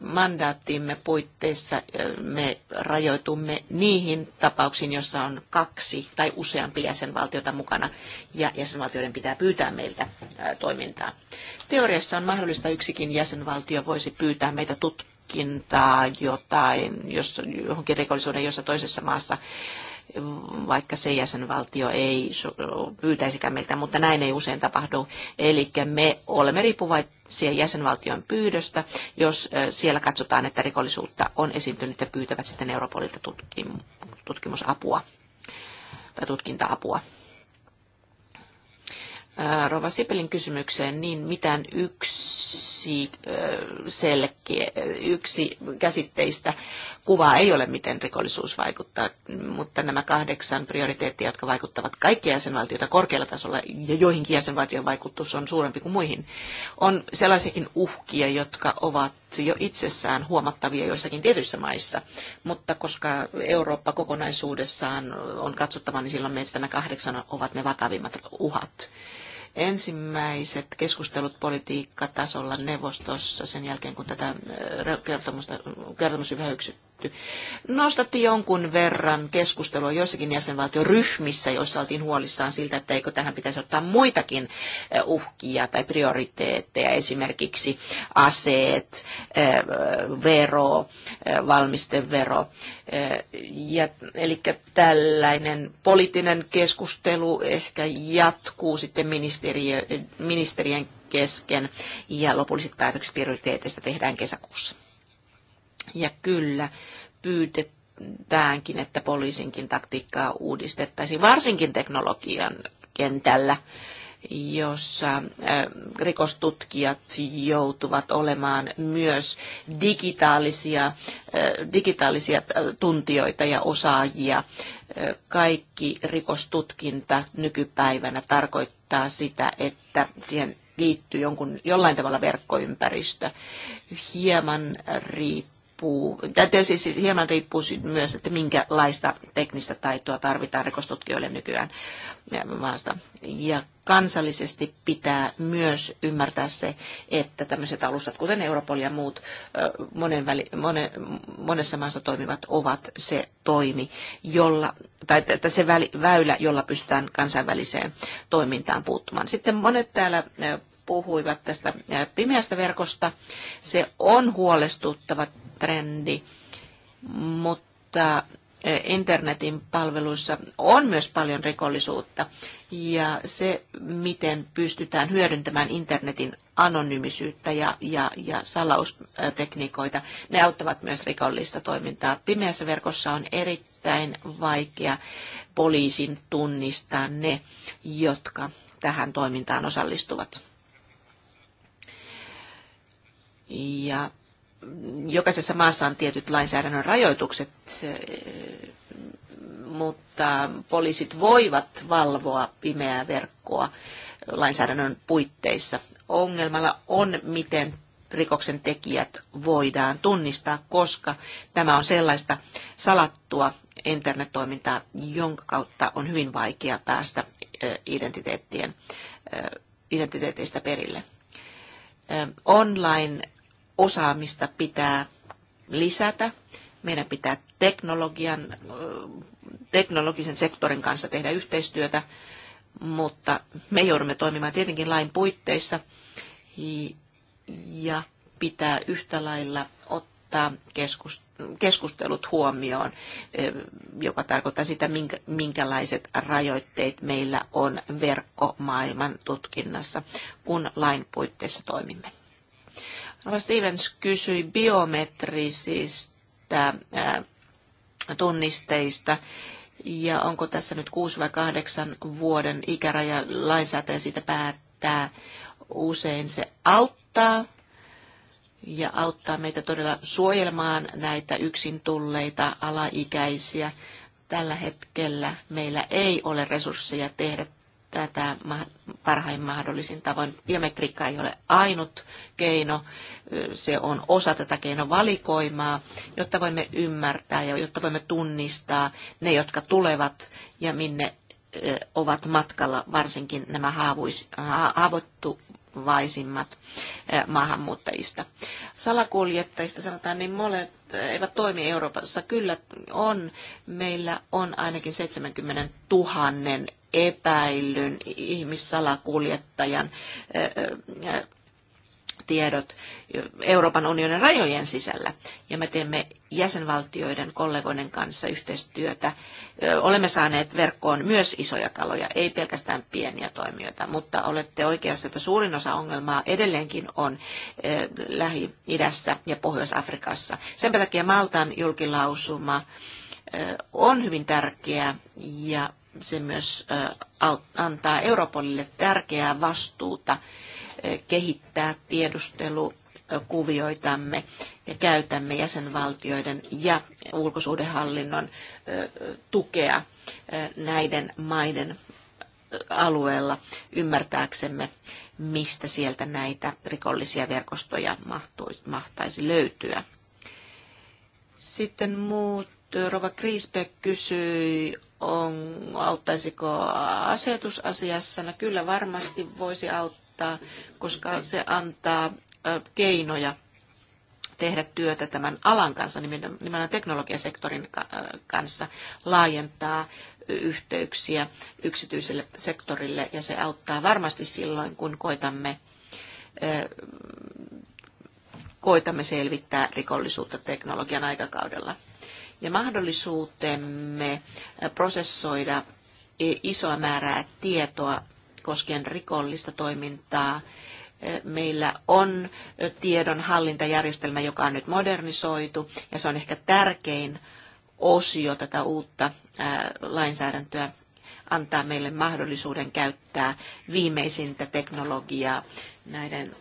mandaattimme puitteissa eh, me rajoitumme niihin tapauksiin, joissa on kaksi tai useampi jäsenvaltiota mukana, ja jäsenvaltioiden pitää pyytää meiltä toimintaa. Teoriassa on mahdollista yksikin jäsenvaltio voisi pyytää meitä tutkintaa, tutkintaa jotain, jos, johonkin rikollisuuden jossa toisessa maassa, vaikka se jäsenvaltio ei pyytäisikään meiltä, mutta näin ei usein tapahdu. Eli me olemme riippuvaisia jäsenvaltion pyydöstä, jos siellä katsotaan, että rikollisuutta on esiintynyt ja pyytävät sitten Europolilta tutkimusapua tai tutkinta-apua. Rova Sipelin kysymykseen, niin mitään yksi, selkeä, yksi käsitteistä kuvaa ei ole, miten rikollisuus vaikuttaa, mutta nämä kahdeksan prioriteettia, jotka vaikuttavat kaikkia jäsenvaltioita korkealla tasolla ja joihinkin jäsenvaltion vaikutus on suurempi kuin muihin, on sellaisiakin uhkia, jotka ovat jo itsessään huomattavia joissakin tietyissä maissa. Mutta koska Eurooppa kokonaisuudessaan on katsottava, niin silloin meistä nämä kahdeksan ovat ne vakavimmat uhat ensimmäiset keskustelut politiikkatasolla neuvostossa sen jälkeen, kun tätä äh, kertomusta, kertomus tehty. Nostatti jonkun verran keskustelua joissakin jäsenvaltioryhmissä, joissa oltiin huolissaan siltä, että eikö tähän pitäisi ottaa muitakin eh, uhkia tai prioriteetteja, esimerkiksi aseet, eh, vero, eh, valmistevero. Ja, eli tällainen poliittinen keskustelu ehkä jatkuu sitten ministerien kesken ja lopulliset päätökset prioriteeteista tehdään kesäkuussa. Ja kyllä, pyydetäänkin, että poliisinkin taktiikkaa uudistettaisiin, varsinkin teknologian kentällä, jossa äh, rikostutkijat joutuvat olemaan myös digitaalisia, äh, digitaalisia äh, tuntijoita ja osaajia. Kaikki rikostutkinta nykypäivänä tarkoittaa sitä, että siihen liittyy jonkun, jollain tavalla verkkoympäristö. Hieman riippuu riippuu, ja siis hieman riippuu myös, että minkälaista teknistä taitoa tarvitaan rikostutkijoille nykyään maasta. Ja kansallisesti pitää myös ymmärtää se, että tämmöiset alustat, kuten Europol ja muut monen väli, monen, monessa maassa toimivat, ovat se toimi, jolla, tai että se väylä, jolla pystytään kansainväliseen toimintaan puuttumaan. Sitten monet täällä puhuivat tästä pimeästä verkosta. Se on huolestuttava trendi, mutta e, internetin palveluissa on myös paljon rikollisuutta ja se, miten pystytään hyödyntämään internetin anonymisyyttä ja, ja, ja salaustekniikoita, ne auttavat myös rikollista toimintaa. Pimeässä verkossa on erittäin vaikea poliisin tunnistaa ne, jotka tähän toimintaan osallistuvat. Ja jokaisessa maassa on tietyt lainsäädännön rajoitukset, mutta poliisit voivat valvoa pimeää verkkoa lainsäädännön puitteissa. Ongelmalla on, miten rikoksen tekijät voidaan tunnistaa, koska tämä on sellaista salattua internettoimintaa, jonka kautta on hyvin vaikea päästä identiteettien, identiteeteistä perille. Online osaamista pitää lisätä. Meidän pitää teknologian, teknologisen sektorin kanssa tehdä yhteistyötä, mutta me joudumme toimimaan tietenkin lain puitteissa ja pitää yhtä lailla ottaa keskustelut huomioon, joka tarkoittaa sitä, minkälaiset rajoitteet meillä on verkkomaailman tutkinnassa, kun lain puitteissa toimimme. Rova Stevens kysyi biometrisistä tunnisteista ja onko tässä nyt 6 vai 8 vuoden ikäraja lainsäätäjä siitä päättää. Usein se auttaa ja auttaa meitä todella suojelmaan näitä yksin tulleita alaikäisiä. Tällä hetkellä meillä ei ole resursseja tehdä tätä parhain mahdollisin tavoin. Biometriikka ei ole ainut keino, se on osa tätä keinovalikoimaa, jotta voimme ymmärtää ja jotta voimme tunnistaa ne, jotka tulevat ja minne ovat matkalla, varsinkin nämä haavuis, haavoittuvaisimmat maahanmuuttajista. Salakuljettajista sanotaan, niin molemmat eivät toimi Euroopassa. Kyllä on. Meillä on ainakin 70 000 epäillyn ihmissalakuljettajan tiedot Euroopan unionin rajojen sisällä. Ja me teemme jäsenvaltioiden kollegoiden kanssa yhteistyötä. Olemme saaneet verkkoon myös isoja kaloja, ei pelkästään pieniä toimijoita, mutta olette oikeassa, että suurin osa ongelmaa edelleenkin on Lähi-idässä ja Pohjois-Afrikassa. Sen takia Maltan julkilausuma on hyvin tärkeä ja se myös antaa Europolille tärkeää vastuuta kehittää tiedustelukuvioitamme ja käytämme jäsenvaltioiden ja ulkosuhdehallinnon tukea näiden maiden alueella ymmärtääksemme, mistä sieltä näitä rikollisia verkostoja mahtaisi löytyä. Sitten muut. Rova Kriisbeck kysyi on, auttaisiko asetus asiassa? No kyllä varmasti voisi auttaa, koska se antaa keinoja tehdä työtä tämän alan kanssa, nimenomaan teknologiasektorin kanssa, laajentaa yhteyksiä yksityiselle sektorille ja se auttaa varmasti silloin, kun koitamme, koitamme selvittää rikollisuutta teknologian aikakaudella ja mahdollisuutemme prosessoida isoa määrää tietoa koskien rikollista toimintaa. Meillä on tiedonhallintajärjestelmä, joka on nyt modernisoitu, ja se on ehkä tärkein osio tätä uutta lainsäädäntöä antaa meille mahdollisuuden käyttää viimeisintä teknologiaa näiden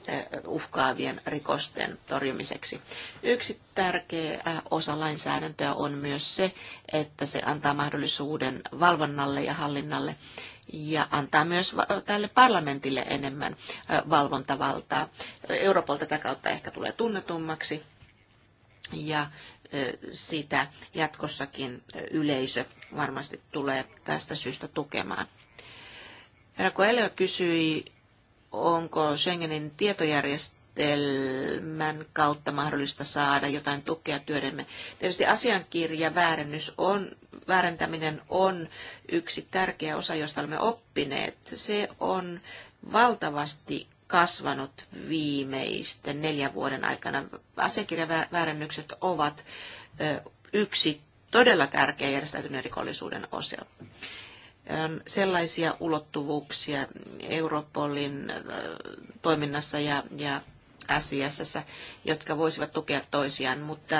uhkaavien rikosten torjumiseksi. Yksi tärkeä osa lainsäädäntöä on myös se, että se antaa mahdollisuuden valvonnalle ja hallinnalle ja antaa myös tälle parlamentille enemmän valvontavaltaa. Europol tätä kautta ehkä tulee tunnetummaksi ja sitä jatkossakin yleisö varmasti tulee tästä syystä tukemaan. Herra Koelio kysyi, onko Schengenin tietojärjestelmän kautta mahdollista saada jotain tukea työdemme. Tietysti asiankirja väärennys on, väärentäminen on yksi tärkeä osa, josta olemme oppineet. Se on valtavasti kasvanut viimeisten neljän vuoden aikana. Asiakirjaväärennykset ovat yksi todella tärkeä järjestäytyneen rikollisuuden osa. sellaisia ulottuvuuksia Europolin toiminnassa ja, ja SISS, jotka voisivat tukea toisiaan, mutta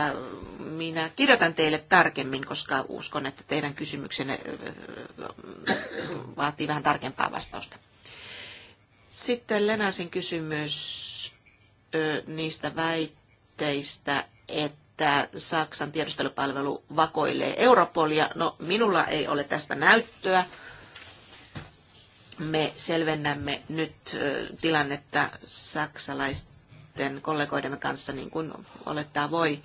minä kirjoitan teille tarkemmin, koska uskon, että teidän kysymyksenne vaatii vähän tarkempaa vastausta. Sitten Lenäsin kysymys ö, niistä väitteistä, että Saksan tiedustelupalvelu vakoilee Europolia. No, minulla ei ole tästä näyttöä. Me selvennämme nyt ö, tilannetta saksalaisten kollegoidemme kanssa, niin kuin olettaa voi.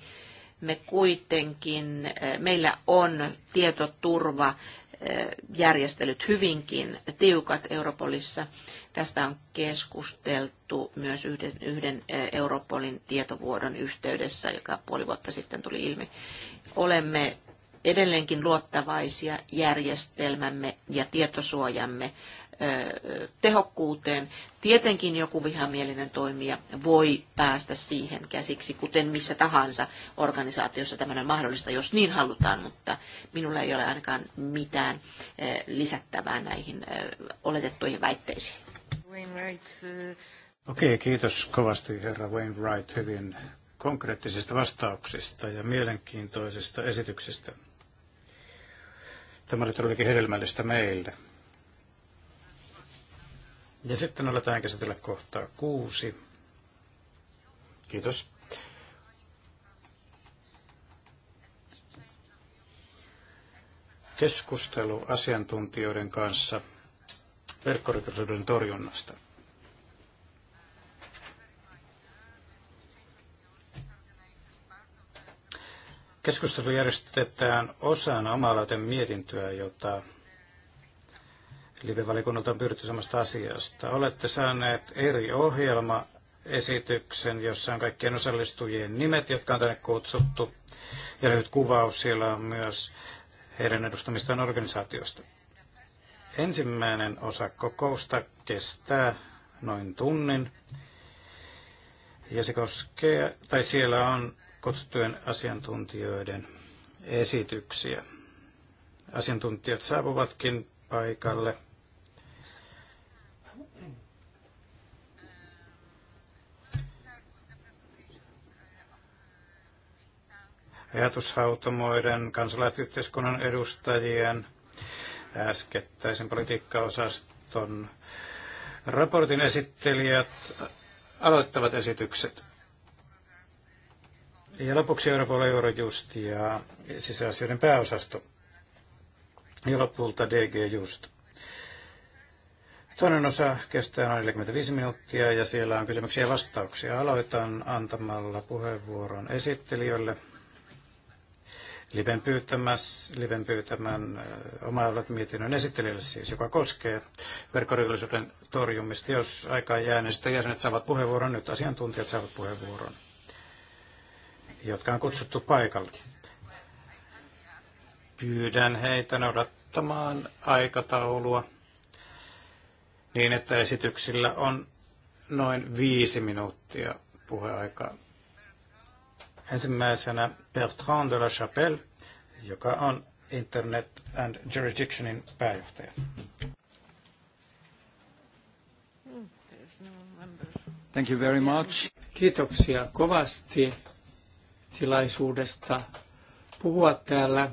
Me kuitenkin, meillä on tietoturva järjestelyt hyvinkin tiukat Europolissa. Tästä on keskusteltu myös yhden, yhden Europolin tietovuodon yhteydessä, joka puoli vuotta sitten tuli ilmi. Olemme edelleenkin luottavaisia järjestelmämme ja tietosuojamme tehokkuuteen. Tietenkin joku vihamielinen toimija voi päästä siihen käsiksi, kuten missä tahansa organisaatiossa tämmöinen on mahdollista, jos niin halutaan, mutta minulla ei ole ainakaan mitään eh, lisättävää näihin eh, oletettuihin väitteisiin. Okei, okay, kiitos kovasti herra Wainwright hyvin konkreettisista vastauksista ja mielenkiintoisista esityksistä. Tämä oli todellakin hedelmällistä meille. Ja sitten aletaan käsitellä kohtaa kuusi. Kiitos. Keskustelu asiantuntijoiden kanssa verkkorikollisuuden torjunnasta. Keskustelu järjestetään osana omalaiten mietintöä, jota Live-valikunnalta on pyritty samasta asiasta. Olette saaneet eri ohjelma esityksen, jossa on kaikkien osallistujien nimet, jotka on tänne kutsuttu. Ja lyhyt kuvaus siellä on myös heidän edustamistaan organisaatiosta. Ensimmäinen osa kokousta kestää noin tunnin. Ja se koskee, tai siellä on kutsuttujen asiantuntijoiden esityksiä. Asiantuntijat saapuvatkin paikalle – ajatushautomoiden, kansalaisyhteiskunnan edustajien, äskettäisen politiikkaosaston raportin esittelijät aloittavat esitykset. Ja lopuksi Euroopan Eurojust ja sisäasioiden pääosasto. Ja lopulta DG Just. Toinen osa kestää noin 45 minuuttia ja siellä on kysymyksiä ja vastauksia. Aloitan antamalla puheenvuoron esittelijöille. Liven, pyytämäs, Liven pyytämän oma mietinnön esittelijälle siis, joka koskee verkkorikollisuuden torjumista. Jos aikaa jää, niin sitten jäsenet saavat puheenvuoron, nyt asiantuntijat saavat puheenvuoron, jotka on kutsuttu paikalle. Pyydän heitä noudattamaan aikataulua niin, että esityksillä on noin viisi minuuttia puheaikaa. Ensimmäisenä Bertrand de la Chapelle, joka on Internet and Jurisdictionin pääjohtaja. Thank you very much. Kiitoksia kovasti tilaisuudesta puhua täällä.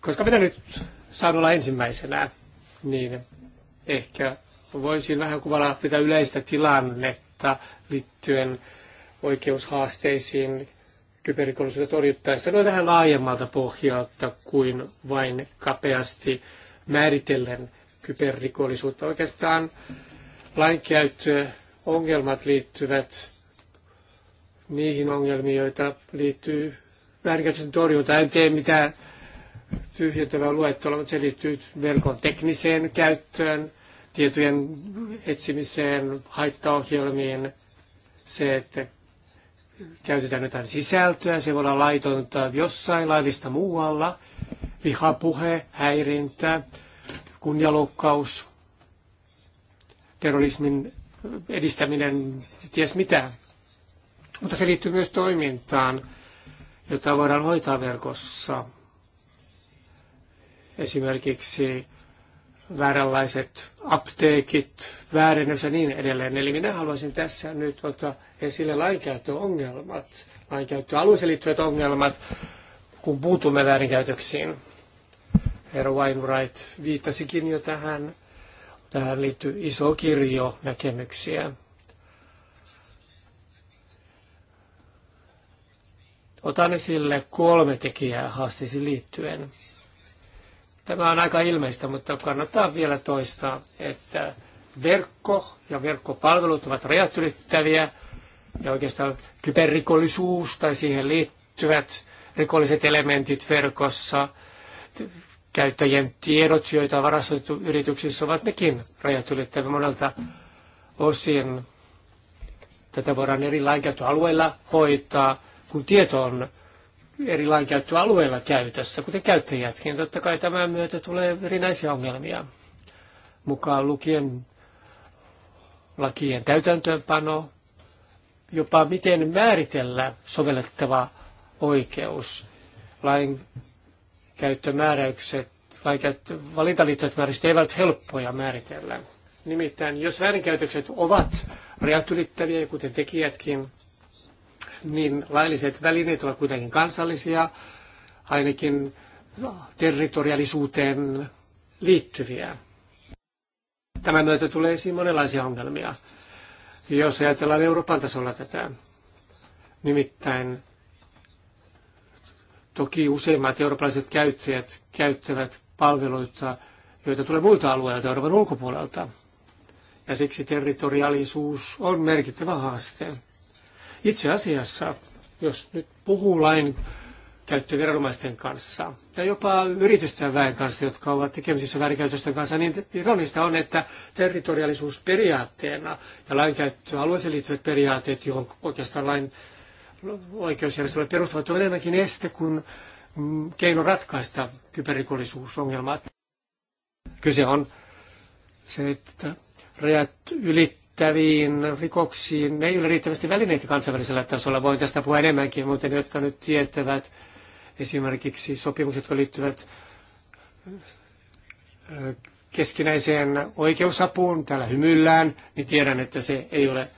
Koska minä nyt saan olla ensimmäisenä, niin ehkä voisin vähän kuvata tätä yleistä tilannetta liittyen oikeushaasteisiin kyberrikollisuutta torjuttaessa noin vähän laajemmalta pohjalta kuin vain kapeasti määritellen kyberrikollisuutta. Oikeastaan lainkäyttöongelmat liittyvät niihin ongelmiin, joita liittyy väärinkäytöksen torjuntaan. En tee mitään tyhjentävää luettelua, mutta se liittyy verkon tekniseen käyttöön, tietojen etsimiseen, haittaohjelmiin, se, että käytetään jotain sisältöä, se voi olla laitonta jossain laillista muualla, vihapuhe, häirintä, kunnialoukkaus, terrorismin edistäminen, ties mitä. Mutta se liittyy myös toimintaan, jota voidaan hoitaa verkossa. Esimerkiksi vääränlaiset apteekit, väärennös ja niin edelleen. Eli minä haluaisin tässä nyt ottaa esille lainkäyttöongelmat, lainkäyttöalueeseen liittyvät ongelmat, kun puutumme väärinkäytöksiin. Herra Wainwright viittasikin jo tähän. Tähän liittyy iso kirjo näkemyksiä. Otan esille kolme tekijää haasteisiin liittyen. Tämä on aika ilmeistä, mutta kannattaa vielä toistaa, että verkko ja verkkopalvelut ovat rajat ylittäviä ja oikeastaan kyberrikollisuus tai siihen liittyvät rikolliset elementit verkossa, käyttäjien tiedot, joita on varastoitu yrityksissä, ovat nekin rajat ylittäviä monelta osin. Tätä voidaan eri lainkäyttöalueilla hoitaa, kun tieto on eri lainkäyttöalueilla käytössä, kuten käyttäjätkin. Totta kai tämän myötä tulee erinäisiä ongelmia, mukaan lukien lakien täytäntöönpano, jopa miten määritellä sovellettava oikeus. Lain käyttömääräykset, lain käyttö, valintaliittojen määräykset eivät helppoja määritellä. Nimittäin, jos väärinkäytökset ovat rajat ylittäviä, kuten tekijätkin, niin lailliset välineet ovat kuitenkin kansallisia, ainakin territorialisuuteen liittyviä. Tämän myötä tulee esiin monenlaisia ongelmia jos ajatellaan Euroopan tasolla tätä. Nimittäin toki useimmat eurooppalaiset käyttäjät käyttävät palveluita, joita tulee muilta alueilta Euroopan ulkopuolelta. Ja siksi territoriaalisuus on merkittävä haaste. Itse asiassa, jos nyt puhuu lain viranomaisten kanssa ja jopa yritysten väen kanssa, jotka ovat tekemisissä väärinkäytösten kanssa, niin ironista on, että territoriaalisuusperiaatteena ja lainkäyttöalueeseen liittyvät periaatteet, johon oikeastaan lain oikeusjärjestelmä perustuvat, on enemmänkin este kuin keino ratkaista kyberrikollisuusongelmat. Kyse on se, että rajat ylittäviin rikoksiin ei ole riittävästi välineitä kansainvälisellä tasolla. Voin tästä puhua enemmänkin, mutta ne, jotka nyt tietävät, Esimerkiksi sopimukset, jotka liittyvät keskinäiseen oikeusapuun, täällä hymyillään, niin tiedän, että se ei ole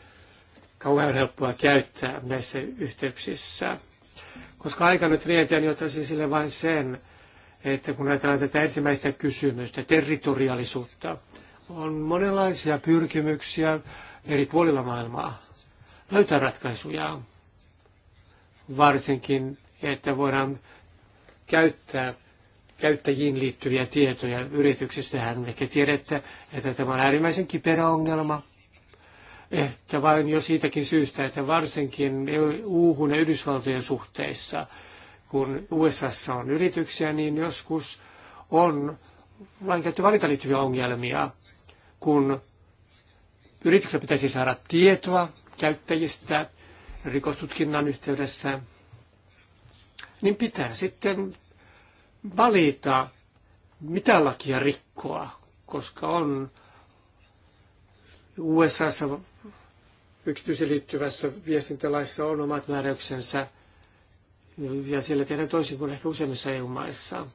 kauhean helppoa käyttää näissä yhteyksissä. Koska aika nyt rientää, niin ottaisin sille vain sen, että kun ajatellaan tätä ensimmäistä kysymystä, territoriaalisuutta, on monenlaisia pyrkimyksiä eri puolilla maailmaa löytää ratkaisuja, varsinkin että voidaan käyttää käyttäjiin liittyviä tietoja Hän Ehkä tiedätte, että tämä on äärimmäisen kiperä ongelma. Ehkä vain jo siitäkin syystä, että varsinkin eu ja Yhdysvaltojen suhteissa, kun USAssa on yrityksiä, niin joskus on lainkäyttö valita liittyviä ongelmia, kun yrityksellä pitäisi saada tietoa käyttäjistä rikostutkinnan yhteydessä – niin pitää sitten valita, mitä lakia rikkoa, koska on USAssa yksityisen liittyvässä viestintälaissa on omat määräyksensä ja siellä tehdään toisin kuin ehkä useimmissa EU-maissa.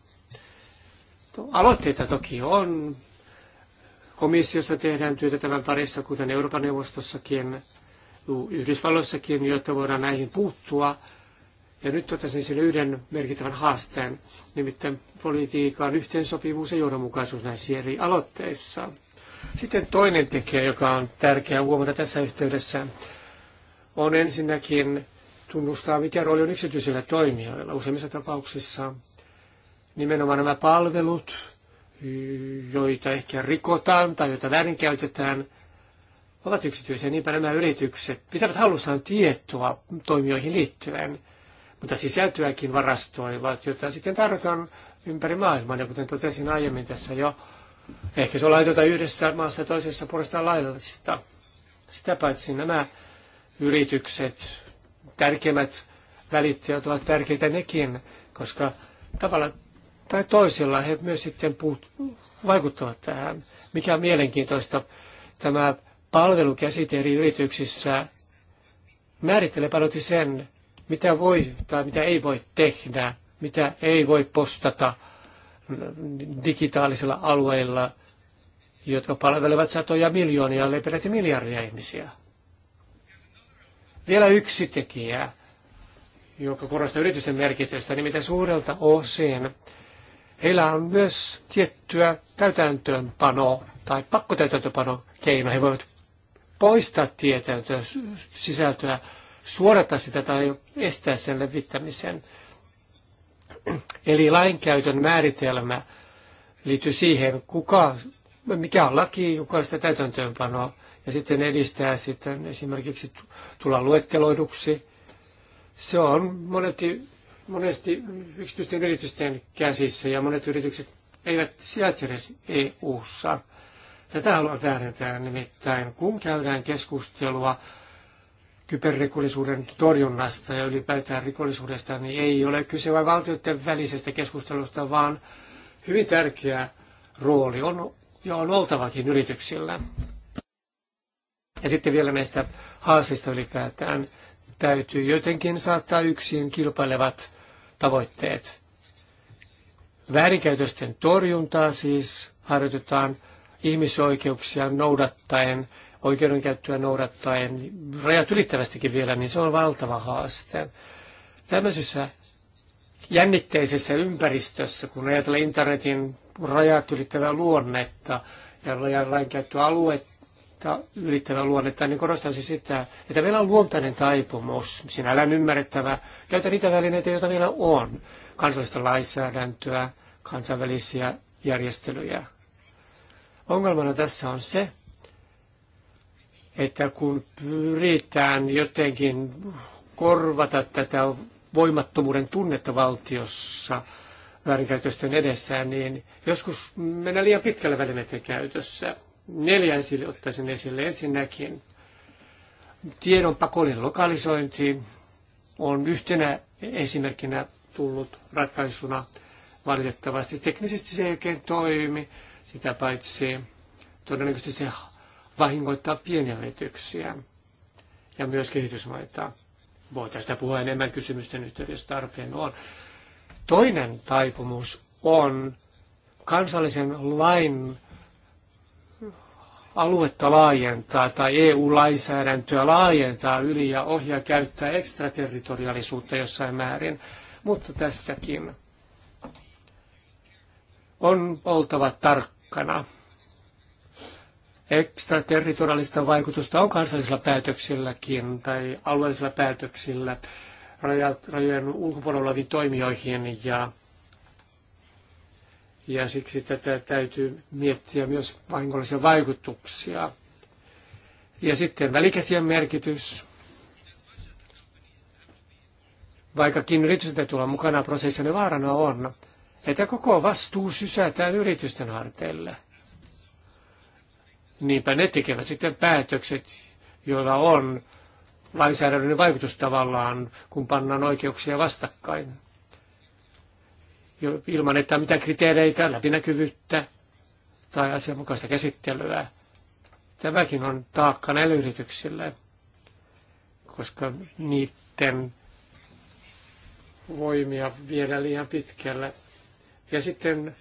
Aloitteita toki on. Komissiossa tehdään työtä tämän parissa, kuten Euroopan neuvostossakin, Yhdysvalloissakin, jotta voidaan näihin puuttua – ja nyt totesin sille yhden merkittävän haasteen, nimittäin politiikan yhteensopivuus ja johdonmukaisuus näissä eri aloitteissa. Sitten toinen tekijä, joka on tärkeä huomata tässä yhteydessä, on ensinnäkin tunnustaa, mikä rooli on yksityisillä toimijoilla. Useimmissa tapauksissa nimenomaan nämä palvelut, joita ehkä rikotaan tai joita väärinkäytetään, ovat yksityisiä. Niinpä nämä yritykset pitävät halussaan tietoa toimijoihin liittyen – mutta sisältöäkin varastoivat, jota sitten tarjotaan ympäri maailmaa. Ja kuten totesin aiemmin tässä jo, ehkä se on laitonta yhdessä maassa ja toisessa puolestaan laillista. Sitä paitsi nämä yritykset, tärkeimmät välittäjät ovat tärkeitä nekin, koska tavalla tai toisella he myös sitten puut, vaikuttavat tähän. Mikä on mielenkiintoista, tämä palvelukäsite eri yrityksissä määrittelee paljon sen, mitä voi tai mitä ei voi tehdä, mitä ei voi postata digitaalisilla alueilla, jotka palvelevat satoja miljoonia, ellei peräti miljardia ihmisiä. Vielä yksi tekijä, joka korostaa yritysten merkitystä, niin mitä suurelta osin heillä on myös tiettyä täytäntöönpano tai pakkotäytäntöönpano keino. He voivat poistaa tietäntöä sisältöä suorata sitä tai estää sen levittämisen. Eli lainkäytön määritelmä liittyy siihen, kuka, mikä on laki, kuka on sitä täytäntöönpanoa, ja sitten edistää sitten esimerkiksi tulla luetteloiduksi. Se on monesti, monesti yksityisten yritysten käsissä, ja monet yritykset eivät sijaitse edes EU-ssa. Tätä haluan tähdentää nimittäin, kun käydään keskustelua kyberrikollisuuden torjunnasta ja ylipäätään rikollisuudesta, niin ei ole kyse vain valtioiden välisestä keskustelusta, vaan hyvin tärkeä rooli on ja on oltavakin yrityksillä. Ja sitten vielä näistä haasteista ylipäätään täytyy jotenkin saattaa yksin kilpailevat tavoitteet. Väärinkäytösten torjuntaa siis harjoitetaan ihmisoikeuksia noudattaen – oikeudenkäyttöä noudattaen rajat ylittävästikin vielä, niin se on valtava haaste. Tämmöisessä jännitteisessä ympäristössä, kun ajatellaan internetin rajat ylittävää luonnetta ja lainkäyttöaluetta ylittävää luonnetta, niin korostaisi sitä, että meillä on luontainen taipumus, sinällään ymmärrettävä, käytä niitä välineitä, joita meillä on, kansallista lainsäädäntöä, kansainvälisiä järjestelyjä. Ongelmana tässä on se, että kun pyritään jotenkin korvata tätä voimattomuuden tunnetta valtiossa väärinkäytösten edessä, niin joskus mennään liian pitkälle välineiden käytössä. Neljä esille ottaisin esille. Ensinnäkin tiedon pakollinen lokalisointi on yhtenä esimerkkinä tullut ratkaisuna valitettavasti. Teknisesti se ei oikein toimi, sitä paitsi todennäköisesti se vahingoittaa pieniä yrityksiä ja myös kehitysmaita. Voi tästä puhua enemmän kysymysten yhteydessä tarpeen on. Toinen taipumus on kansallisen lain aluetta laajentaa tai EU-lainsäädäntöä laajentaa yli ja ohjaa käyttää ekstraterritoriaalisuutta jossain määrin. Mutta tässäkin on oltava tarkkana ekstraterritoriaalista vaikutusta on kansallisilla päätöksilläkin tai alueellisilla päätöksillä rajojen ulkopuolella oleviin toimijoihin ja, ja siksi tätä täytyy miettiä myös vahingollisia vaikutuksia. Ja sitten välikäsien merkitys. Vaikkakin yritysten täytyy olla mukana prosessissa, niin vaarana on, että koko vastuu sysätään yritysten harteille niinpä ne tekevät sitten päätökset, joilla on lainsäädännön vaikutus tavallaan, kun pannaan oikeuksia vastakkain. ilman, että mitään kriteereitä, läpinäkyvyyttä tai asianmukaista käsittelyä. Tämäkin on taakka näille yrityksille, koska niiden voimia viedään liian pitkälle. Ja sitten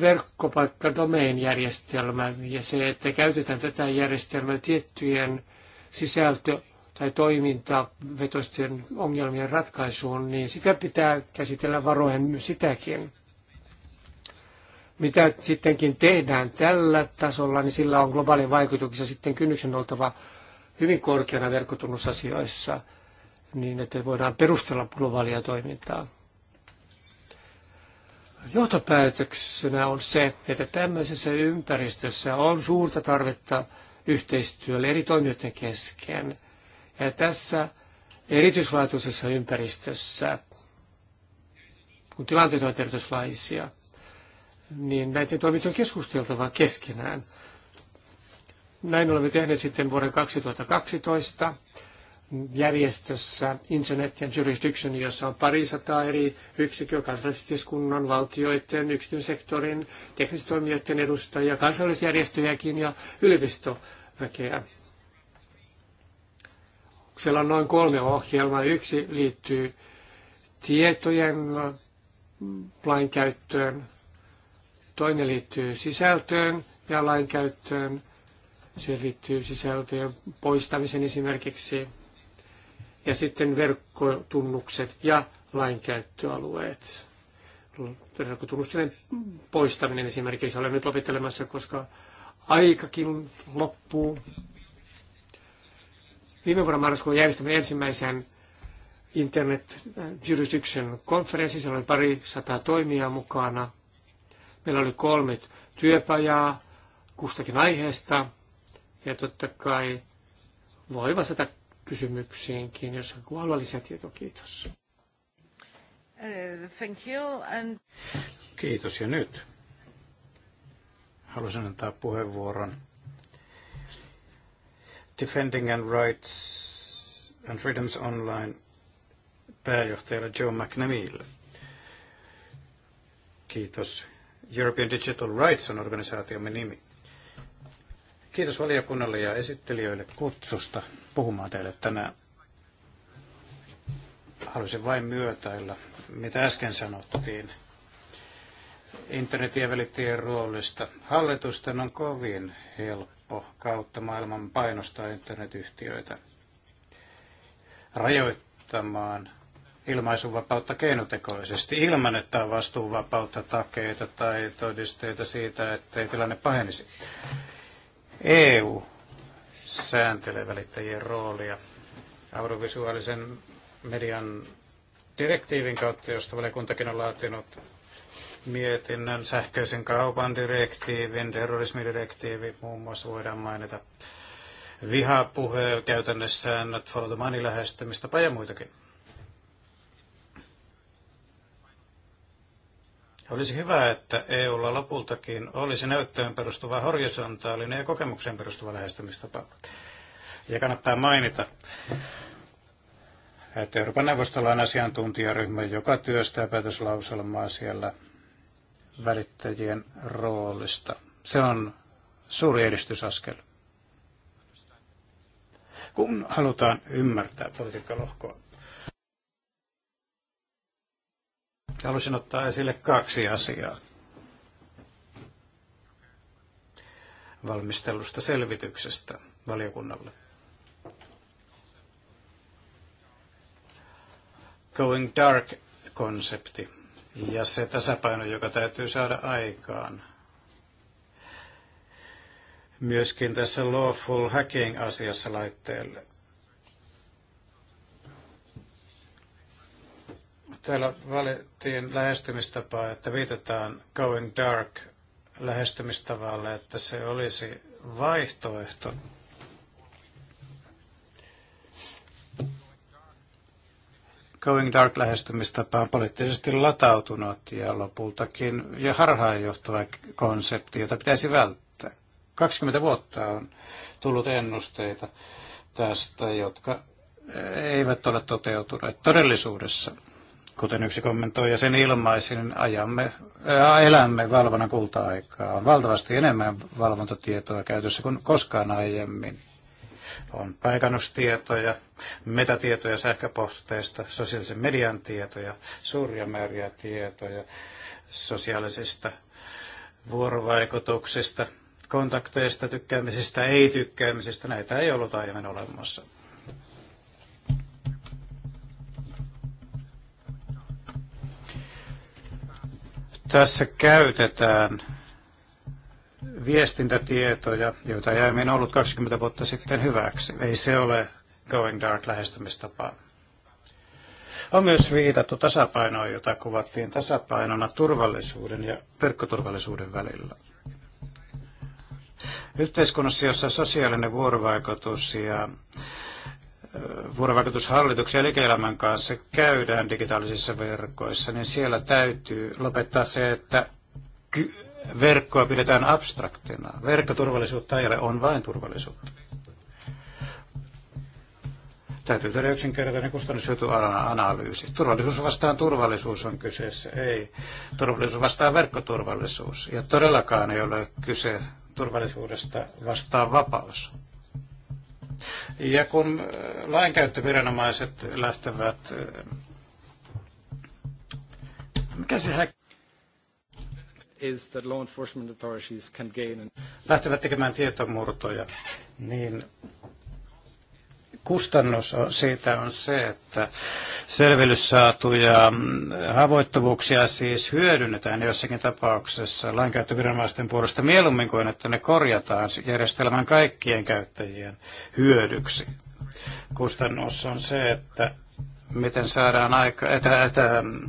verkkopaikka domain järjestelmä ja se, että käytetään tätä järjestelmää tiettyjen sisältö- tai toimintavetoisten ongelmien ratkaisuun, niin sitä pitää käsitellä varoen sitäkin. Mitä sittenkin tehdään tällä tasolla, niin sillä on globaali vaikutuksia sitten kynnyksen oltava hyvin korkeana verkkotunnusasioissa, niin että voidaan perustella globaalia toimintaa. Johtopäätöksenä on se, että tämmöisessä ympäristössä on suurta tarvetta yhteistyölle eri toimijoiden kesken. Ja tässä erityislaatuisessa ympäristössä, kun tilanteet ovat erityislaisia, niin näiden toimijoiden on keskusteltava keskenään. Näin olemme tehneet sitten vuoden 2012 järjestössä Internet and Jurisdiction, jossa on parisataa eri yksikköä kansallisyhteiskunnan, valtioiden, sektorin, teknisten toimijoiden edustajia, kansallisjärjestöjäkin ja yliopistoväkeä. Siellä on noin kolme ohjelmaa. Yksi liittyy tietojen lainkäyttöön, toinen liittyy sisältöön ja lainkäyttöön. Se liittyy sisältöjen poistamiseen esimerkiksi ja sitten verkkotunnukset ja lainkäyttöalueet. Verkkotunnusten poistaminen esimerkiksi olen nyt lopettelemassa, koska aikakin loppuu. Viime vuonna marraskuun järjestämme ensimmäisen Internet Jurisdiction konferenssi, siellä oli pari sataa toimijaa mukana. Meillä oli kolme työpajaa kustakin aiheesta ja totta kai voi vastata kysymyksiinkin, jos joku haluaa lisätietoa. Kiitos. Uh, thank you and... Kiitos ja nyt halusin antaa puheenvuoron Defending and Rights and Freedoms Online pääjohtajalle Joe McNamille. Kiitos. European Digital Rights on organisaatiomme nimi. Kiitos valiokunnalle ja esittelijöille kutsusta puhumaan teille tänään. Haluaisin vain myötäillä, mitä äsken sanottiin internetin ja välittäjien roolista. Hallitusten on kovin helppo kautta maailman painostaa internetyhtiöitä rajoittamaan ilmaisuvapautta keinotekoisesti ilman, että on vastuuvapautta, takeita tai todisteita siitä, ettei tilanne pahenisi. EU sääntelee välittäjien roolia audiovisuaalisen median direktiivin kautta, josta valiokuntakin on laatinut mietinnön sähköisen kaupan direktiivin, terrorismidirektiivi muun muassa voidaan mainita, vihapuhe, käytännössäännöt, follow the money lähestymistapa ja muitakin. Olisi hyvä, että EUlla lopultakin olisi näyttöön perustuva horisontaalinen ja kokemukseen perustuva lähestymistapa. Ja kannattaa mainita, että Euroopan neuvostolla on asiantuntijaryhmä, joka työstää päätöslauselmaa siellä välittäjien roolista. Se on suuri edistysaskel, kun halutaan ymmärtää politiikkalohkoa. Haluaisin ottaa esille kaksi asiaa valmistellusta selvityksestä valiokunnalle. Going Dark-konsepti ja se tasapaino, joka täytyy saada aikaan. Myöskin tässä Lawful Hacking-asiassa laitteelle. Täällä valittiin lähestymistapaa, että viitataan going dark lähestymistavalle, että se olisi vaihtoehto. Going dark lähestymistapa on poliittisesti latautunut ja lopultakin ja harhaanjohtava konsepti, jota pitäisi välttää. 20 vuotta on tullut ennusteita tästä, jotka eivät ole toteutuneet todellisuudessa. Kuten yksi kommentoi ja sen ilmaisi, ajamme, ää, äh, elämme valvonnan kulta-aikaa. On valtavasti enemmän valvontatietoa käytössä kuin koskaan aiemmin. On paikannustietoja, metatietoja sähköposteista, sosiaalisen median tietoja, suuria määriä tietoja sosiaalisista vuorovaikutuksista, kontakteista, tykkäämisistä, ei-tykkäämisistä. Näitä ei ollut aiemmin olemassa. Tässä käytetään viestintätietoja, joita ei aiemmin ollut 20 vuotta sitten hyväksi. Ei se ole going dark lähestymistapaa. On myös viitattu tasapainoa, jota kuvattiin tasapainona turvallisuuden ja verkkoturvallisuuden välillä. Yhteiskunnassa, jossa sosiaalinen vuorovaikutus ja vuorovaikutus hallituksen ja liike-elämän kanssa käydään digitaalisissa verkoissa, niin siellä täytyy lopettaa se, että verkkoa pidetään abstraktina. Verkkoturvallisuutta ei ole, on vain turvallisuutta. Täytyy tehdä yksinkertainen analyysi. Turvallisuus vastaan turvallisuus on kyseessä, ei. Turvallisuus vastaan verkkoturvallisuus. Ja todellakaan ei ole kyse turvallisuudesta vastaan vapaus. Ja kun äh, lainkäyttöviranomaiset lähtevät, äh, mikä se hä- is that law enforcement authorities can gain and... lähtevät tekemään tietomurtoja, niin kustannus siitä on se, että selvitys saatuja mm, haavoittuvuuksia siis hyödynnetään jossakin tapauksessa lainkäyttöviranomaisten puolesta mieluummin kuin, että ne korjataan järjestelmän kaikkien käyttäjien hyödyksi. Kustannus on se, että miten saadaan aika, että, että mm,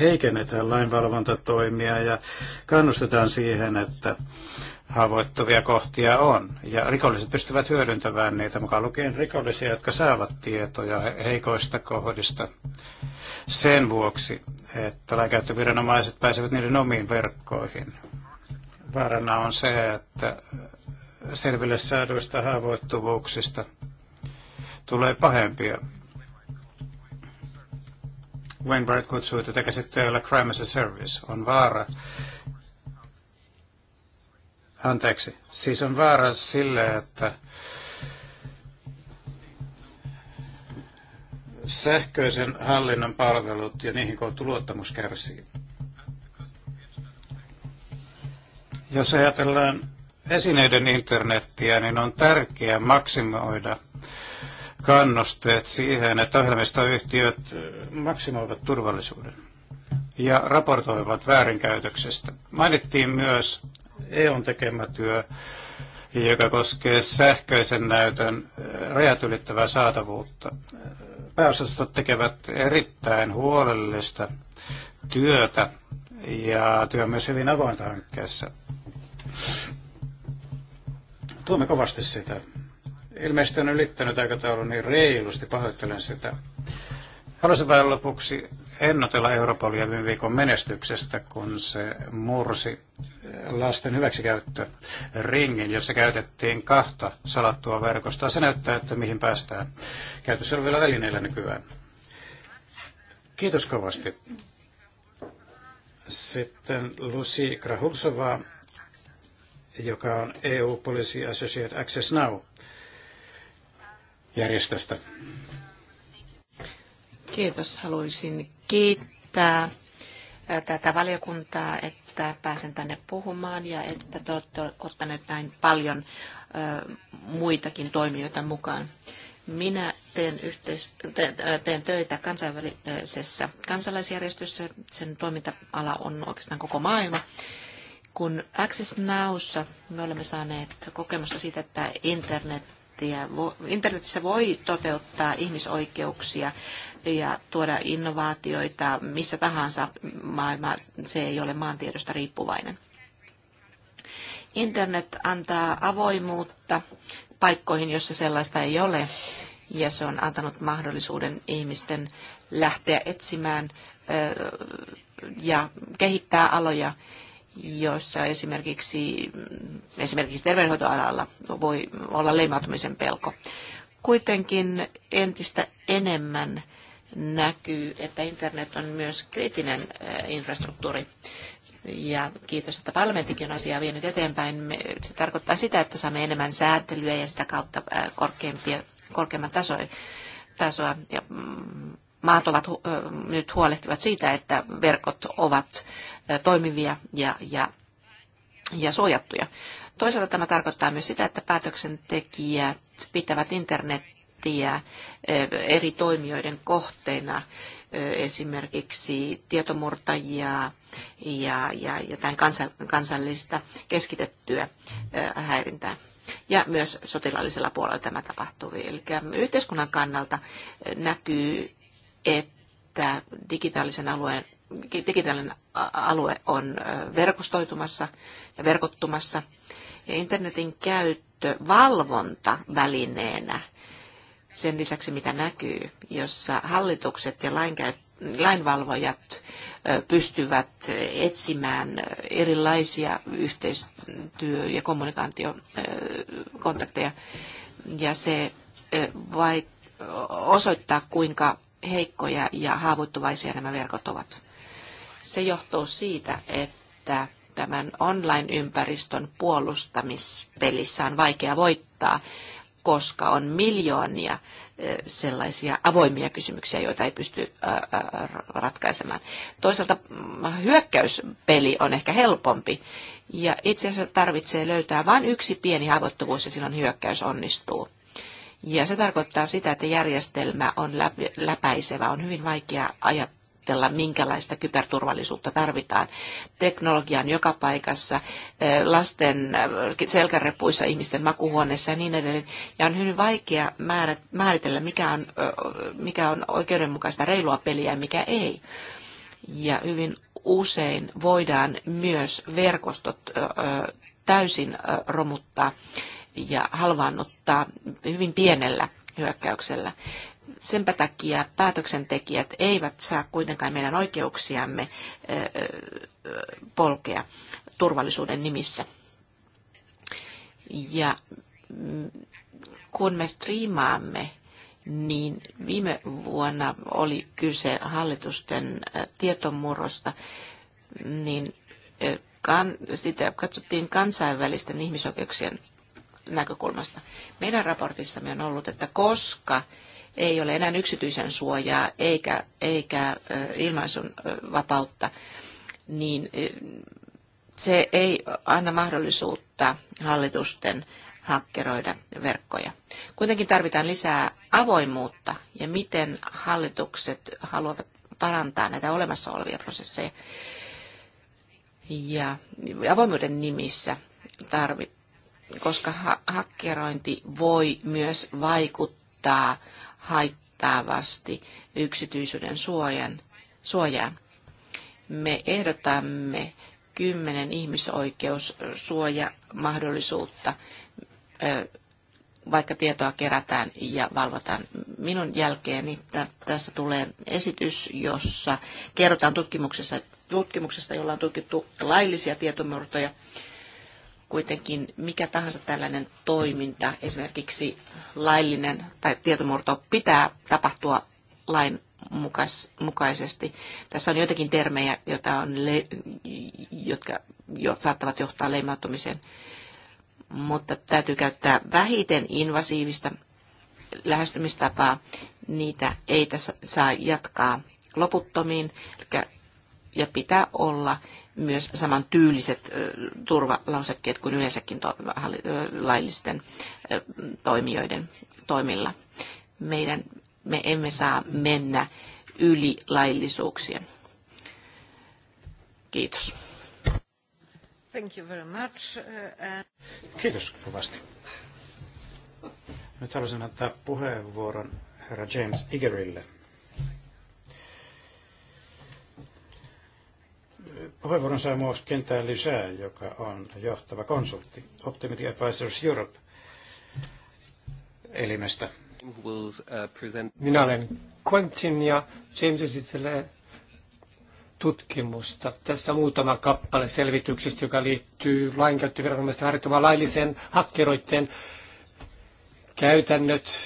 heikennetään lainvalvontatoimia ja kannustetaan siihen, että haavoittuvia kohtia on. Ja rikolliset pystyvät hyödyntämään niitä, mukaan lukien rikollisia, jotka saavat tietoja heikoista kohdista sen vuoksi, että lainkäyttöviranomaiset pääsevät niiden omiin verkkoihin. Vaarana on se, että selville saaduista haavoittuvuuksista tulee pahempia. Wainwright kutsui tätä käsitteellä crime as a service. On vaara, Anteeksi. Siis on vaara sille, että sähköisen hallinnon palvelut ja niihin kohtu luottamus kärsii. Jos ajatellaan esineiden internettiä, niin on tärkeää maksimoida kannusteet siihen, että ohjelmistoyhtiöt maksimoivat turvallisuuden ja raportoivat väärinkäytöksestä. Mainittiin myös EUn tekemä työ, joka koskee sähköisen näytön eh, rajat ylittävää saatavuutta. Pääosastot tekevät erittäin huolellista työtä ja työ on myös hyvin avointa hankkeessa. Tuomme kovasti sitä. Ilmeisesti on ylittänyt aikataulun niin reilusti, pahoittelen sitä. Haluaisin vain lopuksi ennotella Europolia viime viikon menestyksestä, kun se mursi eh, lasten hyväksikäyttö ringin, jossa käytettiin kahta salattua verkostoa. Se näyttää, että mihin päästään käytössä olevilla välineillä nykyään. Kiitos kovasti. Sitten Lucy Krahulsova, joka on EU Policy Associate Access Now järjestöstä. Kiitos. Haluaisin kiittää tätä valiokuntaa, että pääsen tänne puhumaan ja että te olette ottaneet näin paljon muitakin toimijoita mukaan. Minä teen, yhteis- teen töitä kansainvälisessä kansalaisjärjestössä. Sen toiminta-ala on oikeastaan koko maailma. Kun Access Nowssa me olemme saaneet kokemusta siitä, että internet internetissä voi toteuttaa ihmisoikeuksia ja tuoda innovaatioita missä tahansa maailma, se ei ole maantiedosta riippuvainen. Internet antaa avoimuutta paikkoihin, jossa sellaista ei ole, ja se on antanut mahdollisuuden ihmisten lähteä etsimään ja kehittää aloja, joissa esimerkiksi, esimerkiksi terveydenhoitoalalla voi olla leimautumisen pelko. Kuitenkin entistä enemmän näkyy, että internet on myös kriittinen eh, infrastruktuuri. Ja kiitos, että parlamenttikin on asiaa vienyt eteenpäin. Se tarkoittaa sitä, että saamme enemmän säätelyä ja sitä kautta eh, korkeampia, korkeamman tasoja, tasoa. Ja mm, maat ovat eh, nyt huolehtivat siitä, että verkot ovat toimivia ja, ja, ja suojattuja. Toisaalta tämä tarkoittaa myös sitä, että päätöksentekijät pitävät internet nettiä eri toimijoiden kohteena, esimerkiksi tietomurtajia ja, ja jotain kansallista keskitettyä häirintää. Ja myös sotilaallisella puolella tämä tapahtuu. Eli yhteiskunnan kannalta näkyy, että digitaalisen alueen digitaalinen alue on verkostoitumassa ja verkottumassa. Ja internetin käyttö valvontavälineenä sen lisäksi, mitä näkyy, jossa hallitukset ja lainvalvojat pystyvät etsimään erilaisia yhteistyö- ja kommunikaatiokontakteja. Ja se vai osoittaa, kuinka heikkoja ja haavoittuvaisia nämä verkot ovat. Se johtuu siitä, että tämän online-ympäristön puolustamispelissä on vaikea voittaa, koska on miljoonia sellaisia avoimia kysymyksiä, joita ei pysty ratkaisemaan. Toisaalta mm, hyökkäyspeli on ehkä helpompi ja itse asiassa tarvitsee löytää vain yksi pieni haavoittuvuus ja silloin hyökkäys onnistuu. Ja se tarkoittaa sitä, että järjestelmä on läpäisevä. On hyvin vaikea ajat, ajatella, minkälaista kyberturvallisuutta tarvitaan. Teknologian joka paikassa, eh, lasten eh, selkärepuissa, ihmisten makuhuoneessa ja niin edelleen. Ja on hyvin vaikea määritellä, mikä on, mikä on oikeudenmukaista reilua peliä ja mikä ei. Ja hyvin usein voidaan myös verkostot täysin romuttaa ja halvaannuttaa hyvin pienellä hyökkäyksellä senpä takia päätöksentekijät eivät saa kuitenkaan meidän oikeuksiamme polkea turvallisuuden nimissä. Ja kun me striimaamme, niin viime vuonna oli kyse hallitusten tietomurrosta, niin sitä katsottiin kansainvälisten ihmisoikeuksien näkökulmasta. Meidän raportissamme on ollut, että koska ei ole enää yksityisen suojaa eikä, eikä ilmaisun vapautta, niin se ei anna mahdollisuutta hallitusten hakkeroida verkkoja. Kuitenkin tarvitaan lisää avoimuutta ja miten hallitukset haluavat parantaa näitä olemassa olevia prosesseja. Ja avoimuuden nimissä tarvitaan koska ha- hakkerointi voi myös vaikuttaa haittaavasti yksityisyyden suojan, suojaan. Me ehdotamme kymmenen ihmisoikeussuojamahdollisuutta, vaikka tietoa kerätään ja valvotaan. Minun jälkeeni tässä tulee esitys, jossa kerrotaan tutkimuksessa, tutkimuksesta, jolla on tutkittu laillisia tietomurtoja kuitenkin mikä tahansa tällainen toiminta, esimerkiksi laillinen tai tietomurto, pitää tapahtua lain mukaisesti. Tässä on joitakin termejä, joita on le- jotka jo saattavat johtaa leimautumiseen, mutta täytyy käyttää vähiten invasiivista lähestymistapaa. Niitä ei tässä saa jatkaa loputtomiin, ja pitää olla myös samantyyliset turvalausekkeet kuin yleensäkin laillisten toimijoiden toimilla. Meidän, me emme saa mennä yli laillisuuksien. Kiitos. Thank you very much. Uh, Kiitos kovasti. Nyt haluaisin antaa puheenvuoron herra James Igerille. Puheenvuoron saa myös kentää lisää, joka on johtava konsultti Optimity Advisors Europe elimestä. Uh, Minä olen Quentin ja James esittelee tutkimusta. Tässä muutama kappale selvityksestä, joka liittyy lainkäyttöviranomaisten harjoittamaan laillisen hakkeroiden käytännöt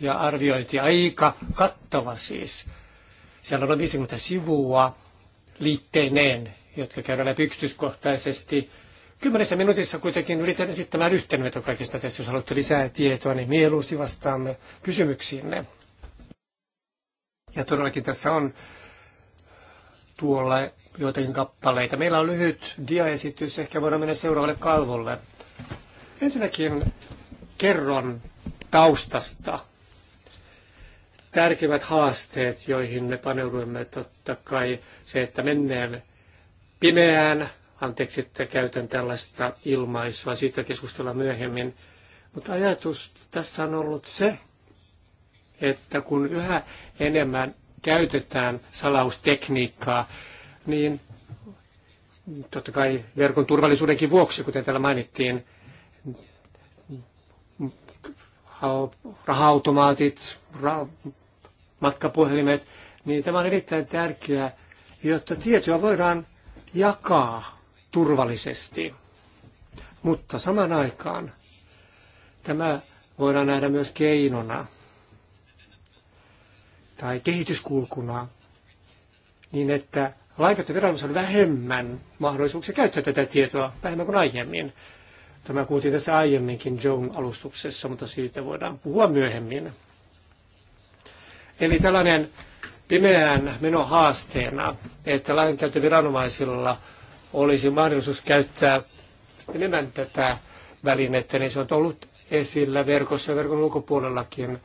ja arviointi. Aika kattava siis. Siellä on 50 sivua liitteineen, jotka käydään läpi yksityiskohtaisesti. Kymmenessä minuutissa kuitenkin yritän esittämään yhteenveto kaikista tästä. Jos haluatte lisää tietoa, niin mieluusti vastaamme kysymyksiinne. Ja todellakin tässä on tuolla joitakin kappaleita. Meillä on lyhyt diaesitys, ehkä voidaan mennä seuraavalle kalvolle. Ensinnäkin kerron taustasta tärkeimmät haasteet, joihin me paneuduimme Totta kai se, että mennään pimeään, anteeksi, että käytän tällaista ilmaisua, siitä keskustellaan myöhemmin, mutta ajatus tässä on ollut se, että kun yhä enemmän käytetään salaustekniikkaa, niin totta kai verkon turvallisuudenkin vuoksi, kuten täällä mainittiin, rahautomaatit, matkapuhelimet, niin tämä on erittäin tärkeää, jotta tietoa voidaan jakaa turvallisesti. Mutta saman aikaan tämä voidaan nähdä myös keinona tai kehityskulkuna, niin että lainkäyttöviranomais on vähemmän mahdollisuuksia käyttää tätä tietoa, vähemmän kuin aiemmin. Tämä kuultiin tässä aiemminkin Joan alustuksessa, mutta siitä voidaan puhua myöhemmin. Eli tällainen pimeään meno haasteena, että lainkäyttöviranomaisilla olisi mahdollisuus käyttää enemmän tätä välinettä, niin se on ollut esillä verkossa ja verkon ulkopuolellakin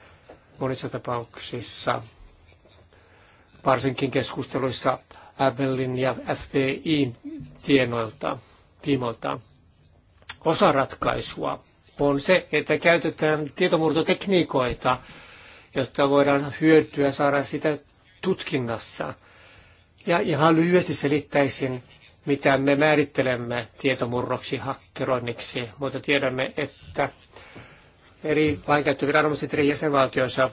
monissa tapauksissa, varsinkin keskusteluissa Applein ja FBI tienoilta, tiimoilta. Osa ratkaisua on se, että käytetään tietomurtotekniikoita, jotta voidaan hyötyä saada sitä tutkinnassa. Ja ihan lyhyesti selittäisin, mitä me määrittelemme tietomurroksi, hakkeroinniksi, mutta tiedämme, että eri lainkäyttöviranomaiset eri jäsenvaltioissa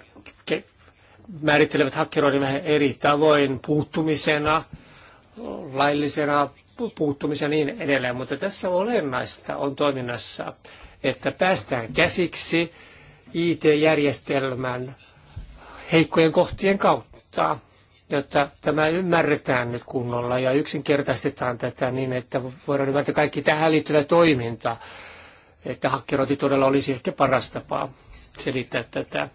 määrittelevät hakkeroinnin vähän eri tavoin, puuttumisena, laillisena puuttumisena ja niin edelleen. Mutta tässä olennaista on toiminnassa, että päästään käsiksi IT-järjestelmän heikkojen kohtien kautta muuttaa, jotta tämä ymmärretään nyt kunnolla ja yksinkertaistetaan tätä niin, että voidaan ymmärtää kaikki tähän liittyvä toiminta, että hakkeroti todella olisi ehkä paras tapa selittää tätä.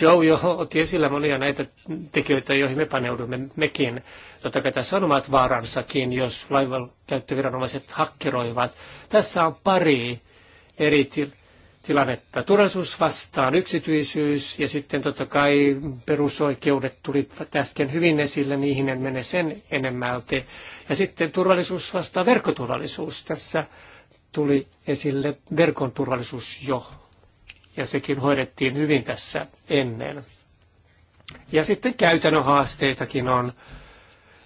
Joe jo otti esillä monia näitä tekijöitä, joihin me paneudumme mekin. Totta kai tässä on omat vaaransakin, jos laivan käyttöviranomaiset hakkeroivat. Tässä on pari eri tilannetta. Turvallisuus vastaan yksityisyys ja sitten totta kai perusoikeudet tuli äsken hyvin esille, niihin en mene sen enemmälti. Ja sitten turvallisuus vastaan verkkoturvallisuus. Tässä tuli esille verkon turvallisuus jo ja sekin hoidettiin hyvin tässä ennen. Ja sitten käytännön haasteitakin on,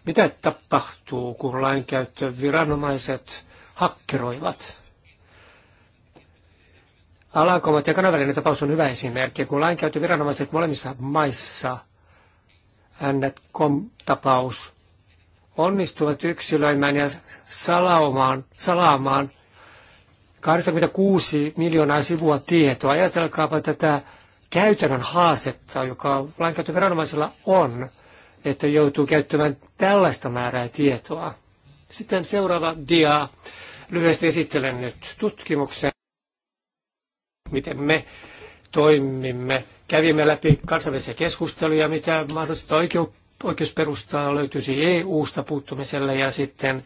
mitä tapahtuu, kun lainkäyttöviranomaiset hakkeroivat Alankomat ja kanavälinen tapaus on hyvä esimerkki, kun viranomaiset molemmissa maissa, NetCom-tapaus, onnistuvat yksilöimään ja salaamaan, salaamaan 86 miljoonaa sivua tietoa. Ajatelkaapa tätä käytännön haastetta, joka lainkäyttöviranomaisilla on, että joutuu käyttämään tällaista määrää tietoa. Sitten seuraava dia. Lyhyesti esittelen nyt tutkimuksen miten me toimimme. Kävimme läpi kansainvälisiä keskusteluja, mitä mahdollista oikeu, oikeusperustaa löytyisi EU-sta puuttumiselle ja sitten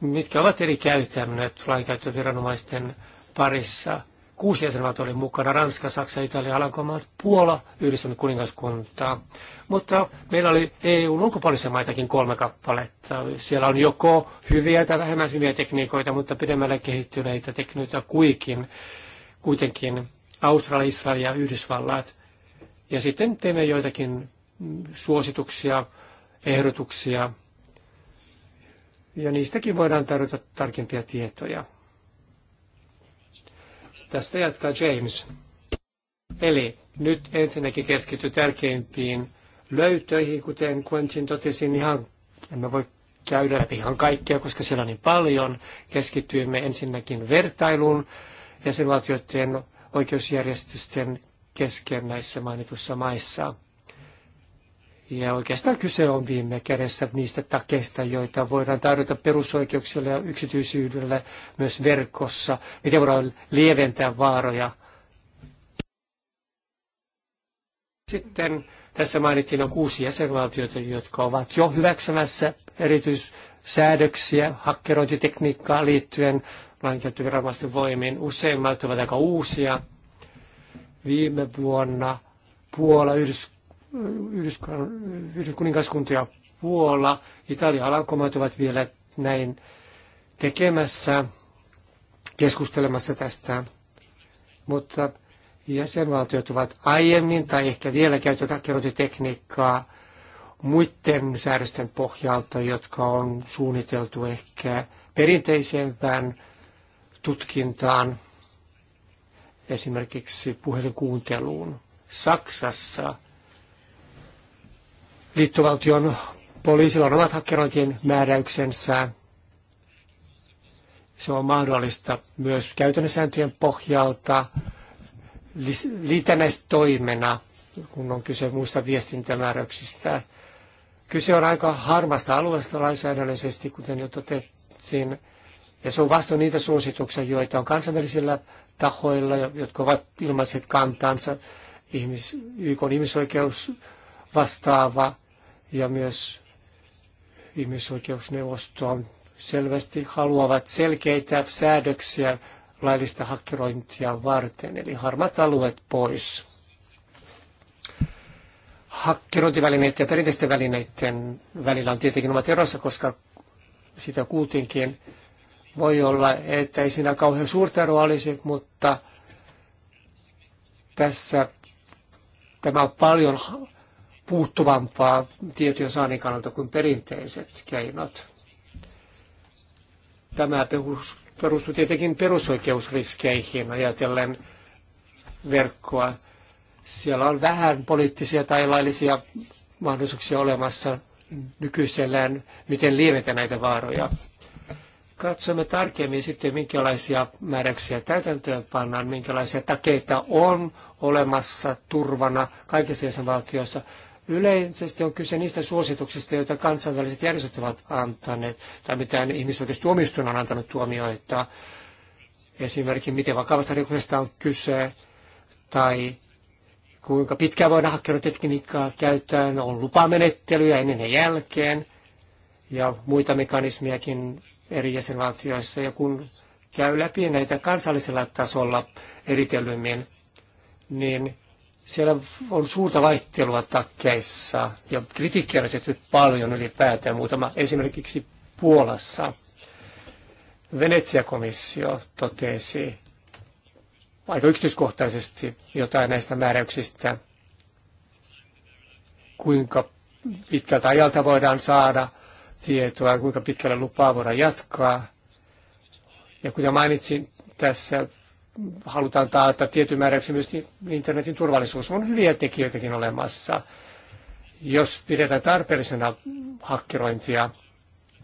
mitkä ovat eri käytännöt lainkäyttöviranomaisten parissa. Kuusi jäsenvaltio oli mukana, Ranska, Saksa, Italia, Alankomaat, Puola, Yhdistynyt kuningaskunta. Mutta meillä oli EU ulkopuolisia maitakin kolme kappaletta. Siellä on joko hyviä tai vähemmän hyviä tekniikoita, mutta pidemmälle kehittyneitä tekniikoita kuikin kuitenkin Australia, Israel ja Yhdysvallat. Ja sitten teemme joitakin suosituksia, ehdotuksia, ja niistäkin voidaan tarjota tarkempia tietoja. Tästä jatkaa James. Eli nyt ensinnäkin keskity tärkeimpiin löytöihin, kuten Quentin totesi, niin ihan emme voi käydä läpi ihan kaikkea, koska siellä on niin paljon. Keskityimme ensinnäkin vertailuun jäsenvaltioiden oikeusjärjestysten kesken näissä mainituissa maissa. Ja oikeastaan kyse on viime kädessä niistä takeista, joita voidaan tarjota perusoikeuksille ja yksityisyydelle myös verkossa. Miten voidaan lieventää vaaroja? Sitten tässä mainittiin on kuusi jäsenvaltiota, jotka ovat jo hyväksymässä erityissäädöksiä hakkerointitekniikkaan liittyen lainkäyttöviranomaisten voimin. Useimmat ovat aika uusia. Viime vuonna Puola, Yhdys, Yhdyskuningaskunta ja Puola, Italia alankomaat ovat vielä näin tekemässä, keskustelemassa tästä. Mutta jäsenvaltiot ovat aiemmin tai ehkä vielä käytetään kerrotitekniikkaa muiden säädösten pohjalta, jotka on suunniteltu ehkä perinteisempään tutkintaan, esimerkiksi puhelinkuunteluun. Saksassa liittovaltion poliisilla on omat hakkerointien määräyksensä. Se on mahdollista myös käytännössääntöjen pohjalta liitännäistoimena, kun on kyse muista viestintämääräyksistä. Kyse on aika harmasta alueesta lainsäädännöllisesti, kuten jo totesin. Ja se on vastoin niitä suosituksia, joita on kansainvälisillä tahoilla, jotka ovat ilmaiset kantansa, ihmis, YK on ihmisoikeus vastaava ja myös ihmisoikeusneuvosto on selvästi haluavat selkeitä säädöksiä laillista hakkerointia varten, eli harmat alueet pois. Hakkerointivälineiden ja perinteisten välineiden välillä on tietenkin omat erossa, koska sitä kuultiinkin voi olla, että ei siinä kauhean suurta eroa olisi, mutta tässä tämä on paljon puuttuvampaa tietojen saannin kannalta kuin perinteiset keinot. Tämä perustuu tietenkin perusoikeusriskeihin ajatellen verkkoa. Siellä on vähän poliittisia tai laillisia mahdollisuuksia olemassa nykyisellään, miten lievetä näitä vaaroja katsomme tarkemmin sitten, minkälaisia määräyksiä täytäntöön pannaan, minkälaisia takeita on olemassa turvana kaikissa jäsenvaltioissa. Yleisesti on kyse niistä suosituksista, joita kansainväliset järjestöt ovat antaneet, tai mitä ihmisoikeustuomioistuin on antanut tuomioita. Esimerkiksi miten vakavasta rikoksesta on kyse, tai kuinka pitkään voidaan hakkerotekniikkaa käyttää, on lupamenettelyjä ennen ja jälkeen, ja muita mekanismiakin eri jäsenvaltioissa ja kun käy läpi näitä kansallisella tasolla eritelmien, niin siellä on suurta vaihtelua takkeissa ja kritiikkiä on esitetty paljon ylipäätään muutama esimerkiksi Puolassa. Venetsiakomissio totesi aika yksityiskohtaisesti jotain näistä määräyksistä, kuinka pitkältä ajalta voidaan saada – tietoa, kuinka pitkälle lupaa voidaan jatkaa. Ja kuten mainitsin, tässä halutaan taata tietyn määräksi myös internetin turvallisuus. On hyviä tekijöitäkin olemassa. Jos pidetään tarpeellisena hakkerointia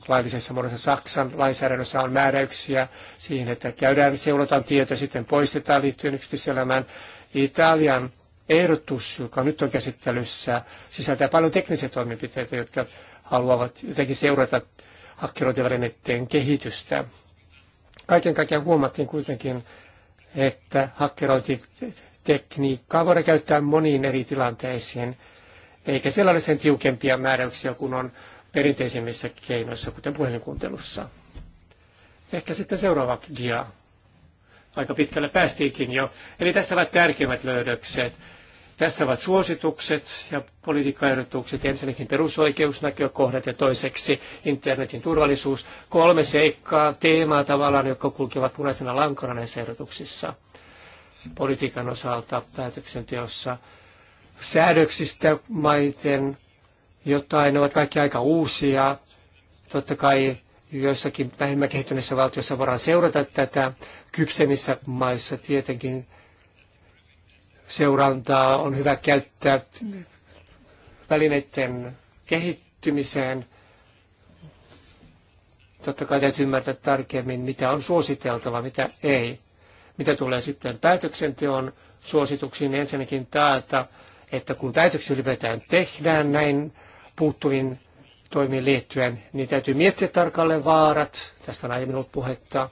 laillisessa muodossa Saksan lainsäädännössä on määräyksiä siihen, että käydään, seulotaan tietoja, sitten poistetaan liittyen yksityiselämään. Italian ehdotus, joka nyt on käsittelyssä, sisältää paljon teknisiä toimenpiteitä, jotka haluavat jotenkin seurata hakkerointivälineiden kehitystä. Kaiken kaikkiaan huomattiin kuitenkin, että hakkerointitekniikkaa voidaan käyttää moniin eri tilanteisiin, eikä siellä ole sen tiukempia määräyksiä kuin on perinteisimmissä keinoissa, kuten puhelinkuuntelussa. Ehkä sitten seuraava dia. Aika pitkälle päästiinkin jo. Eli tässä ovat tärkeimmät löydökset tässä ovat suositukset ja politiikkaehdotukset, ensinnäkin perusoikeusnäkökohdat ja toiseksi internetin turvallisuus. Kolme seikkaa, teemaa tavallaan, jotka kulkevat punaisena lankana näissä ehdotuksissa politiikan osalta päätöksenteossa. Säädöksistä maiten jotain, ne ovat kaikki aika uusia. Totta kai joissakin vähemmän kehittyneissä valtioissa voidaan seurata tätä. Kypsemissä maissa tietenkin seurantaa, on hyvä käyttää välineiden kehittymiseen. Totta kai täytyy ymmärtää tarkemmin, mitä on suositeltava, mitä ei. Mitä tulee sitten päätöksenteon suosituksiin, niin ensinnäkin taata, että kun päätöksiä ylipäätään tehdään näin puuttuviin toimiin liittyen, niin täytyy miettiä tarkalleen vaarat. Tästä on aiemmin ollut puhetta.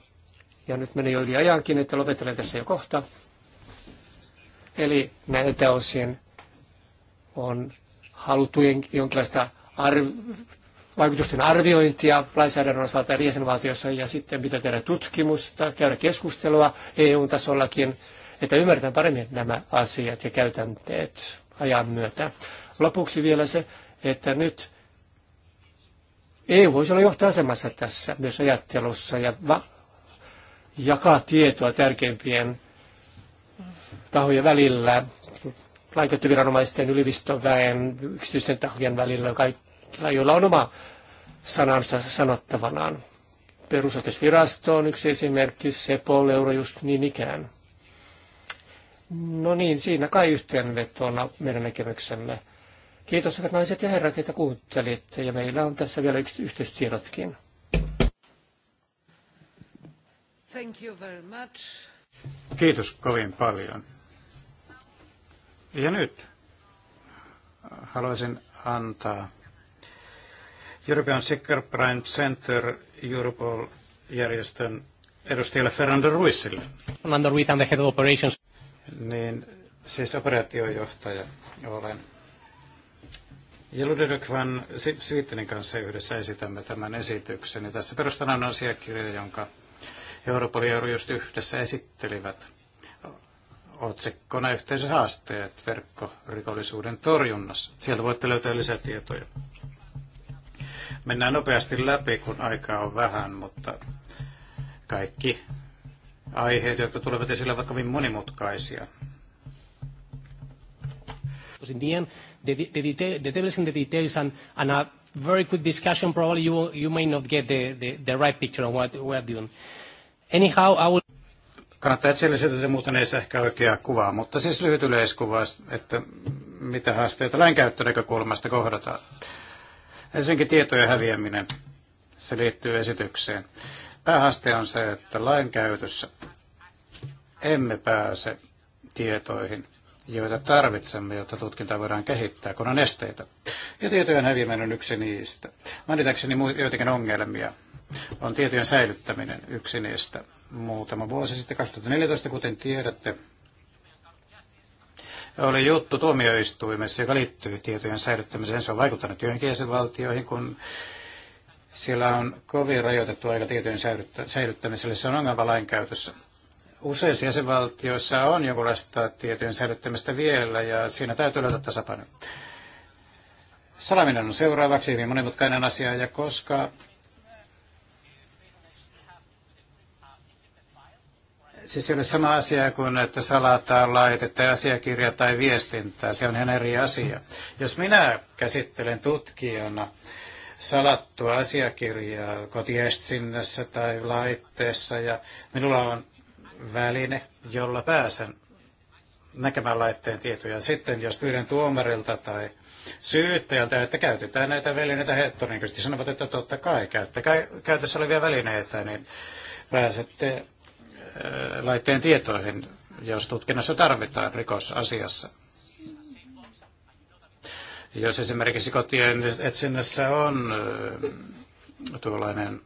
Ja nyt menee jo yli ajankin, että lopettelen tässä jo kohta. Eli näiltä osin on haluttu jonkinlaista arv- vaikutusten arviointia lainsäädännön osalta eri jäsenvaltiossa ja sitten pitää tehdä tutkimusta, käydä keskustelua EU-tasollakin, että ymmärretään paremmin nämä asiat ja käytänteet ajan myötä. Lopuksi vielä se, että nyt EU voisi olla johtoasemassa tässä myös ajattelussa ja jakaa tietoa tärkeimpien tahojen välillä, lainkäyttöviranomaisten, yliopiston väen, yksityisten tahojen välillä, kaikilla, joilla on oma sanansa sanottavanaan. Perusoikeusvirasto on yksi esimerkki, Sepol, Eurojust, niin ikään. No niin, siinä kai yhteenvetona meidän näkemyksemme. Kiitos hyvät naiset ja herrat, että kuuntelitte, ja meillä on tässä vielä yksi yhteystiedotkin. Thank you very much. Kiitos kovin paljon. Ja nyt haluaisin antaa European Sicker Prime Center Europol-järjestön edustajalle Fernando Ruizille. Fernando Ruiz, I'm the head of operations. Niin, siis operaatiojohtaja olen. Ja Ludwig van Syyttinen kanssa yhdessä esitämme tämän esityksen. Ja tässä perustana on asiakirja, jonka Europol ja Eurojust yhdessä esittelivät – otsikkona yhteisen haasteet verkkorikollisuuden torjunnassa. Sieltä voitte löytää lisätietoja. Mennään nopeasti läpi, kun aikaa on vähän, mutta kaikki aiheet, jotka tulevat esille, ovat kovin monimutkaisia. In the the, the, in the details and, and a very quick discussion, probably you, you may not get the, the, the right picture on what we are doing. Anyhow, I will kannattaa etsiä lisää, muuten ei se ehkä oikea kuvaa, mutta siis lyhyt yleiskuva, että mitä haasteita lainkäyttönäkökulmasta kohdataan. Ensinnäkin tietojen häviäminen, se liittyy esitykseen. Päähaaste on se, että lainkäytössä emme pääse tietoihin, joita tarvitsemme, jotta tutkintaa voidaan kehittää, kun on esteitä. Ja tietojen häviäminen on yksi niistä. Mainitakseni joitakin ongelmia on tietojen säilyttäminen yksi niistä muutama vuosi sitten, 2014, kuten tiedätte, oli juttu tuomioistuimessa, joka liittyy tietojen säilyttämiseen. Se on vaikuttanut joihinkin jäsenvaltioihin, kun siellä on kovin rajoitettu aika tietojen säilyttämiselle. Se on ongelma lainkäytössä. Useissa jäsenvaltioissa on jonkunlaista tietojen säilyttämistä vielä ja siinä täytyy löytää tasapaino. Salaminen on seuraavaksi hyvin monimutkainen asia ja koska Siis ei ole sama asia kuin, että salataan laitetta, asiakirja tai viestintää. Se on ihan eri asia. Jos minä käsittelen tutkijana salattua asiakirjaa kotiestinnässä tai laitteessa ja minulla on väline, jolla pääsen näkemään laitteen tietoja. Sitten jos pyydän tuomarilta tai syyttäjältä, että käytetään näitä välineitä hettoniin, niin sanovat, että totta kai, käyttäkää käytössä olevia välineitä, niin pääsette laitteen tietoihin, jos tutkinnassa tarvitaan rikosasiassa. Jos esimerkiksi kotien etsinnässä on tuollainen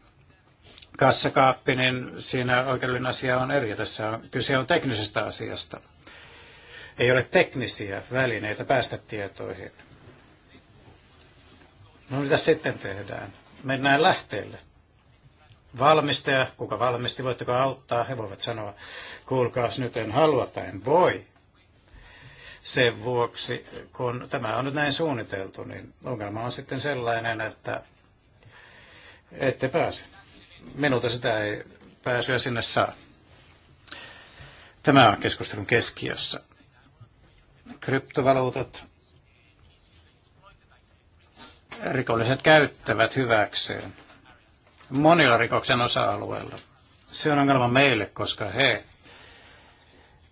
kassakaappi, niin siinä oikeudellinen asia on eri. Tässä on, kyse on teknisestä asiasta. Ei ole teknisiä välineitä päästä tietoihin. No mitä sitten tehdään? Mennään lähteelle valmistaja, kuka valmisti, voitteko auttaa, he voivat sanoa, kuulkaas nyt en halua tai en voi. Sen vuoksi, kun tämä on nyt näin suunniteltu, niin ongelma on sitten sellainen, että ette pääse. Minulta sitä ei pääsyä sinne saa. Tämä on keskustelun keskiössä. Kryptovaluutat, rikolliset käyttävät hyväkseen monilla rikoksen osa-alueilla. Se on ongelma meille, koska he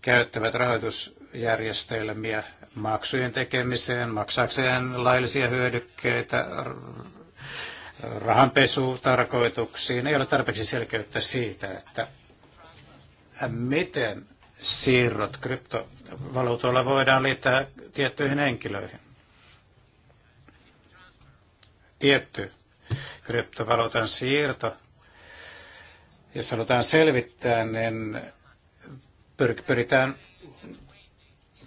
käyttävät rahoitusjärjestelmiä maksujen tekemiseen, maksaakseen laillisia hyödykkeitä, rahanpesutarkoituksiin. Ei ole tarpeeksi selkeyttä siitä, että miten siirrot kryptovaluutoilla voidaan liittää tiettyihin henkilöihin. Tietty kryptovaluutan siirto, jos halutaan selvittää, niin pyritään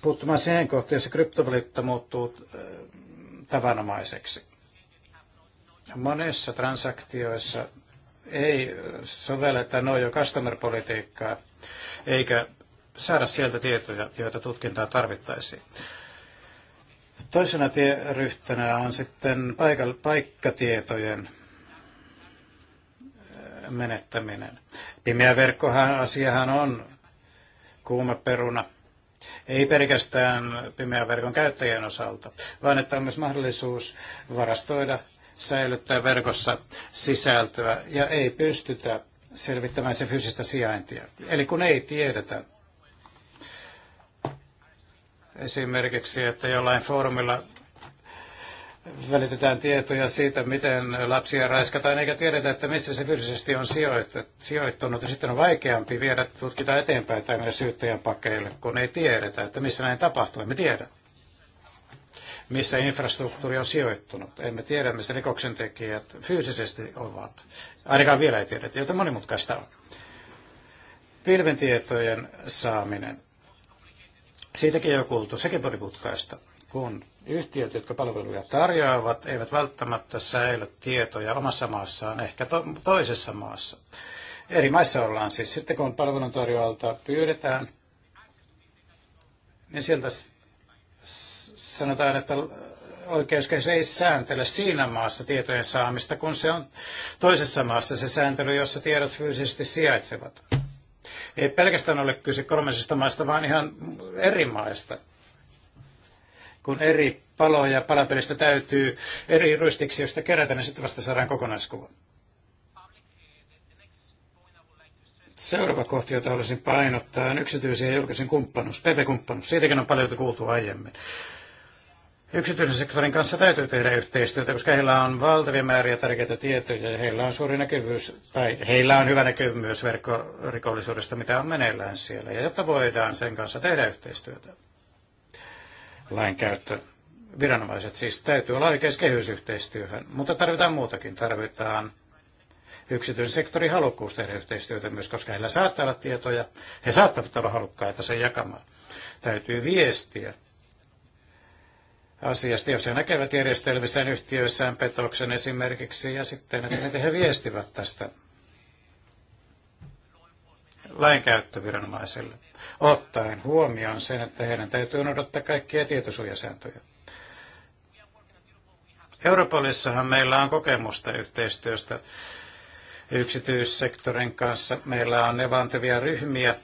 puuttumaan siihen kohtaan, jossa kryptovaluutta muuttuu äh, tavanomaiseksi. Monissa transaktioissa ei sovelleta noin jo customer-politiikkaa, eikä saada sieltä tietoja, joita tutkintaa tarvittaisiin. Toisena tieryhtänä on sitten paikka paikkatietojen menettäminen. Pimeä verkkohan asiahan on kuuma peruna. Ei pelkästään pimeän verkon käyttäjien osalta, vaan että on myös mahdollisuus varastoida, säilyttää verkossa sisältöä ja ei pystytä selvittämään se fyysistä sijaintia. Eli kun ei tiedetä esimerkiksi, että jollain foorumilla välitetään tietoja siitä, miten lapsia raiskataan, eikä tiedetä, että missä se fyysisesti on sijoittunut. Ja sitten on vaikeampi viedä tutkintaa eteenpäin tai mennä syyttäjän pakeille, kun ei tiedetä, että missä näin tapahtuu. Emme tiedä, missä infrastruktuuri on sijoittunut. Emme tiedä, missä tekijät fyysisesti ovat. Ainakaan vielä ei tiedetä, joten monimutkaista on. Pilventietojen saaminen. Siitäkin jo kuultu, sekin monimutkaista kun yhtiöt, jotka palveluja tarjoavat, eivät välttämättä säily tietoja omassa maassaan, ehkä to- toisessa maassa. Eri maissa ollaan siis. Sitten kun palveluntarjoajalta pyydetään, niin sieltä sanotaan, että oikeuskehys ei sääntele siinä maassa tietojen saamista, kun se on toisessa maassa se sääntely, jossa tiedot fyysisesti sijaitsevat. Ei pelkästään ole kyse kolmesista maasta, vaan ihan eri maista kun eri paloja palapelistä täytyy eri josta kerätä, niin sitten vasta saadaan kokonaiskuva. Seuraava kohti, jota haluaisin painottaa, on yksityisen ja julkisen kumppanuus, PP-kumppanuus. Siitäkin on paljon kuultu aiemmin. Yksityisen sektorin kanssa täytyy tehdä yhteistyötä, koska heillä on valtavia määriä tärkeitä tietoja ja heillä on suuri näkyvyys, tai heillä on hyvä näkyvyys verkkorikollisuudesta, mitä on meneillään siellä, ja jotta voidaan sen kanssa tehdä yhteistyötä lainkäyttö. Viranomaiset siis täytyy olla oikeus kehysyhteistyöhön, mutta tarvitaan muutakin. Tarvitaan yksityisen sektorin halukkuus tehdä yhteistyötä myös, koska heillä saattaa olla tietoja. He saattavat olla halukkaita sen jakamaan. Täytyy viestiä asiasta, jos he näkevät järjestelmissään yhtiöissään petoksen esimerkiksi, ja sitten, että miten he viestivät tästä lainkäyttöviranomaiselle, ottaen huomioon sen, että heidän täytyy noudattaa kaikkia tietosuojasääntöjä. Europolissahan meillä on kokemusta yhteistyöstä yksityissektorin kanssa. Meillä on evantevia ryhmiä,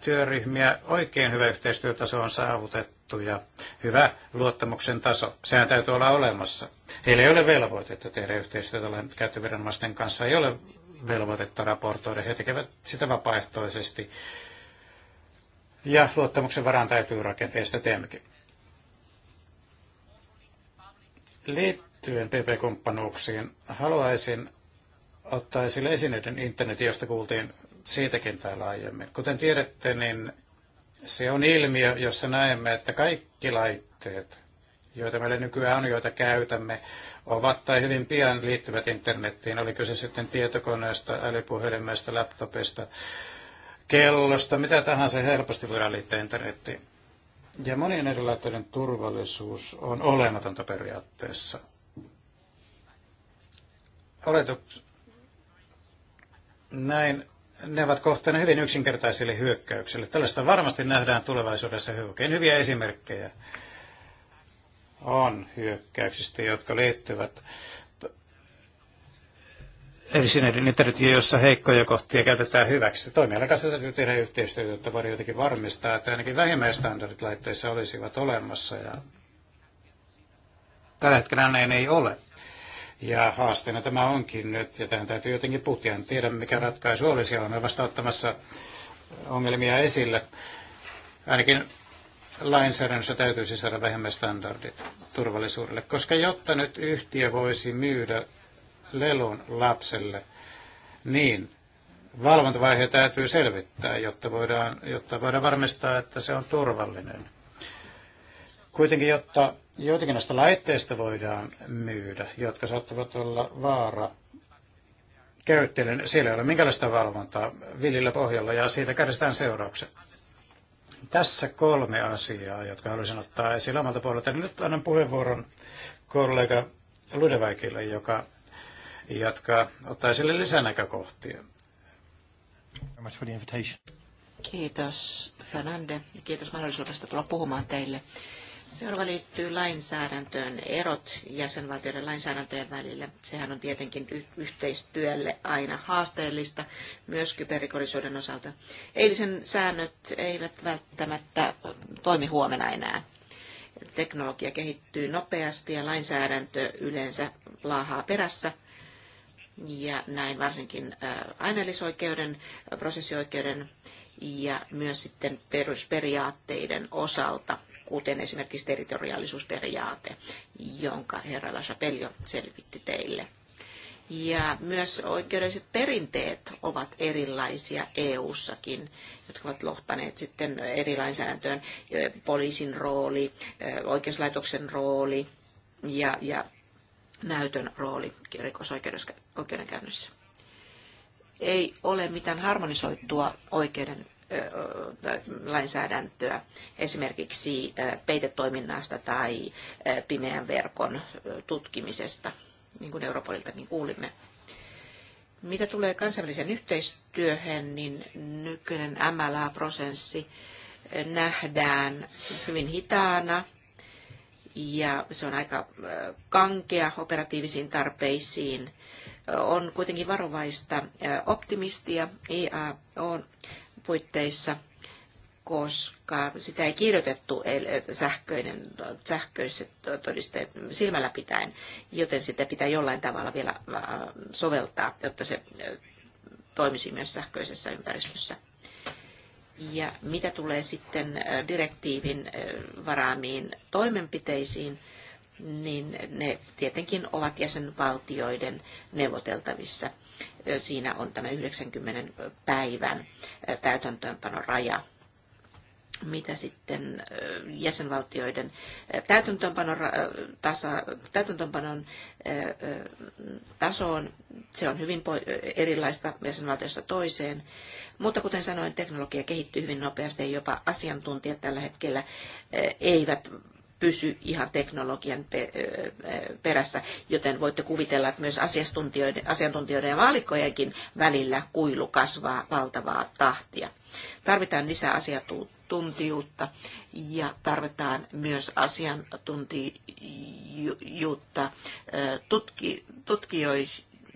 työryhmiä. Oikein hyvä yhteistyötaso on saavutettu ja hyvä luottamuksen taso. Sehän täytyy olla olemassa. Heillä ei ole velvoitetta tehdä yhteistyötä käyttöviranomaisten kanssa. Ei ole velvoitetta raportoida. He tekevät sitä vapaaehtoisesti. Ja luottamuksen varaan täytyy rakentaa, sitä teemmekin. Liittyen PP-kumppanuuksiin haluaisin ottaa esille esineiden internetin, josta kuultiin siitäkin täällä aiemmin. Kuten tiedätte, niin se on ilmiö, jossa näemme, että kaikki laitteet, joita meillä nykyään on, joita käytämme, ovat tai hyvin pian liittyvät internettiin. Oli kyse sitten tietokoneesta, älypuhelimesta, laptopista, kellosta, mitä tahansa helposti voidaan liittää internettiin. Ja monien erilaisten turvallisuus on olematonta periaatteessa. Oletuk... Näin ne ovat kohteena hyvin yksinkertaisille hyökkäyksille. Tällaista varmasti nähdään tulevaisuudessa hyvin hyviä esimerkkejä on hyökkäyksistä, jotka liittyvät eri sinne jossa heikkoja kohtia käytetään hyväksi. Toimialan kanssa täytyy tehdä yhteistyötä, jotta voidaan jotenkin varmistaa, että ainakin vähimmäistandardit laitteissa olisivat olemassa. Ja tällä hetkellä näin ei ole. Ja haasteena tämä onkin nyt, ja tähän täytyy jotenkin puhtia. En tiedä, mikä ratkaisu olisi. Olemme vasta ottamassa ongelmia esille. Ainakin lainsäädännössä täytyisi saada standardit turvallisuudelle, koska jotta nyt yhtiö voisi myydä lelun lapselle, niin valvontavaihe täytyy selvittää, jotta voidaan, jotta voidaan varmistaa, että se on turvallinen. Kuitenkin, jotta joitakin näistä laitteista voidaan myydä, jotka saattavat olla vaara käyttäjille, niin siellä ei ole minkälaista valvontaa viljellä pohjalla ja siitä kärsitään seuraukset. Tässä kolme asiaa, jotka haluaisin ottaa esille omalta puolelta. Nyt annan puheenvuoron kollega Ludeväkille, joka jatkaa, ottaa esille lisänäkökohtia. Kiitos Fernande ja kiitos mahdollisuudesta tulla puhumaan teille. Seuraava liittyy lainsäädäntöön, erot jäsenvaltioiden lainsäädäntöjen välillä. Sehän on tietenkin yhteistyölle aina haasteellista, myös kyberrikollisuuden osalta. Eilisen säännöt eivät välttämättä toimi huomenna enää. Teknologia kehittyy nopeasti ja lainsäädäntö yleensä laahaa perässä. Ja näin varsinkin aineellisoikeuden, prosessioikeuden ja myös sitten perusperiaatteiden osalta – kuten esimerkiksi territoriaalisuusperiaate, jonka herra Lachapelle jo selvitti teille. Ja myös oikeudelliset perinteet ovat erilaisia EU-sakin, jotka ovat lohtaneet sitten eri lainsäädäntöön poliisin rooli, oikeuslaitoksen rooli ja, ja näytön rooli rikosoikeudenkäynnissä. Ei ole mitään harmonisoitua oikeuden lainsäädäntöä esimerkiksi peitetoiminnasta tai pimeän verkon tutkimisesta, niin kuin Europoliltakin kuulimme. Mitä tulee kansainväliseen yhteistyöhön, niin nykyinen MLA-prosessi nähdään hyvin hitaana ja se on aika kankea operatiivisiin tarpeisiin. On kuitenkin varovaista optimistia. EA on puitteissa, koska sitä ei kirjoitettu sähköinen, sähköiset todisteet silmällä pitäen, joten sitä pitää jollain tavalla vielä äh, soveltaa, jotta se äh, toimisi myös sähköisessä ympäristössä. Ja mitä tulee sitten äh, direktiivin varaamiin toimenpiteisiin, niin ne tietenkin ovat jäsenvaltioiden neuvoteltavissa Siinä on tämä 90 päivän täytäntöönpanoraja mitä sitten jäsenvaltioiden täytäntöönpanon, tasa, täytäntöönpanon tasoon. Se on hyvin erilaista jäsenvaltiosta toiseen. Mutta kuten sanoin, teknologia kehittyy hyvin nopeasti ja jopa asiantuntijat tällä hetkellä eivät pysy ihan teknologian perässä, joten voitte kuvitella, että myös asiantuntijoiden, asiantuntijoiden ja maalikkojenkin välillä kuilu kasvaa valtavaa tahtia. Tarvitaan lisää asiantuntijuutta ja tarvitaan myös asiantuntijuutta tutki,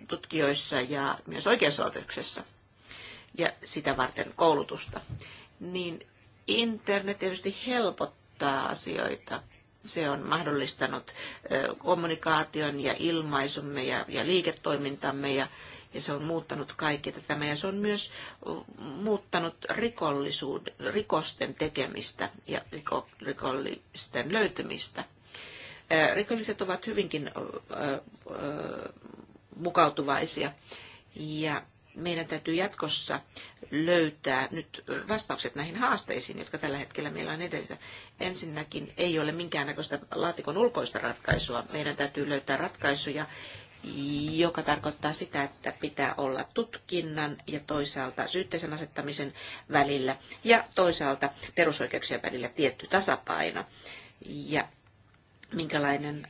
tutkijoissa ja myös oikeuslaitoksessa ja sitä varten koulutusta. Niin internet tietysti helpottaa asioita, se on mahdollistanut kommunikaation ja ilmaisumme ja, ja liiketoimintamme ja, ja se on muuttanut kaikki tätä. Ja se on myös muuttanut rikollisuuden, rikosten tekemistä ja riko, rikollisten löytymistä. Rikolliset ovat hyvinkin mukautuvaisia ja meidän täytyy jatkossa löytää nyt vastaukset näihin haasteisiin, jotka tällä hetkellä meillä on edessä. Ensinnäkin ei ole minkäännäköistä laatikon ulkoista ratkaisua. Meidän täytyy löytää ratkaisuja, joka tarkoittaa sitä, että pitää olla tutkinnan ja toisaalta syytteisen asettamisen välillä ja toisaalta perusoikeuksien välillä tietty tasapaino. Ja minkälainen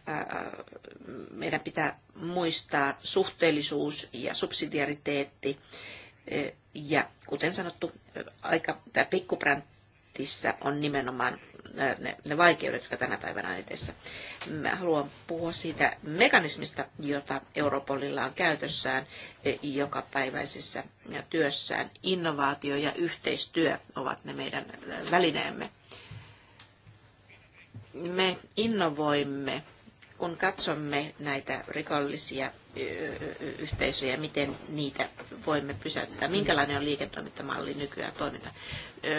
meidän pitää muistaa suhteellisuus ja subsidiariteetti. Ja kuten sanottu, aika tämä pikkupräntissä on nimenomaan ne, ne vaikeudet, jotka tänä päivänä on edessä. Mä haluan puhua siitä mekanismista, jota Europolilla on käytössään jokapäiväisessä työssään. Innovaatio ja yhteistyö ovat ne meidän välineemme me innovoimme, kun katsomme näitä rikollisia yhteisöjä, miten niitä voimme pysäyttää, minkälainen on liiketoimintamalli nykyään toiminta.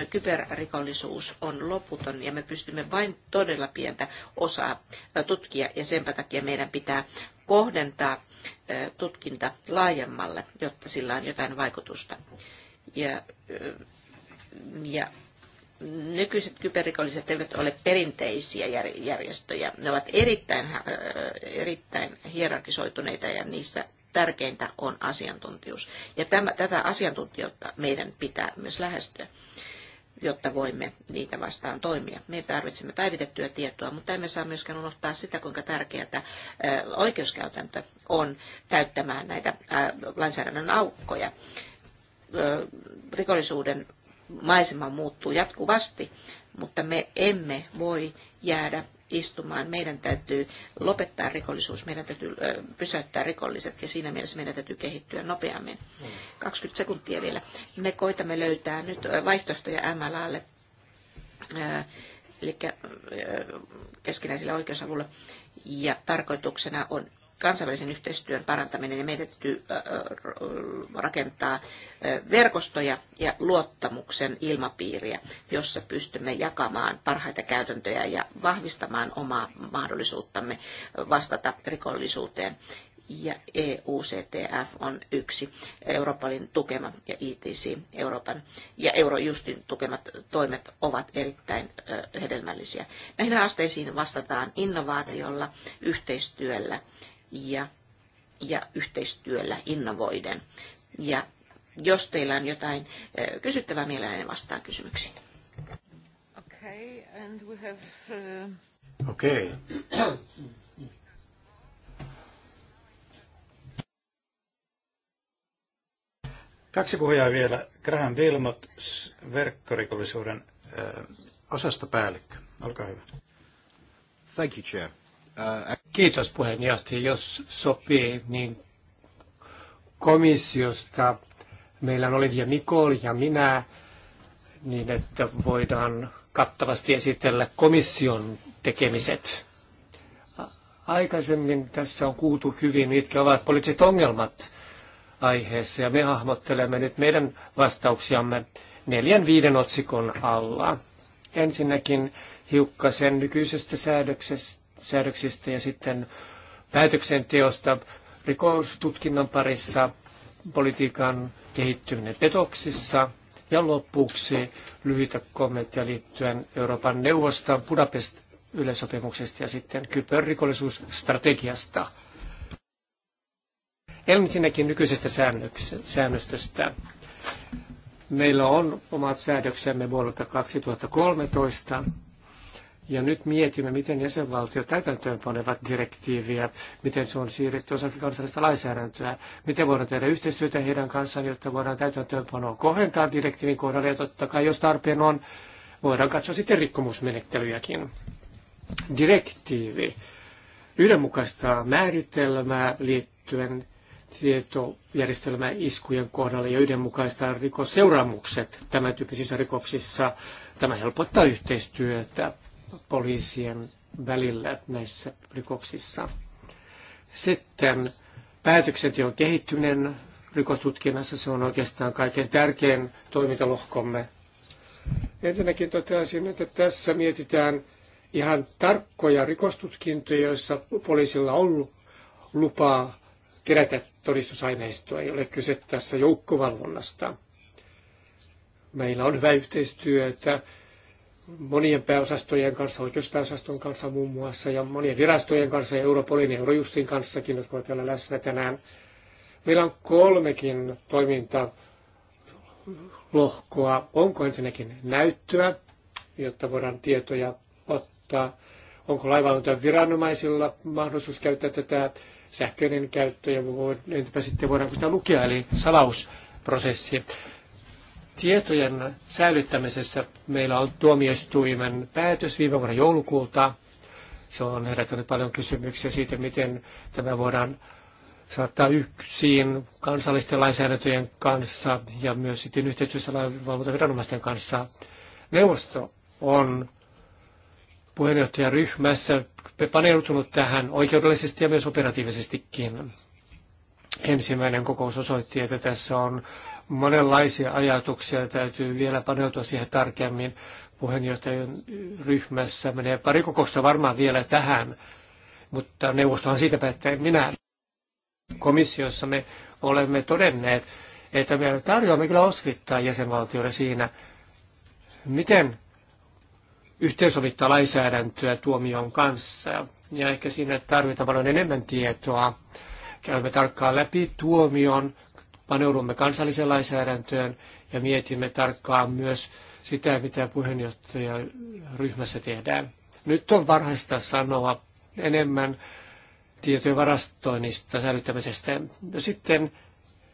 Kyberrikollisuus on loputon ja me pystymme vain todella pientä osaa tutkia ja sen takia meidän pitää kohdentaa tutkinta laajemmalle, jotta sillä on jotain vaikutusta. Ja, ja nykyiset kyberrikolliset eivät ole perinteisiä järjestöjä. Ne ovat erittäin, äh, erittäin hierarkisoituneita ja niissä tärkeintä on asiantuntijuus. Ja tämä, tätä asiantuntijuutta meidän pitää myös lähestyä, jotta voimme niitä vastaan toimia. Me tarvitsemme päivitettyä tietoa, mutta emme saa myöskään unohtaa sitä, kuinka tärkeää äh, oikeuskäytäntö on täyttämään näitä äh, lainsäädännön aukkoja rikollisuuden maisema muuttuu jatkuvasti, mutta me emme voi jäädä istumaan. Meidän täytyy lopettaa rikollisuus, meidän täytyy pysäyttää rikolliset ja siinä mielessä meidän täytyy kehittyä nopeammin. 20 sekuntia vielä. Me koitamme löytää nyt vaihtoehtoja MLAlle, eli keskinäiselle oikeusavulle. Ja tarkoituksena on kansainvälisen yhteistyön parantaminen ja meidän täytyy rakentaa verkostoja ja luottamuksen ilmapiiriä, jossa pystymme jakamaan parhaita käytäntöjä ja vahvistamaan omaa mahdollisuuttamme vastata rikollisuuteen. Ja EUCTF on yksi Euroopan tukema ja ITC Euroopan ja Eurojustin tukemat toimet ovat erittäin hedelmällisiä. Näihin haasteisiin vastataan innovaatiolla, yhteistyöllä ja, ja yhteistyöllä innovoiden. Ja jos teillä on jotain kysyttävää, mielelläni vastaan kysymyksiin. Okay, uh... Okei. Okay. Kaksi puhujaa vielä. Graham Wilmot, verkkorikollisuuden osastopäällikkö. Olkaa hyvä. Thank you, Chair. Kiitos puheenjohtaja. Jos sopii, niin komissiosta meillä on Olivia Mikol ja minä, niin että voidaan kattavasti esitellä komission tekemiset. Aikaisemmin tässä on kuultu hyvin, mitkä ovat poliittiset ongelmat aiheessa, ja me hahmottelemme nyt meidän vastauksiamme neljän viiden otsikon alla. Ensinnäkin hiukkasen nykyisestä säädöksestä säädöksistä ja sitten päätöksenteosta rikostutkinnan parissa, politiikan kehittyminen petoksissa ja lopuksi lyhyitä kommentteja liittyen Euroopan neuvoston Budapest yleisopimuksesta ja sitten kyberrikollisuusstrategiasta. Ensinnäkin nykyisestä säännöstöstä. Meillä on omat säädöksemme vuodelta 2013 ja nyt mietimme, miten jäsenvaltiot täytäntöönpanevat direktiiviä, miten se on siirretty osaksi kansallista lainsäädäntöä, miten voidaan tehdä yhteistyötä heidän kanssaan, jotta voidaan täytäntöönpanoa kohentaa direktiivin kohdalla, ja totta kai, jos tarpeen on, voidaan katsoa sitten rikkomusmenettelyjäkin. Direktiivi yhdenmukaista määritelmää liittyen tietojärjestelmä iskujen kohdalla ja yhdenmukaistaa rikosseuraamukset tämän tyyppisissä rikoksissa. Tämä helpottaa yhteistyötä poliisien välillä näissä rikoksissa. Sitten päätökset jo kehittyminen rikostutkinnassa, se on oikeastaan kaiken tärkein toimintalohkomme. Ensinnäkin toteaisin, että tässä mietitään ihan tarkkoja rikostutkintoja, joissa poliisilla on lupaa kerätä todistusaineistoa. Ei ole kyse tässä joukkovalvonnasta. Meillä on hyvä yhteistyötä monien pääosastojen kanssa, oikeuspääosaston kanssa muun muassa, ja monien virastojen kanssa, ja Europolin ja Eurojustin kanssakin, jotka ovat täällä läsnä tänään. Meillä on kolmekin toimintalohkoa. Onko ensinnäkin näyttöä, jotta voidaan tietoja ottaa? Onko laivavalvontojen viranomaisilla mahdollisuus käyttää tätä sähköinen käyttö, ja entäpä sitten voidaanko sitä lukea, eli salausprosessi tietojen säilyttämisessä meillä on tuomioistuimen päätös viime vuonna joulukuulta. Se on herättänyt paljon kysymyksiä siitä, miten tämä voidaan saattaa yksiin kansallisten lainsäädäntöjen kanssa ja myös sitten yhteistyössä lainvalvontaviranomaisten kanssa. Neuvosto on puheenjohtajaryhmässä paneutunut tähän oikeudellisesti ja myös operatiivisestikin. Ensimmäinen kokous osoitti, että tässä on monenlaisia ajatuksia. Täytyy vielä paneutua siihen tarkemmin. Puheenjohtajan ryhmässä menee pari kokousta varmaan vielä tähän, mutta neuvostohan siitä päättää minä. Komissiossa me olemme todenneet, että me tarjoamme kyllä osvittaa jäsenvaltioille siinä, miten yhteensovittaa lainsäädäntöä tuomion kanssa. Ja ehkä siinä tarvitaan paljon enemmän tietoa. Käymme tarkkaan läpi tuomion paneudumme kansalliseen lainsäädäntöön ja mietimme tarkkaan myös sitä, mitä puheenjohtajaryhmässä tehdään. Nyt on varhaista sanoa enemmän tietojen varastoinnista, säilyttämisestä. No sitten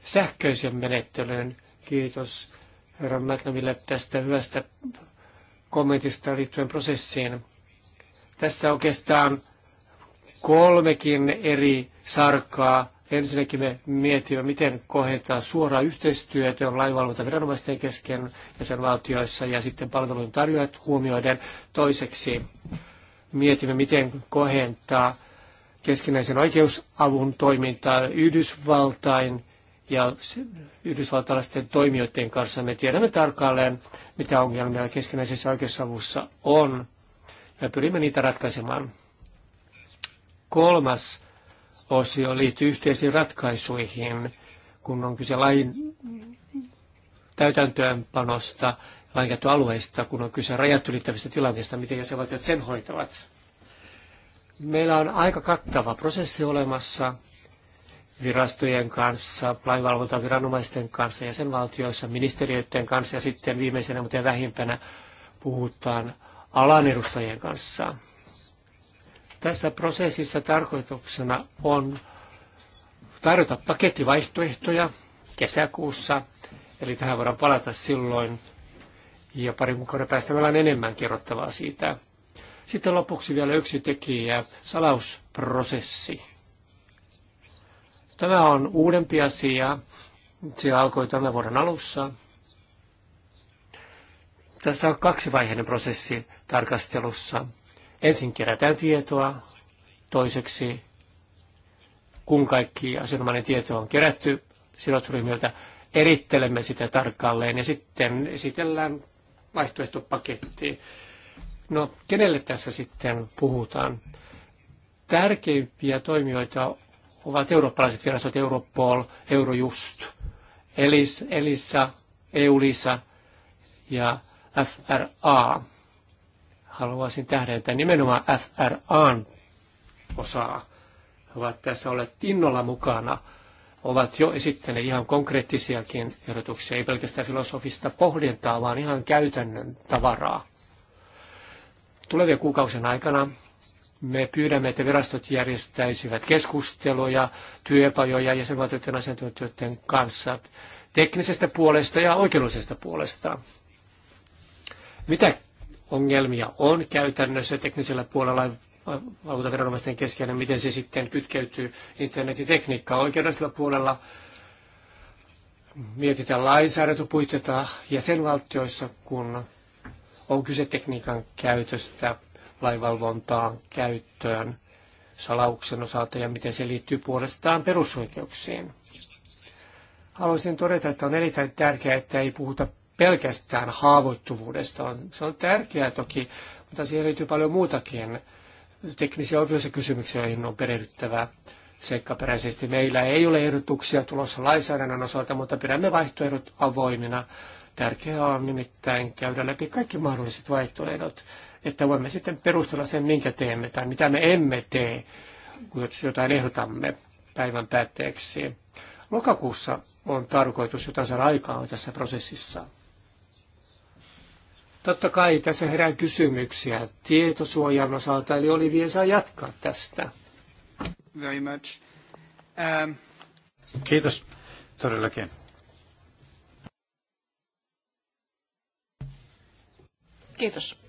sähköisen menettelyyn. Kiitos herra Mäknamille tästä hyvästä kommentista liittyen prosessiin. Tässä oikeastaan kolmekin eri sarkaa Ensinnäkin me mietimme, miten kohentaa suoraa yhteistyötä lainvalvontaviranomaisten kesken ja sen valtioissa ja sitten palvelun tarjoajat huomioiden. Toiseksi mietimme, miten kohentaa keskinäisen oikeusavun toimintaa Yhdysvaltain ja yhdysvaltalaisten toimijoiden kanssa. Me tiedämme tarkalleen, mitä ongelmia keskinäisessä oikeusavussa on ja pyrimme niitä ratkaisemaan. Kolmas osio liittyy yhteisiin ratkaisuihin, kun on kyse lain täytäntöönpanosta, lainkäyttöalueista, kun on kyse rajat ylittävistä tilanteista, miten jäsenvaltiot sen hoitavat. Meillä on aika kattava prosessi olemassa virastojen kanssa, lainvalvontaviranomaisten kanssa, jäsenvaltioissa, ministeriöiden kanssa ja sitten viimeisenä, mutta vähimpänä, puhutaan alan edustajien kanssa. Tässä prosessissa tarkoituksena on tarjota pakettivaihtoehtoja kesäkuussa, eli tähän voidaan palata silloin, ja parin kuukauden päästä meillä on enemmän kerrottavaa siitä. Sitten lopuksi vielä yksi tekijä, salausprosessi. Tämä on uudempi asia. Se alkoi tämän vuoden alussa. Tässä on kaksivaiheinen prosessi tarkastelussa. Ensin kerätään tietoa, toiseksi kun kaikki asianomainen tieto on kerätty sidosryhmiltä, erittelemme sitä tarkalleen ja sitten esitellään vaihtoehtopaketti. No, kenelle tässä sitten puhutaan? Tärkeimpiä toimijoita ovat eurooppalaiset virastot Europol, Eurojust, ELIS, ELISA, lisa ja FRA haluaisin tähdentää nimenomaan FRAn osaa. He ovat tässä olleet tinnolla mukana, ovat jo esittäneet ihan konkreettisiakin ehdotuksia, ei pelkästään filosofista pohdintaa, vaan ihan käytännön tavaraa. Tulevien kuukausien aikana me pyydämme, että virastot järjestäisivät keskusteluja, työpajoja jäsenvaltioiden asiantuntijoiden kanssa teknisestä puolesta ja oikeudellisesta puolesta. Mitä ongelmia on käytännössä teknisellä puolella valvontaviranomaisten kesken ja miten se sitten kytkeytyy internetin tekniikkaan oikeudellisella puolella. Mietitään lainsäädäntöpuitteita jäsenvaltioissa, kun on kyse tekniikan käytöstä lainvalvontaan käyttöön salauksen osalta ja miten se liittyy puolestaan perusoikeuksiin. Haluaisin todeta, että on erittäin tärkeää, että ei puhuta pelkästään haavoittuvuudesta. On, se on tärkeää toki, mutta siihen liittyy paljon muutakin teknisiä oikeudellisia kysymyksiä, joihin on perehdyttävä seikkaperäisesti. Meillä ei ole ehdotuksia tulossa lainsäädännön osalta, mutta pidämme vaihtoehdot avoimina. Tärkeää on nimittäin käydä läpi kaikki mahdolliset vaihtoehdot, että voimme sitten perustella sen, minkä teemme tai mitä me emme tee, kun jotain ehdotamme päivän päätteeksi. Lokakuussa on tarkoitus jotain saada aikaan tässä prosessissa. Totta kai tässä herää kysymyksiä tietosuojan osalta, eli Olivia saa jatkaa tästä. Very much. Um... Kiitos todellakin. Kiitos.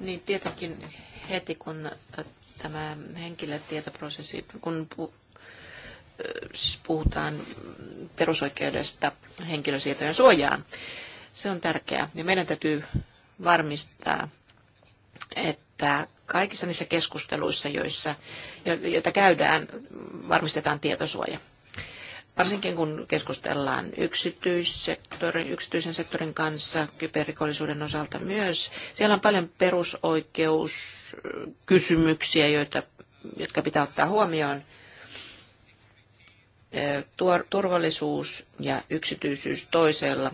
Niin tietenkin heti kun äh, tämä henkilötietoprosessi, kun pu, äh, siis puhutaan perusoikeudesta henkilösietojen suojaan, se on tärkeää ja meidän täytyy varmistaa, että kaikissa niissä keskusteluissa, joissa, joita käydään, varmistetaan tietosuoja. Varsinkin kun keskustellaan yksityisen sektorin kanssa, kyberrikollisuuden osalta myös, siellä on paljon perusoikeuskysymyksiä, joita, jotka pitää ottaa huomioon. Turvallisuus ja yksityisyys toisella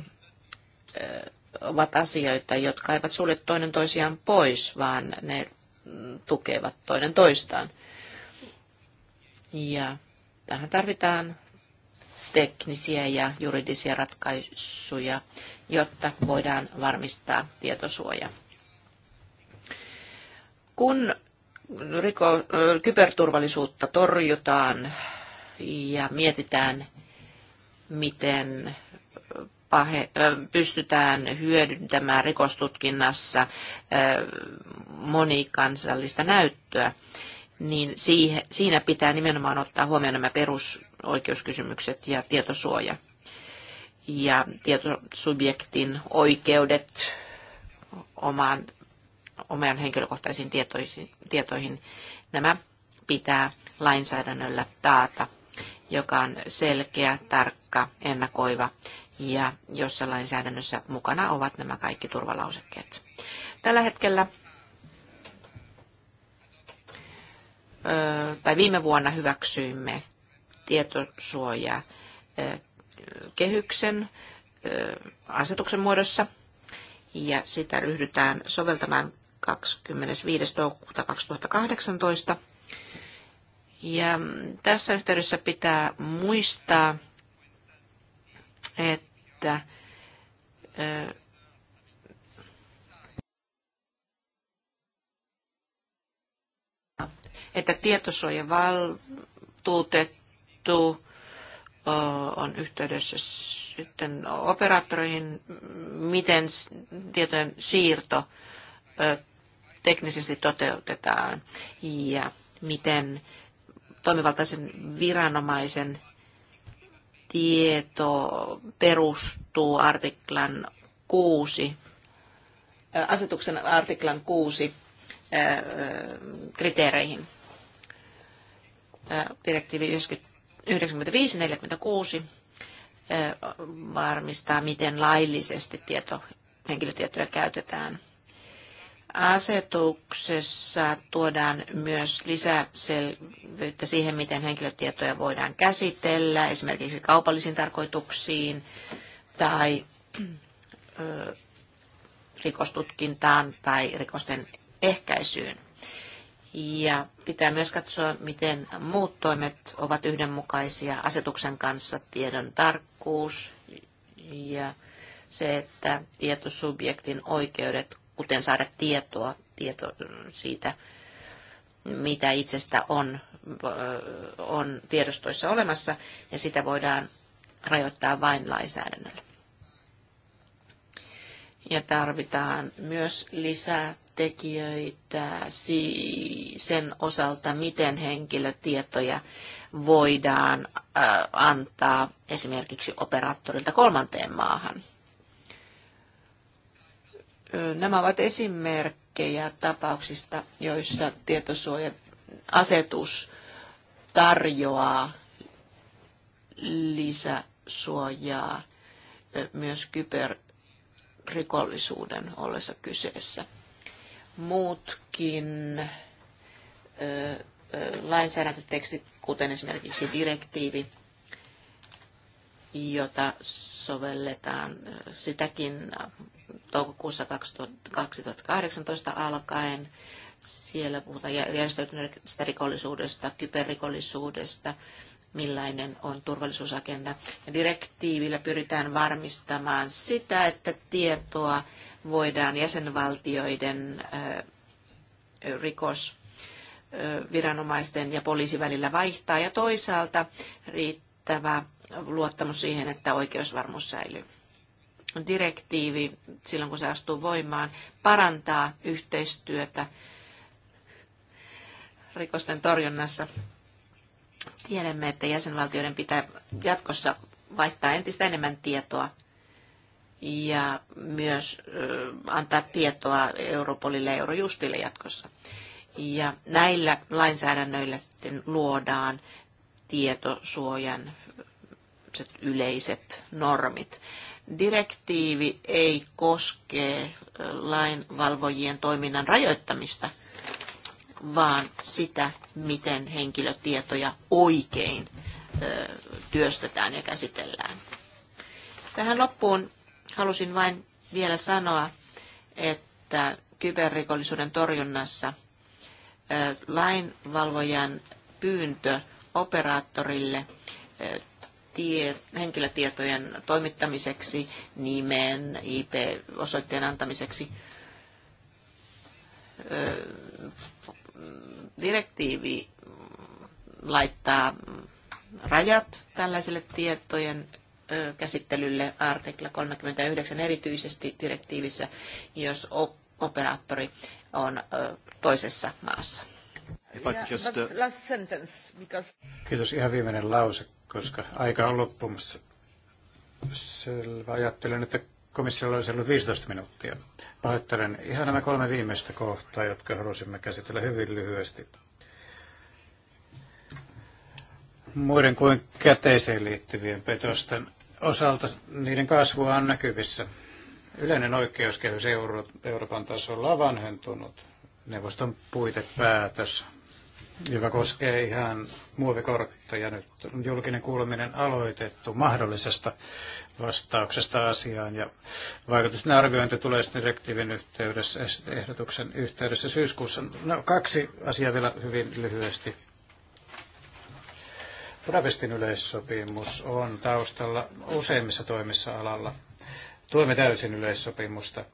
ovat asioita, jotka eivät sulje toinen toisiaan pois, vaan ne tukevat toinen toistaan. Ja tähän tarvitaan teknisiä ja juridisia ratkaisuja, jotta voidaan varmistaa tietosuoja. Kun riko, kyberturvallisuutta torjutaan ja mietitään, miten pystytään hyödyntämään rikostutkinnassa monikansallista näyttöä, niin siinä pitää nimenomaan ottaa huomioon nämä perusoikeuskysymykset ja tietosuoja ja tietosubjektin oikeudet omaan, omaan henkilökohtaisiin tietoihin, tietoihin. Nämä pitää lainsäädännöllä taata, joka on selkeä, tarkka, ennakoiva ja jossa lainsäädännössä mukana ovat nämä kaikki turvalausekkeet. Tällä hetkellä tai viime vuonna hyväksyimme tietosuoja kehyksen asetuksen muodossa ja sitä ryhdytään soveltamaan 25. toukokuuta 2018. Ja tässä yhteydessä pitää muistaa, että että tietosuojavaltuutettu on yhteydessä sitten operaattoreihin, miten tietojen siirto teknisesti toteutetaan ja miten toimivaltaisen viranomaisen tieto perustuu artiklan 6, asetuksen artiklan 6 kriteereihin. Direktiivi 95-46 varmistaa, miten laillisesti tieto, henkilötietoja käytetään – Asetuksessa tuodaan myös lisäselvyyttä siihen, miten henkilötietoja voidaan käsitellä, esimerkiksi kaupallisiin tarkoituksiin tai ö, rikostutkintaan tai rikosten ehkäisyyn. Ja pitää myös katsoa, miten muut toimet ovat yhdenmukaisia asetuksen kanssa, tiedon tarkkuus ja se, että tietosubjektin oikeudet kuten saada tietoa tieto mm, siitä, mitä itsestä on, on tiedostoissa olemassa, ja sitä voidaan rajoittaa vain lainsäädännöllä. Ja tarvitaan myös lisää tekijöitä sen osalta, miten henkilötietoja voidaan antaa esimerkiksi operaattorilta kolmanteen maahan. Nämä ovat esimerkkejä tapauksista, joissa tietosuoja-asetus tarjoaa lisäsuojaa myös kyberrikollisuuden ollessa kyseessä. Muutkin lainsäädäntötekstit, kuten esimerkiksi direktiivi, jota sovelletaan, sitäkin toukokuussa 2018 alkaen. Siellä puhutaan järjestäytyneestä rikollisuudesta, kyberrikollisuudesta, millainen on turvallisuusagenda. Ja direktiivillä pyritään varmistamaan sitä, että tietoa voidaan jäsenvaltioiden rikosviranomaisten ja poliisin välillä vaihtaa ja toisaalta riittävä luottamus siihen, että oikeusvarmuus säilyy direktiivi, silloin kun se astuu voimaan, parantaa yhteistyötä rikosten torjunnassa. Tiedämme, että jäsenvaltioiden pitää jatkossa vaihtaa entistä enemmän tietoa ja myös antaa tietoa Europolille ja Eurojustille jatkossa. Ja näillä lainsäädännöillä sitten luodaan tietosuojan yleiset normit. Direktiivi ei koske lainvalvojien toiminnan rajoittamista, vaan sitä, miten henkilötietoja oikein työstetään ja käsitellään. Tähän loppuun halusin vain vielä sanoa, että kyberrikollisuuden torjunnassa lainvalvojan pyyntö operaattorille tie, henkilötietojen toimittamiseksi, nimen, IP-osoitteen antamiseksi. Direktiivi laittaa rajat tällaiselle tietojen käsittelylle artikla 39 erityisesti direktiivissä, jos operaattori on toisessa maassa. Just, uh... Kiitos. Ihan viimeinen lause, koska aika on loppumassa. Selvä. Ajattelen, että komissiolla olisi ollut 15 minuuttia. Pahoittelen ihan nämä kolme viimeistä kohtaa, jotka halusimme käsitellä hyvin lyhyesti. Muiden kuin käteiseen liittyvien petosten osalta niiden kasvua on näkyvissä. Yleinen oikeuskehys Euro- Euroopan tasolla on vanhentunut. Neuvoston puitepäätös joka koskee ihan muovikortteja. Nyt on julkinen kuuleminen aloitettu mahdollisesta vastauksesta asiaan ja vaikutusten arviointi tulee direktiivin yhteydessä, ehdotuksen yhteydessä syyskuussa. No, kaksi asiaa vielä hyvin lyhyesti. Budapestin yleissopimus on taustalla useimmissa toimissa alalla. Tuemme täysin yleissopimusta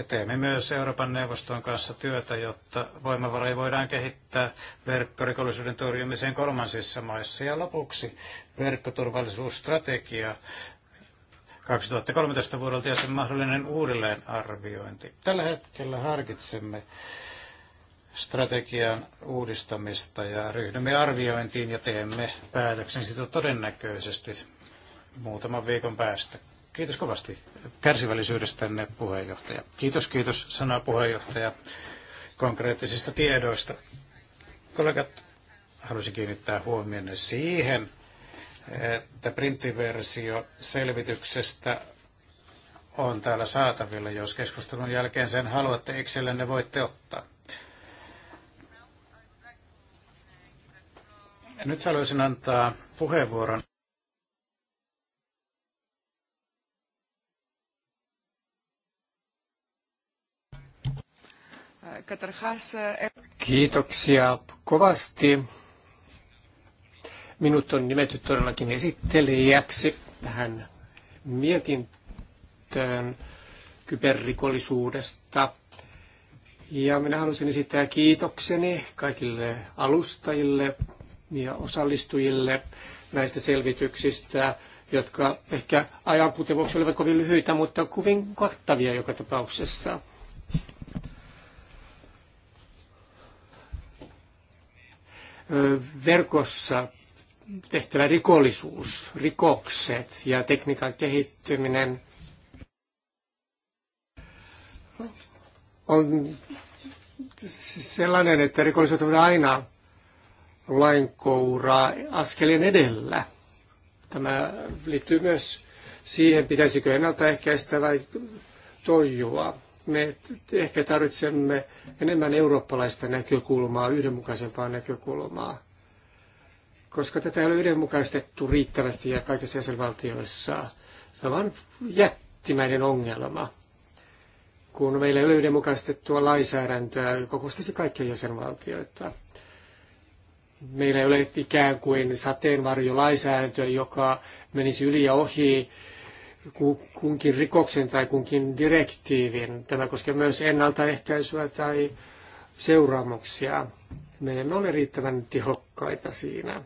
ja teemme myös Euroopan neuvoston kanssa työtä, jotta voimavaroja voidaan kehittää verkkorikollisuuden torjumiseen kolmansissa maissa. Ja lopuksi verkkoturvallisuusstrategia 2013 vuodelta ja sen mahdollinen uudelleenarviointi. Tällä hetkellä harkitsemme strategian uudistamista ja ryhdymme arviointiin ja teemme päätöksen sitä todennäköisesti muutaman viikon päästä. Kiitos kovasti kärsivällisyydestänne puheenjohtaja. Kiitos, kiitos sanaa puheenjohtaja konkreettisista tiedoista. Kollegat, halusin kiinnittää huomionne siihen, että printtiversio selvityksestä on täällä saatavilla. Jos keskustelun jälkeen sen haluatte itsellenne, voitte ottaa. Nyt haluaisin antaa puheenvuoron Eh, Kiitoksia kovasti. Minut on nimetty todellakin esittelijäksi tähän mietintöön kyberrikollisuudesta. Ja minä haluaisin esittää kiitokseni kaikille alustajille ja osallistujille näistä selvityksistä, jotka ehkä ajan vuoksi olivat kovin lyhyitä, mutta kovin kattavia joka tapauksessa. verkossa tehtävä rikollisuus, rikokset ja tekniikan kehittyminen on siis sellainen, että rikolliset ovat aina lainkouraa askeleen edellä. Tämä liittyy myös siihen, pitäisikö ennaltaehkäistä vai torjua me ehkä tarvitsemme enemmän eurooppalaista näkökulmaa, yhdenmukaisempaa näkökulmaa, koska tätä ei ole yhdenmukaistettu riittävästi ja kaikissa jäsenvaltioissa. Se on vain jättimäinen ongelma, kun meillä ei ole yhdenmukaistettua lainsäädäntöä, joka koskisi kaikkia jäsenvaltioita. Meillä ei ole ikään kuin sateenvarjolainsäädäntöä, joka menisi yli ja ohi kunkin rikoksen tai kunkin direktiivin. Tämä koskee myös ennaltaehkäisyä tai seuraamuksia. Me emme ole riittävän tehokkaita siinä.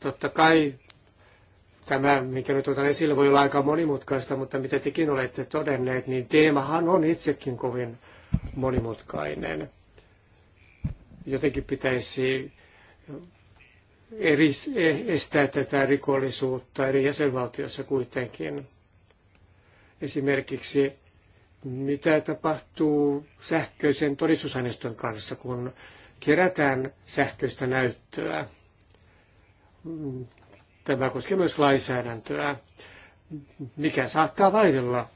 Totta kai tämä, mikä nyt otan esille, voi olla aika monimutkaista, mutta mitä tekin olette todenneet, niin teemahan on itsekin kovin monimutkainen. Jotenkin pitäisi estää tätä rikollisuutta eri jäsenvaltioissa kuitenkin. Esimerkiksi mitä tapahtuu sähköisen todistusaineiston kanssa, kun kerätään sähköistä näyttöä. Tämä koskee myös lainsäädäntöä, mikä saattaa vaihdella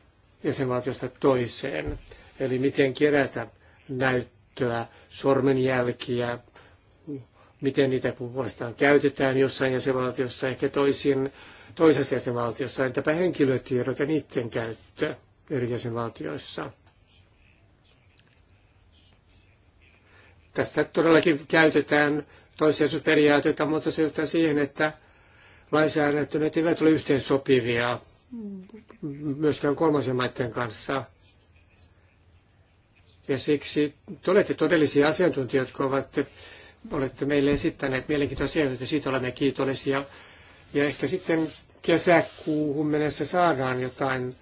jäsenvaltiosta toiseen. Eli miten kerätä näyttöä, sormenjälkiä, miten niitä puolestaan käytetään jossain jäsenvaltiossa, ehkä toisin, toisessa jäsenvaltiossa, entäpä henkilötiedot ja niiden käyttö eri jäsenvaltioissa. Tästä todellakin käytetään toissijaisuusperiaatteita, mutta se johtaa siihen, että lainsäädäntöneet eivät ole yhteen sopivia myöskään kolmansien maiden kanssa. Ja siksi te olette todellisia asiantuntijoita, jotka ovat olette meille esittäneet mielenkiintoisia asioita, siitä olemme kiitollisia. Ja ehkä sitten kesäkuuhun mennessä saadaan jotain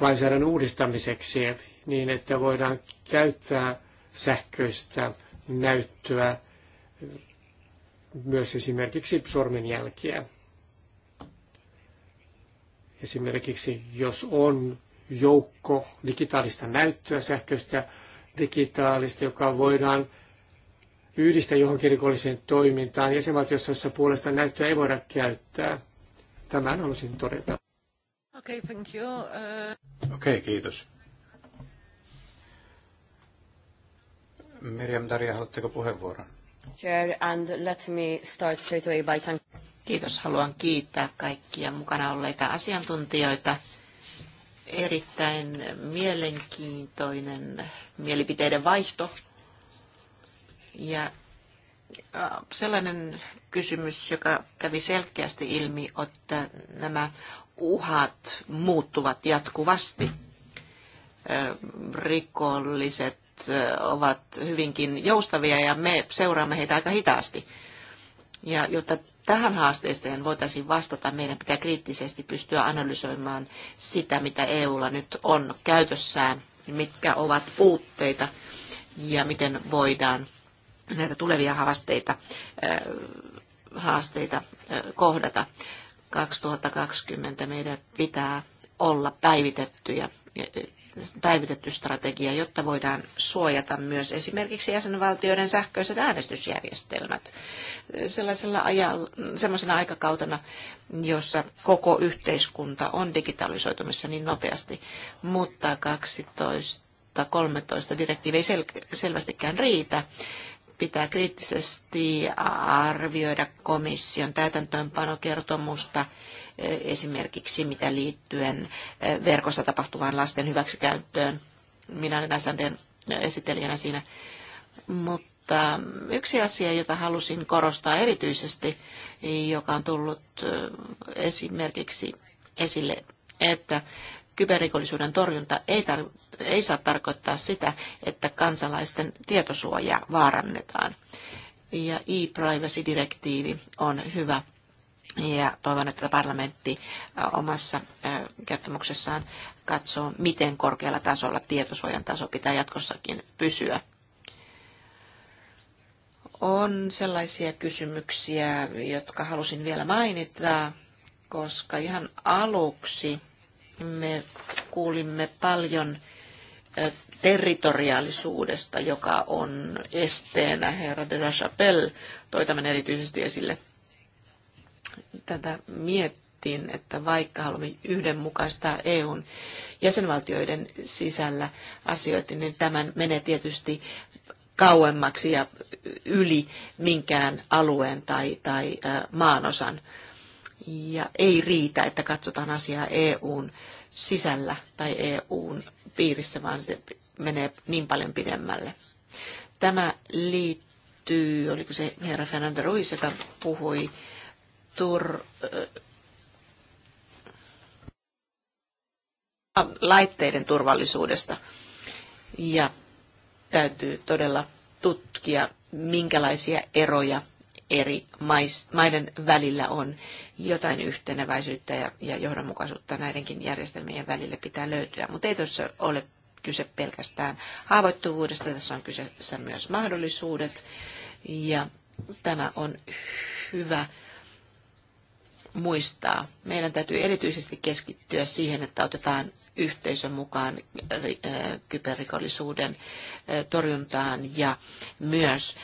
lainsäädännön uudistamiseksi, niin että voidaan käyttää sähköistä näyttöä myös esimerkiksi sormenjälkiä. Esimerkiksi jos on joukko digitaalista näyttöä, sähköistä digitaalista, joka voidaan yhdistä johonkin rikolliseen toimintaan jäsenvaltiossa, jossa puolesta näyttöä ei voida käyttää. Tämän halusin todeta. Uh, Okei, okay, Uh... okay, kiitos. Miriam Daria, haluatteko puheenvuoron? Chair, and let me start straight away by thank... Kiitos. Haluan kiittää kaikkia mukana olleita asiantuntijoita. Erittäin mielenkiintoinen mielipiteiden vaihto ja sellainen kysymys, joka kävi selkeästi ilmi, että nämä uhat muuttuvat jatkuvasti. Rikolliset ovat hyvinkin joustavia ja me seuraamme heitä aika hitaasti. Ja jotta tähän haasteeseen voitaisiin vastata, meidän pitää kriittisesti pystyä analysoimaan sitä, mitä EUlla nyt on käytössään, mitkä ovat puutteita ja miten voidaan näitä tulevia haasteita, haasteita kohdata. 2020 meidän pitää olla päivitettyjä päivitetty strategia, jotta voidaan suojata myös esimerkiksi jäsenvaltioiden sähköiset äänestysjärjestelmät sellaisella ajalla, sellaisena aikakautena, jossa koko yhteiskunta on digitalisoitumissa niin nopeasti, mutta 12 13 direktiivi ei sel- selvästikään riitä pitää kriittisesti arvioida komission täytäntöönpanokertomusta e, esimerkiksi mitä liittyen e, verkossa tapahtuvaan lasten hyväksikäyttöön. Minä olen SNDn esittelijänä siinä. Mutta yksi asia, jota halusin korostaa erityisesti, joka on tullut e, esimerkiksi esille, että Kyberrikollisuuden torjunta ei, tar- ei saa tarkoittaa sitä, että kansalaisten tietosuojaa vaarannetaan. Ja e-privacy-direktiivi on hyvä ja toivon, että parlamentti omassa kertomuksessaan katsoo, miten korkealla tasolla tietosuojan taso pitää jatkossakin pysyä. On sellaisia kysymyksiä, jotka halusin vielä mainita, koska ihan aluksi me kuulimme paljon territoriaalisuudesta, joka on esteenä. Herra de la Chapelle toi tämän erityisesti esille. Tätä miettiin, että vaikka haluamme yhdenmukaistaa EUn jäsenvaltioiden sisällä asioita, niin tämän menee tietysti kauemmaksi ja yli minkään alueen tai, tai maanosan ja ei riitä, että katsotaan asiaa EUn sisällä tai EUn piirissä, vaan se menee niin paljon pidemmälle. Tämä liittyy, oliko se herra Fernando Ruiz, joka puhui tur, äh, laitteiden turvallisuudesta. Ja täytyy todella tutkia, minkälaisia eroja eri maiden välillä on jotain yhteneväisyyttä ja, ja johdonmukaisuutta näidenkin järjestelmien välille pitää löytyä. Mutta ei tuossa ole kyse pelkästään haavoittuvuudesta, tässä on kyseessä myös mahdollisuudet. Ja tämä on hyvä muistaa. Meidän täytyy erityisesti keskittyä siihen, että otetaan yhteisön mukaan kyberrikollisuuden torjuntaan ja myös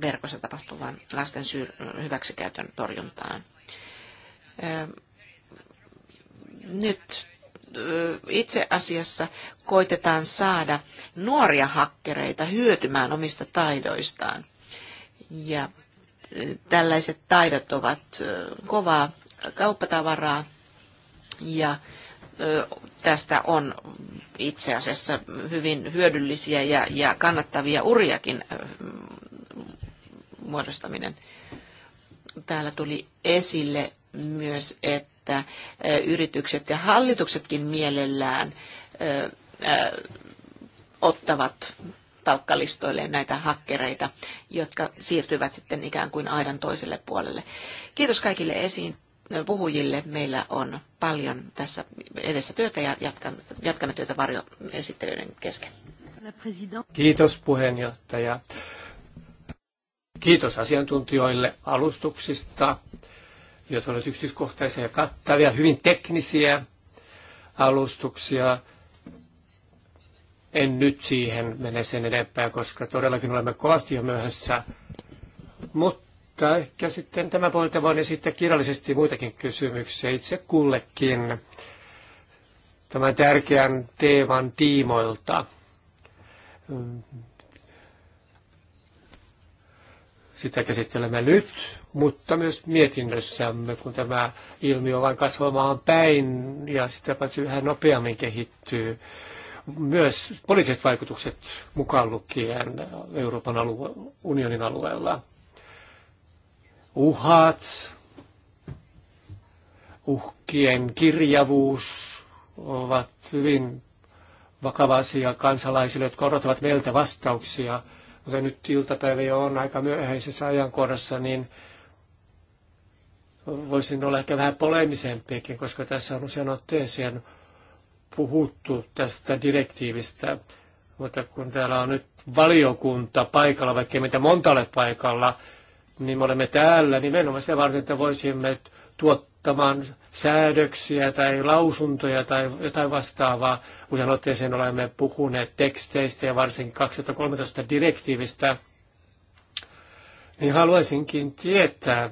verkossa tapahtuvan lasten hyväksikäytön torjuntaan nyt itse asiassa koitetaan saada nuoria hakkereita hyötymään omista taidoistaan. Ja tällaiset taidot ovat kovaa kauppatavaraa ja tästä on itse asiassa hyvin hyödyllisiä ja, ja kannattavia uriakin muodostaminen. Täällä tuli esille myös, että yritykset ja hallituksetkin mielellään ottavat palkkalistoille näitä hakkereita, jotka siirtyvät sitten ikään kuin aidan toiselle puolelle. Kiitos kaikille esiin puhujille. Meillä on paljon tässä edessä työtä ja jatkamme, jatkamme työtä varjoesittelyiden kesken. Kiitos puheenjohtaja. Kiitos asiantuntijoille alustuksista jotka ovat yksityiskohtaisia ja kattavia, hyvin teknisiä alustuksia. En nyt siihen mene sen enempää, koska todellakin olemme kovasti jo myöhässä. Mutta ehkä sitten tämän puolelta voin esittää kirjallisesti muitakin kysymyksiä itse kullekin tämän tärkeän teeman tiimoilta. Sitä käsittelemme nyt, mutta myös mietinnössämme, kun tämä ilmiö vain kasvamaan päin ja sitä paitsi vähän nopeammin kehittyy. Myös poliittiset vaikutukset mukaan lukien Euroopan alue, unionin alueella. Uhat, uhkien kirjavuus ovat hyvin vakava asia kansalaisille, jotka odottavat meiltä vastauksia. Mutta nyt iltapäivä jo on aika myöhäisessä ajankohdassa, niin voisin olla ehkä vähän polemisempiakin, koska tässä on usein otteeseen puhuttu tästä direktiivistä. Mutta kun täällä on nyt valiokunta paikalla, vaikka mitä monta ole paikalla, niin me olemme täällä nimenomaan sitä varten, että voisimme tuottamaan säädöksiä tai lausuntoja tai jotain vastaavaa. Usein otteeseen olemme puhuneet teksteistä ja varsinkin 2013 direktiivistä. Niin haluaisinkin tietää,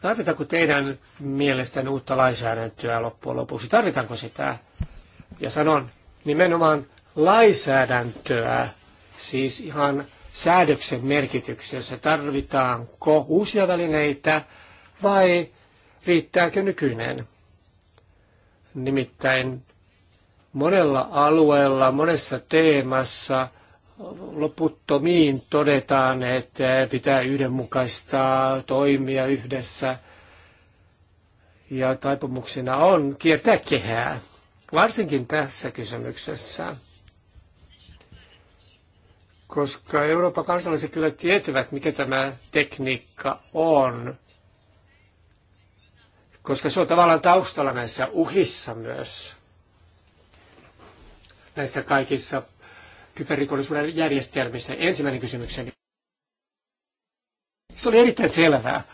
Tarvitaanko teidän mielestä uutta lainsäädäntöä loppujen lopuksi? Tarvitaanko sitä? Ja sanon nimenomaan lainsäädäntöä, siis ihan säädöksen merkityksessä. Tarvitaanko uusia välineitä vai riittääkö nykyinen? Nimittäin monella alueella, monessa teemassa loputtomiin todetaan, että pitää yhdenmukaistaa toimia yhdessä. Ja taipumuksena on kiertää kehää, varsinkin tässä kysymyksessä. Koska Euroopan kansalaiset kyllä tietävät, mikä tämä tekniikka on. Koska se on tavallaan taustalla näissä uhissa myös. Näissä kaikissa kyberrikollisuuden järjestelmissä? Ensimmäinen kysymykseni. Se oli erittäin selvää.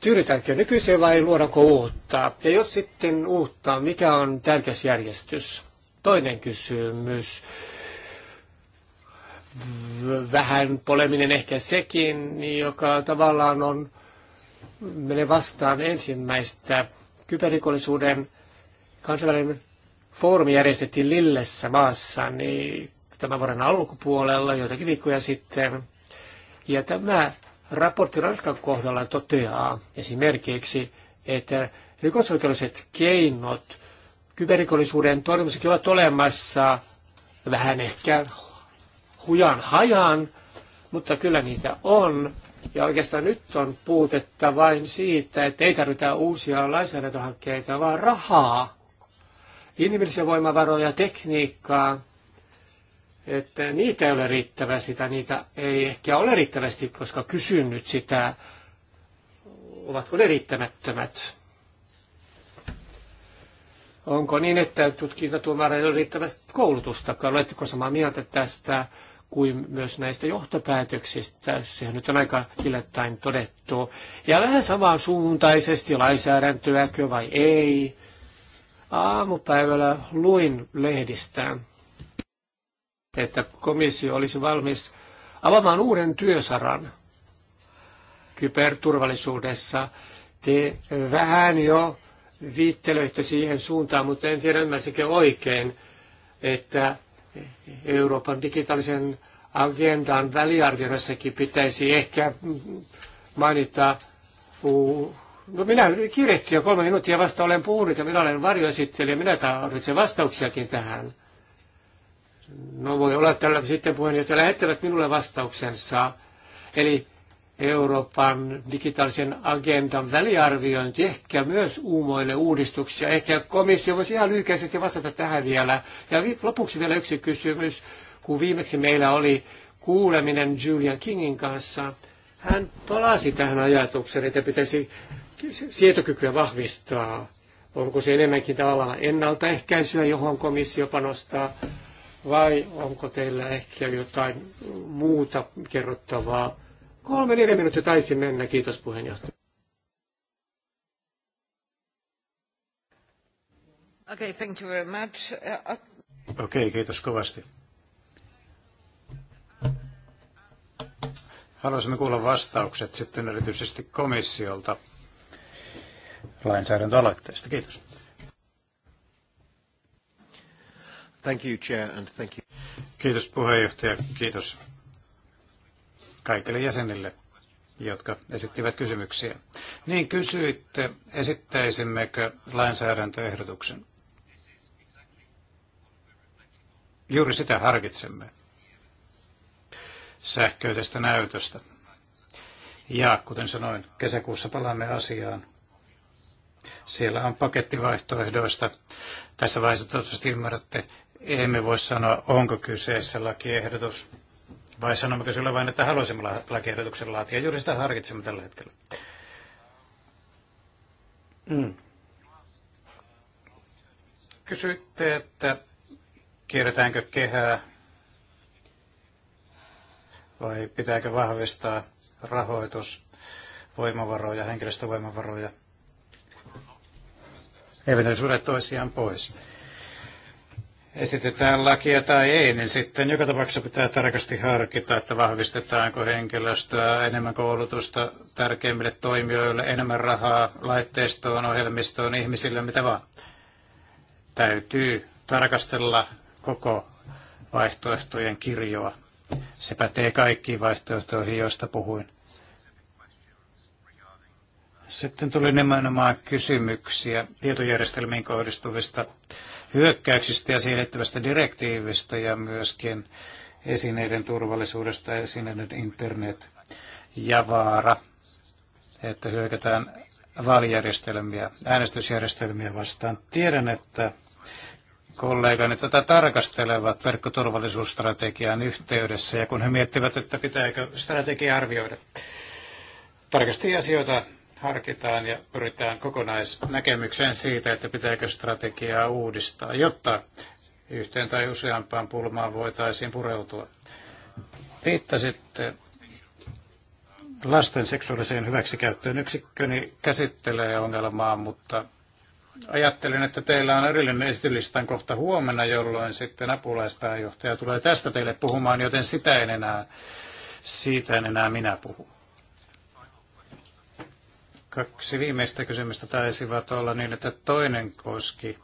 Tyydytäänkö nykyiseen vai luodaanko uutta? Ja jos sitten uutta, mikä on tärkeysjärjestys? Toinen kysymys. Vähän poleminen ehkä sekin, joka tavallaan on, menee vastaan ensimmäistä kyberrikollisuuden kansainvälinen foorumi järjestettiin Lillessä maassa niin tämän vuoden alkupuolella joitakin viikkoja sitten. Ja tämä raportti Ranskan kohdalla toteaa esimerkiksi, että rikosoikeudelliset keinot kyberrikollisuuden torjumiseksi ovat olemassa vähän ehkä hujan hajan, mutta kyllä niitä on. Ja oikeastaan nyt on puutetta vain siitä, että ei tarvita uusia lainsäädäntöhankkeita, vaan rahaa inhimillisiä voimavaroja, tekniikkaa, että niitä ei ole riittävästi tai niitä ei ehkä ole riittävästi, koska kysyn nyt sitä, ovatko ne riittämättömät. Onko niin, että tutkintatuomareilla ei ole riittävästi koulutusta? Oletteko samaa mieltä tästä kuin myös näistä johtopäätöksistä? Sehän nyt on aika hiljattain todettu. Ja vähän samansuuntaisesti lainsäädäntöäkö vai ei? Aamupäivällä luin lehdistä, että komissio olisi valmis avaamaan uuden työsaran kyberturvallisuudessa. Te vähän jo viittelöitte siihen suuntaan, mutta en tiedä ymmärsikö oikein, että Euroopan digitaalisen agendan väliarvioissakin pitäisi ehkä mainita No minä kiirehti jo kolme minuuttia vasta olen puhunut ja minä olen varjoesittelijä. Minä tarvitsen vastauksiakin tähän. No voi olla tällä sitten puheenjohtaja lähettävät minulle vastauksensa. Eli Euroopan digitaalisen agendan väliarviointi, ehkä myös uumoille uudistuksia. Ehkä komissio voisi ihan lyhykäisesti vastata tähän vielä. Ja lopuksi vielä yksi kysymys, kun viimeksi meillä oli kuuleminen Julian Kingin kanssa. Hän palasi tähän ajatukseen, että pitäisi sietokykyä vahvistaa? Onko se enemmänkin tavallaan ennaltaehkäisyä, johon komissio panostaa, vai onko teillä ehkä jotain muuta kerrottavaa? Kolme, neljä minuuttia taisi mennä. Kiitos puheenjohtaja. Okay, thank you very much. Uh, uh, Okei, okay, kiitos kovasti. Haluaisimme kuulla vastaukset sitten erityisesti komissiolta lainsäädäntöaloitteesta. Kiitos. Thank you, Chair, and thank you. Kiitos puheenjohtaja. Kiitos kaikille jäsenille, jotka esittivät kysymyksiä. Niin kysyitte, esittäisimmekö lainsäädäntöehdotuksen. Juuri sitä harkitsemme sähköisestä näytöstä. Ja kuten sanoin, kesäkuussa palaamme asiaan siellä on pakettivaihtoehdoista. Tässä vaiheessa toivottavasti ymmärrätte, emme voi sanoa, onko kyseessä lakiehdotus, vai sanommeko sillä vain, että haluaisimme lakiehdotuksen laatia. Juuri sitä harkitsemme tällä hetkellä. Mm. Kysyitte, että kierretäänkö kehää vai pitääkö vahvistaa rahoitus, voimavaroja, henkilöstövoimavaroja – eivät ne sure toisiaan pois. Esitetään lakia tai ei, niin sitten joka tapauksessa pitää tarkasti harkita, että vahvistetaanko henkilöstöä, enemmän koulutusta tärkeimmille toimijoille, enemmän rahaa laitteistoon, ohjelmistoon, ihmisille, mitä vaan. Täytyy tarkastella koko vaihtoehtojen kirjoa. Se pätee kaikkiin vaihtoehtoihin, joista puhuin. Sitten tuli nimenomaan kysymyksiä tietojärjestelmiin kohdistuvista hyökkäyksistä ja siihen liittyvästä direktiivistä ja myöskin esineiden turvallisuudesta, esineiden internet ja vaara, että hyökätään vaalijärjestelmiä, äänestysjärjestelmiä vastaan. Tiedän, että kollegani tätä tarkastelevat verkkoturvallisuusstrategian yhteydessä ja kun he miettivät, että pitääkö strategia arvioida. Tarkasti asioita harkitaan ja pyritään kokonaisnäkemykseen siitä, että pitääkö strategiaa uudistaa, jotta yhteen tai useampaan pulmaan voitaisiin pureutua. Viittasitte lasten seksuaaliseen hyväksikäyttöön. Yksikköni käsittelee ongelmaa, mutta ajattelin, että teillä on erillinen esitylistan kohta huomenna, jolloin sitten apulaispääjohtaja tulee tästä teille puhumaan, joten sitä en enää, siitä en enää minä puhu. Kaksi viimeistä kysymystä taisivat olla niin, että toinen koski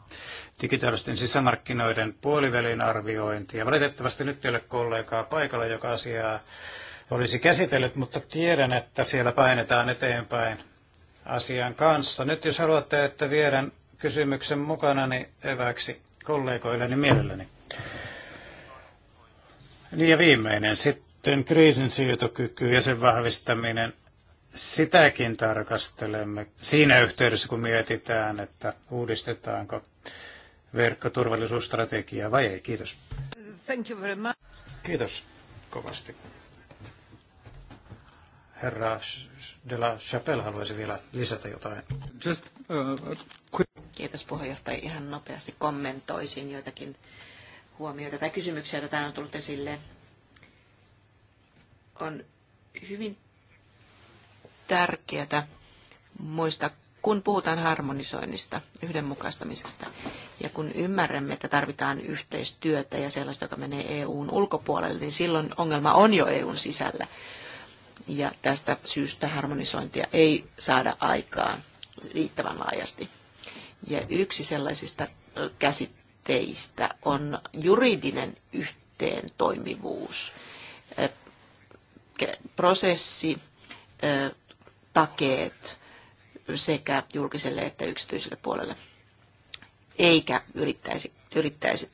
digitaalisten sisämarkkinoiden puolivälin arviointia. Valitettavasti nyt ei ole kollegaa paikalla, joka asiaa olisi käsitellyt, mutta tiedän, että siellä painetaan eteenpäin asian kanssa. Nyt jos haluatte, että viedän kysymyksen mukana, niin eväksi kollegoille, niin mielelläni. Niin ja viimeinen sitten kriisin sietokyky ja sen vahvistaminen sitäkin tarkastelemme siinä yhteydessä, kun mietitään, että uudistetaanko verkkoturvallisuusstrategiaa vai ei. Kiitos. Thank you very much. Kiitos kovasti. Herra de la Chapelle haluaisi vielä lisätä jotain. Just, uh, Kiitos puheenjohtaja. Ihan nopeasti kommentoisin joitakin huomioita tai kysymyksiä, joita täällä on tullut esille. On hyvin tärkeää muistaa, kun puhutaan harmonisoinnista, yhdenmukaistamisesta, ja kun ymmärrämme, että tarvitaan yhteistyötä ja sellaista, joka menee EUn ulkopuolelle, niin silloin ongelma on jo EUn sisällä. Ja tästä syystä harmonisointia ei saada aikaa riittävän laajasti. Ja yksi sellaisista käsitteistä on juridinen yhteen toimivuus. Prosessi, takeet sekä julkiselle että yksityiselle puolelle. Eikä yrittäisi, yrittäisi,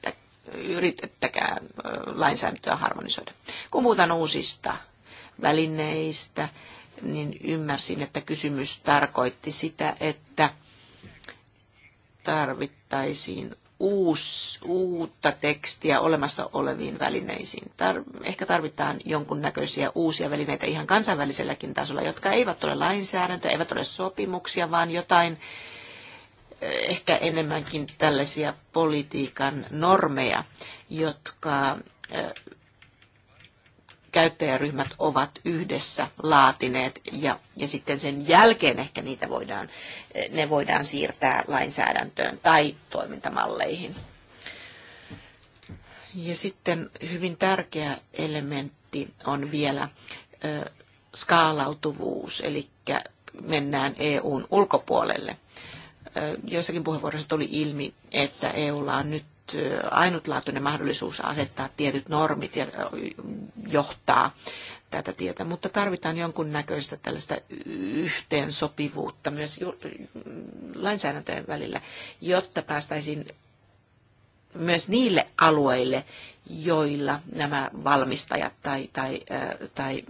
yritettäkään lainsäädäntöä harmonisoida. Kun puhutaan uusista välineistä, niin ymmärsin, että kysymys tarkoitti sitä, että tarvittaisiin uus, uutta tekstiä olemassa oleviin välineisiin. Tar- ehkä tarvitaan jonkunnäköisiä uusia välineitä ihan kansainväliselläkin tasolla, jotka eivät ole lainsäädäntöä, eivät ole sopimuksia, vaan jotain eh, ehkä enemmänkin tällaisia politiikan normeja, jotka eh, käyttäjäryhmät ovat yhdessä laatineet ja, ja sitten sen jälkeen ehkä niitä voidaan, ne voidaan siirtää lainsäädäntöön tai toimintamalleihin. Ja sitten hyvin tärkeä elementti on vielä ö, skaalautuvuus, eli mennään EUn ulkopuolelle. Joissakin puheenvuoroissa tuli ilmi, että EUlla on nyt ainutlaatuinen mahdollisuus asettaa tietyt normit ja johtaa tätä tietä, mutta tarvitaan jonkun näköistä tällaista yhteensopivuutta myös lainsäädäntöjen välillä, jotta päästäisiin myös niille alueille, joilla nämä valmistajat tai, tai, tai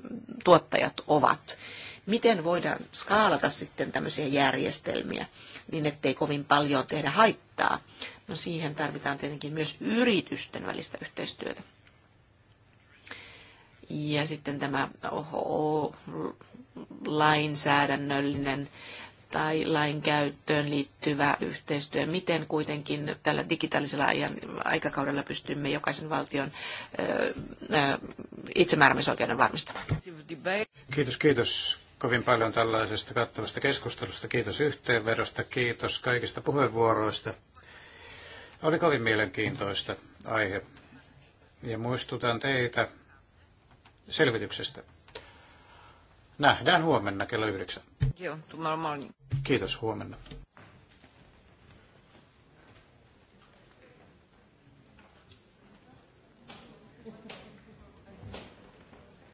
tuottajat ovat. Miten voidaan skaalata sitten tämmöisiä järjestelmiä niin, ettei kovin paljon tehdä haittaa No siihen tarvitaan tietenkin myös yritysten välistä yhteistyötä. Ja sitten tämä oho, lainsäädännöllinen tai lainkäyttöön liittyvä yhteistyö, miten kuitenkin tällä digitaalisella ajan, aikakaudella pystymme jokaisen valtion ö, ö, itsemääräämisoikeuden varmistamaan. Kiitos, kiitos kovin paljon tällaisesta kattavasta keskustelusta. Kiitos yhteenvedosta, kiitos kaikista puheenvuoroista. Oli kovin mielenkiintoista aihe ja muistutan teitä selvityksestä. Nähdään huomenna kello yhdeksän. Kiitos, huomenna.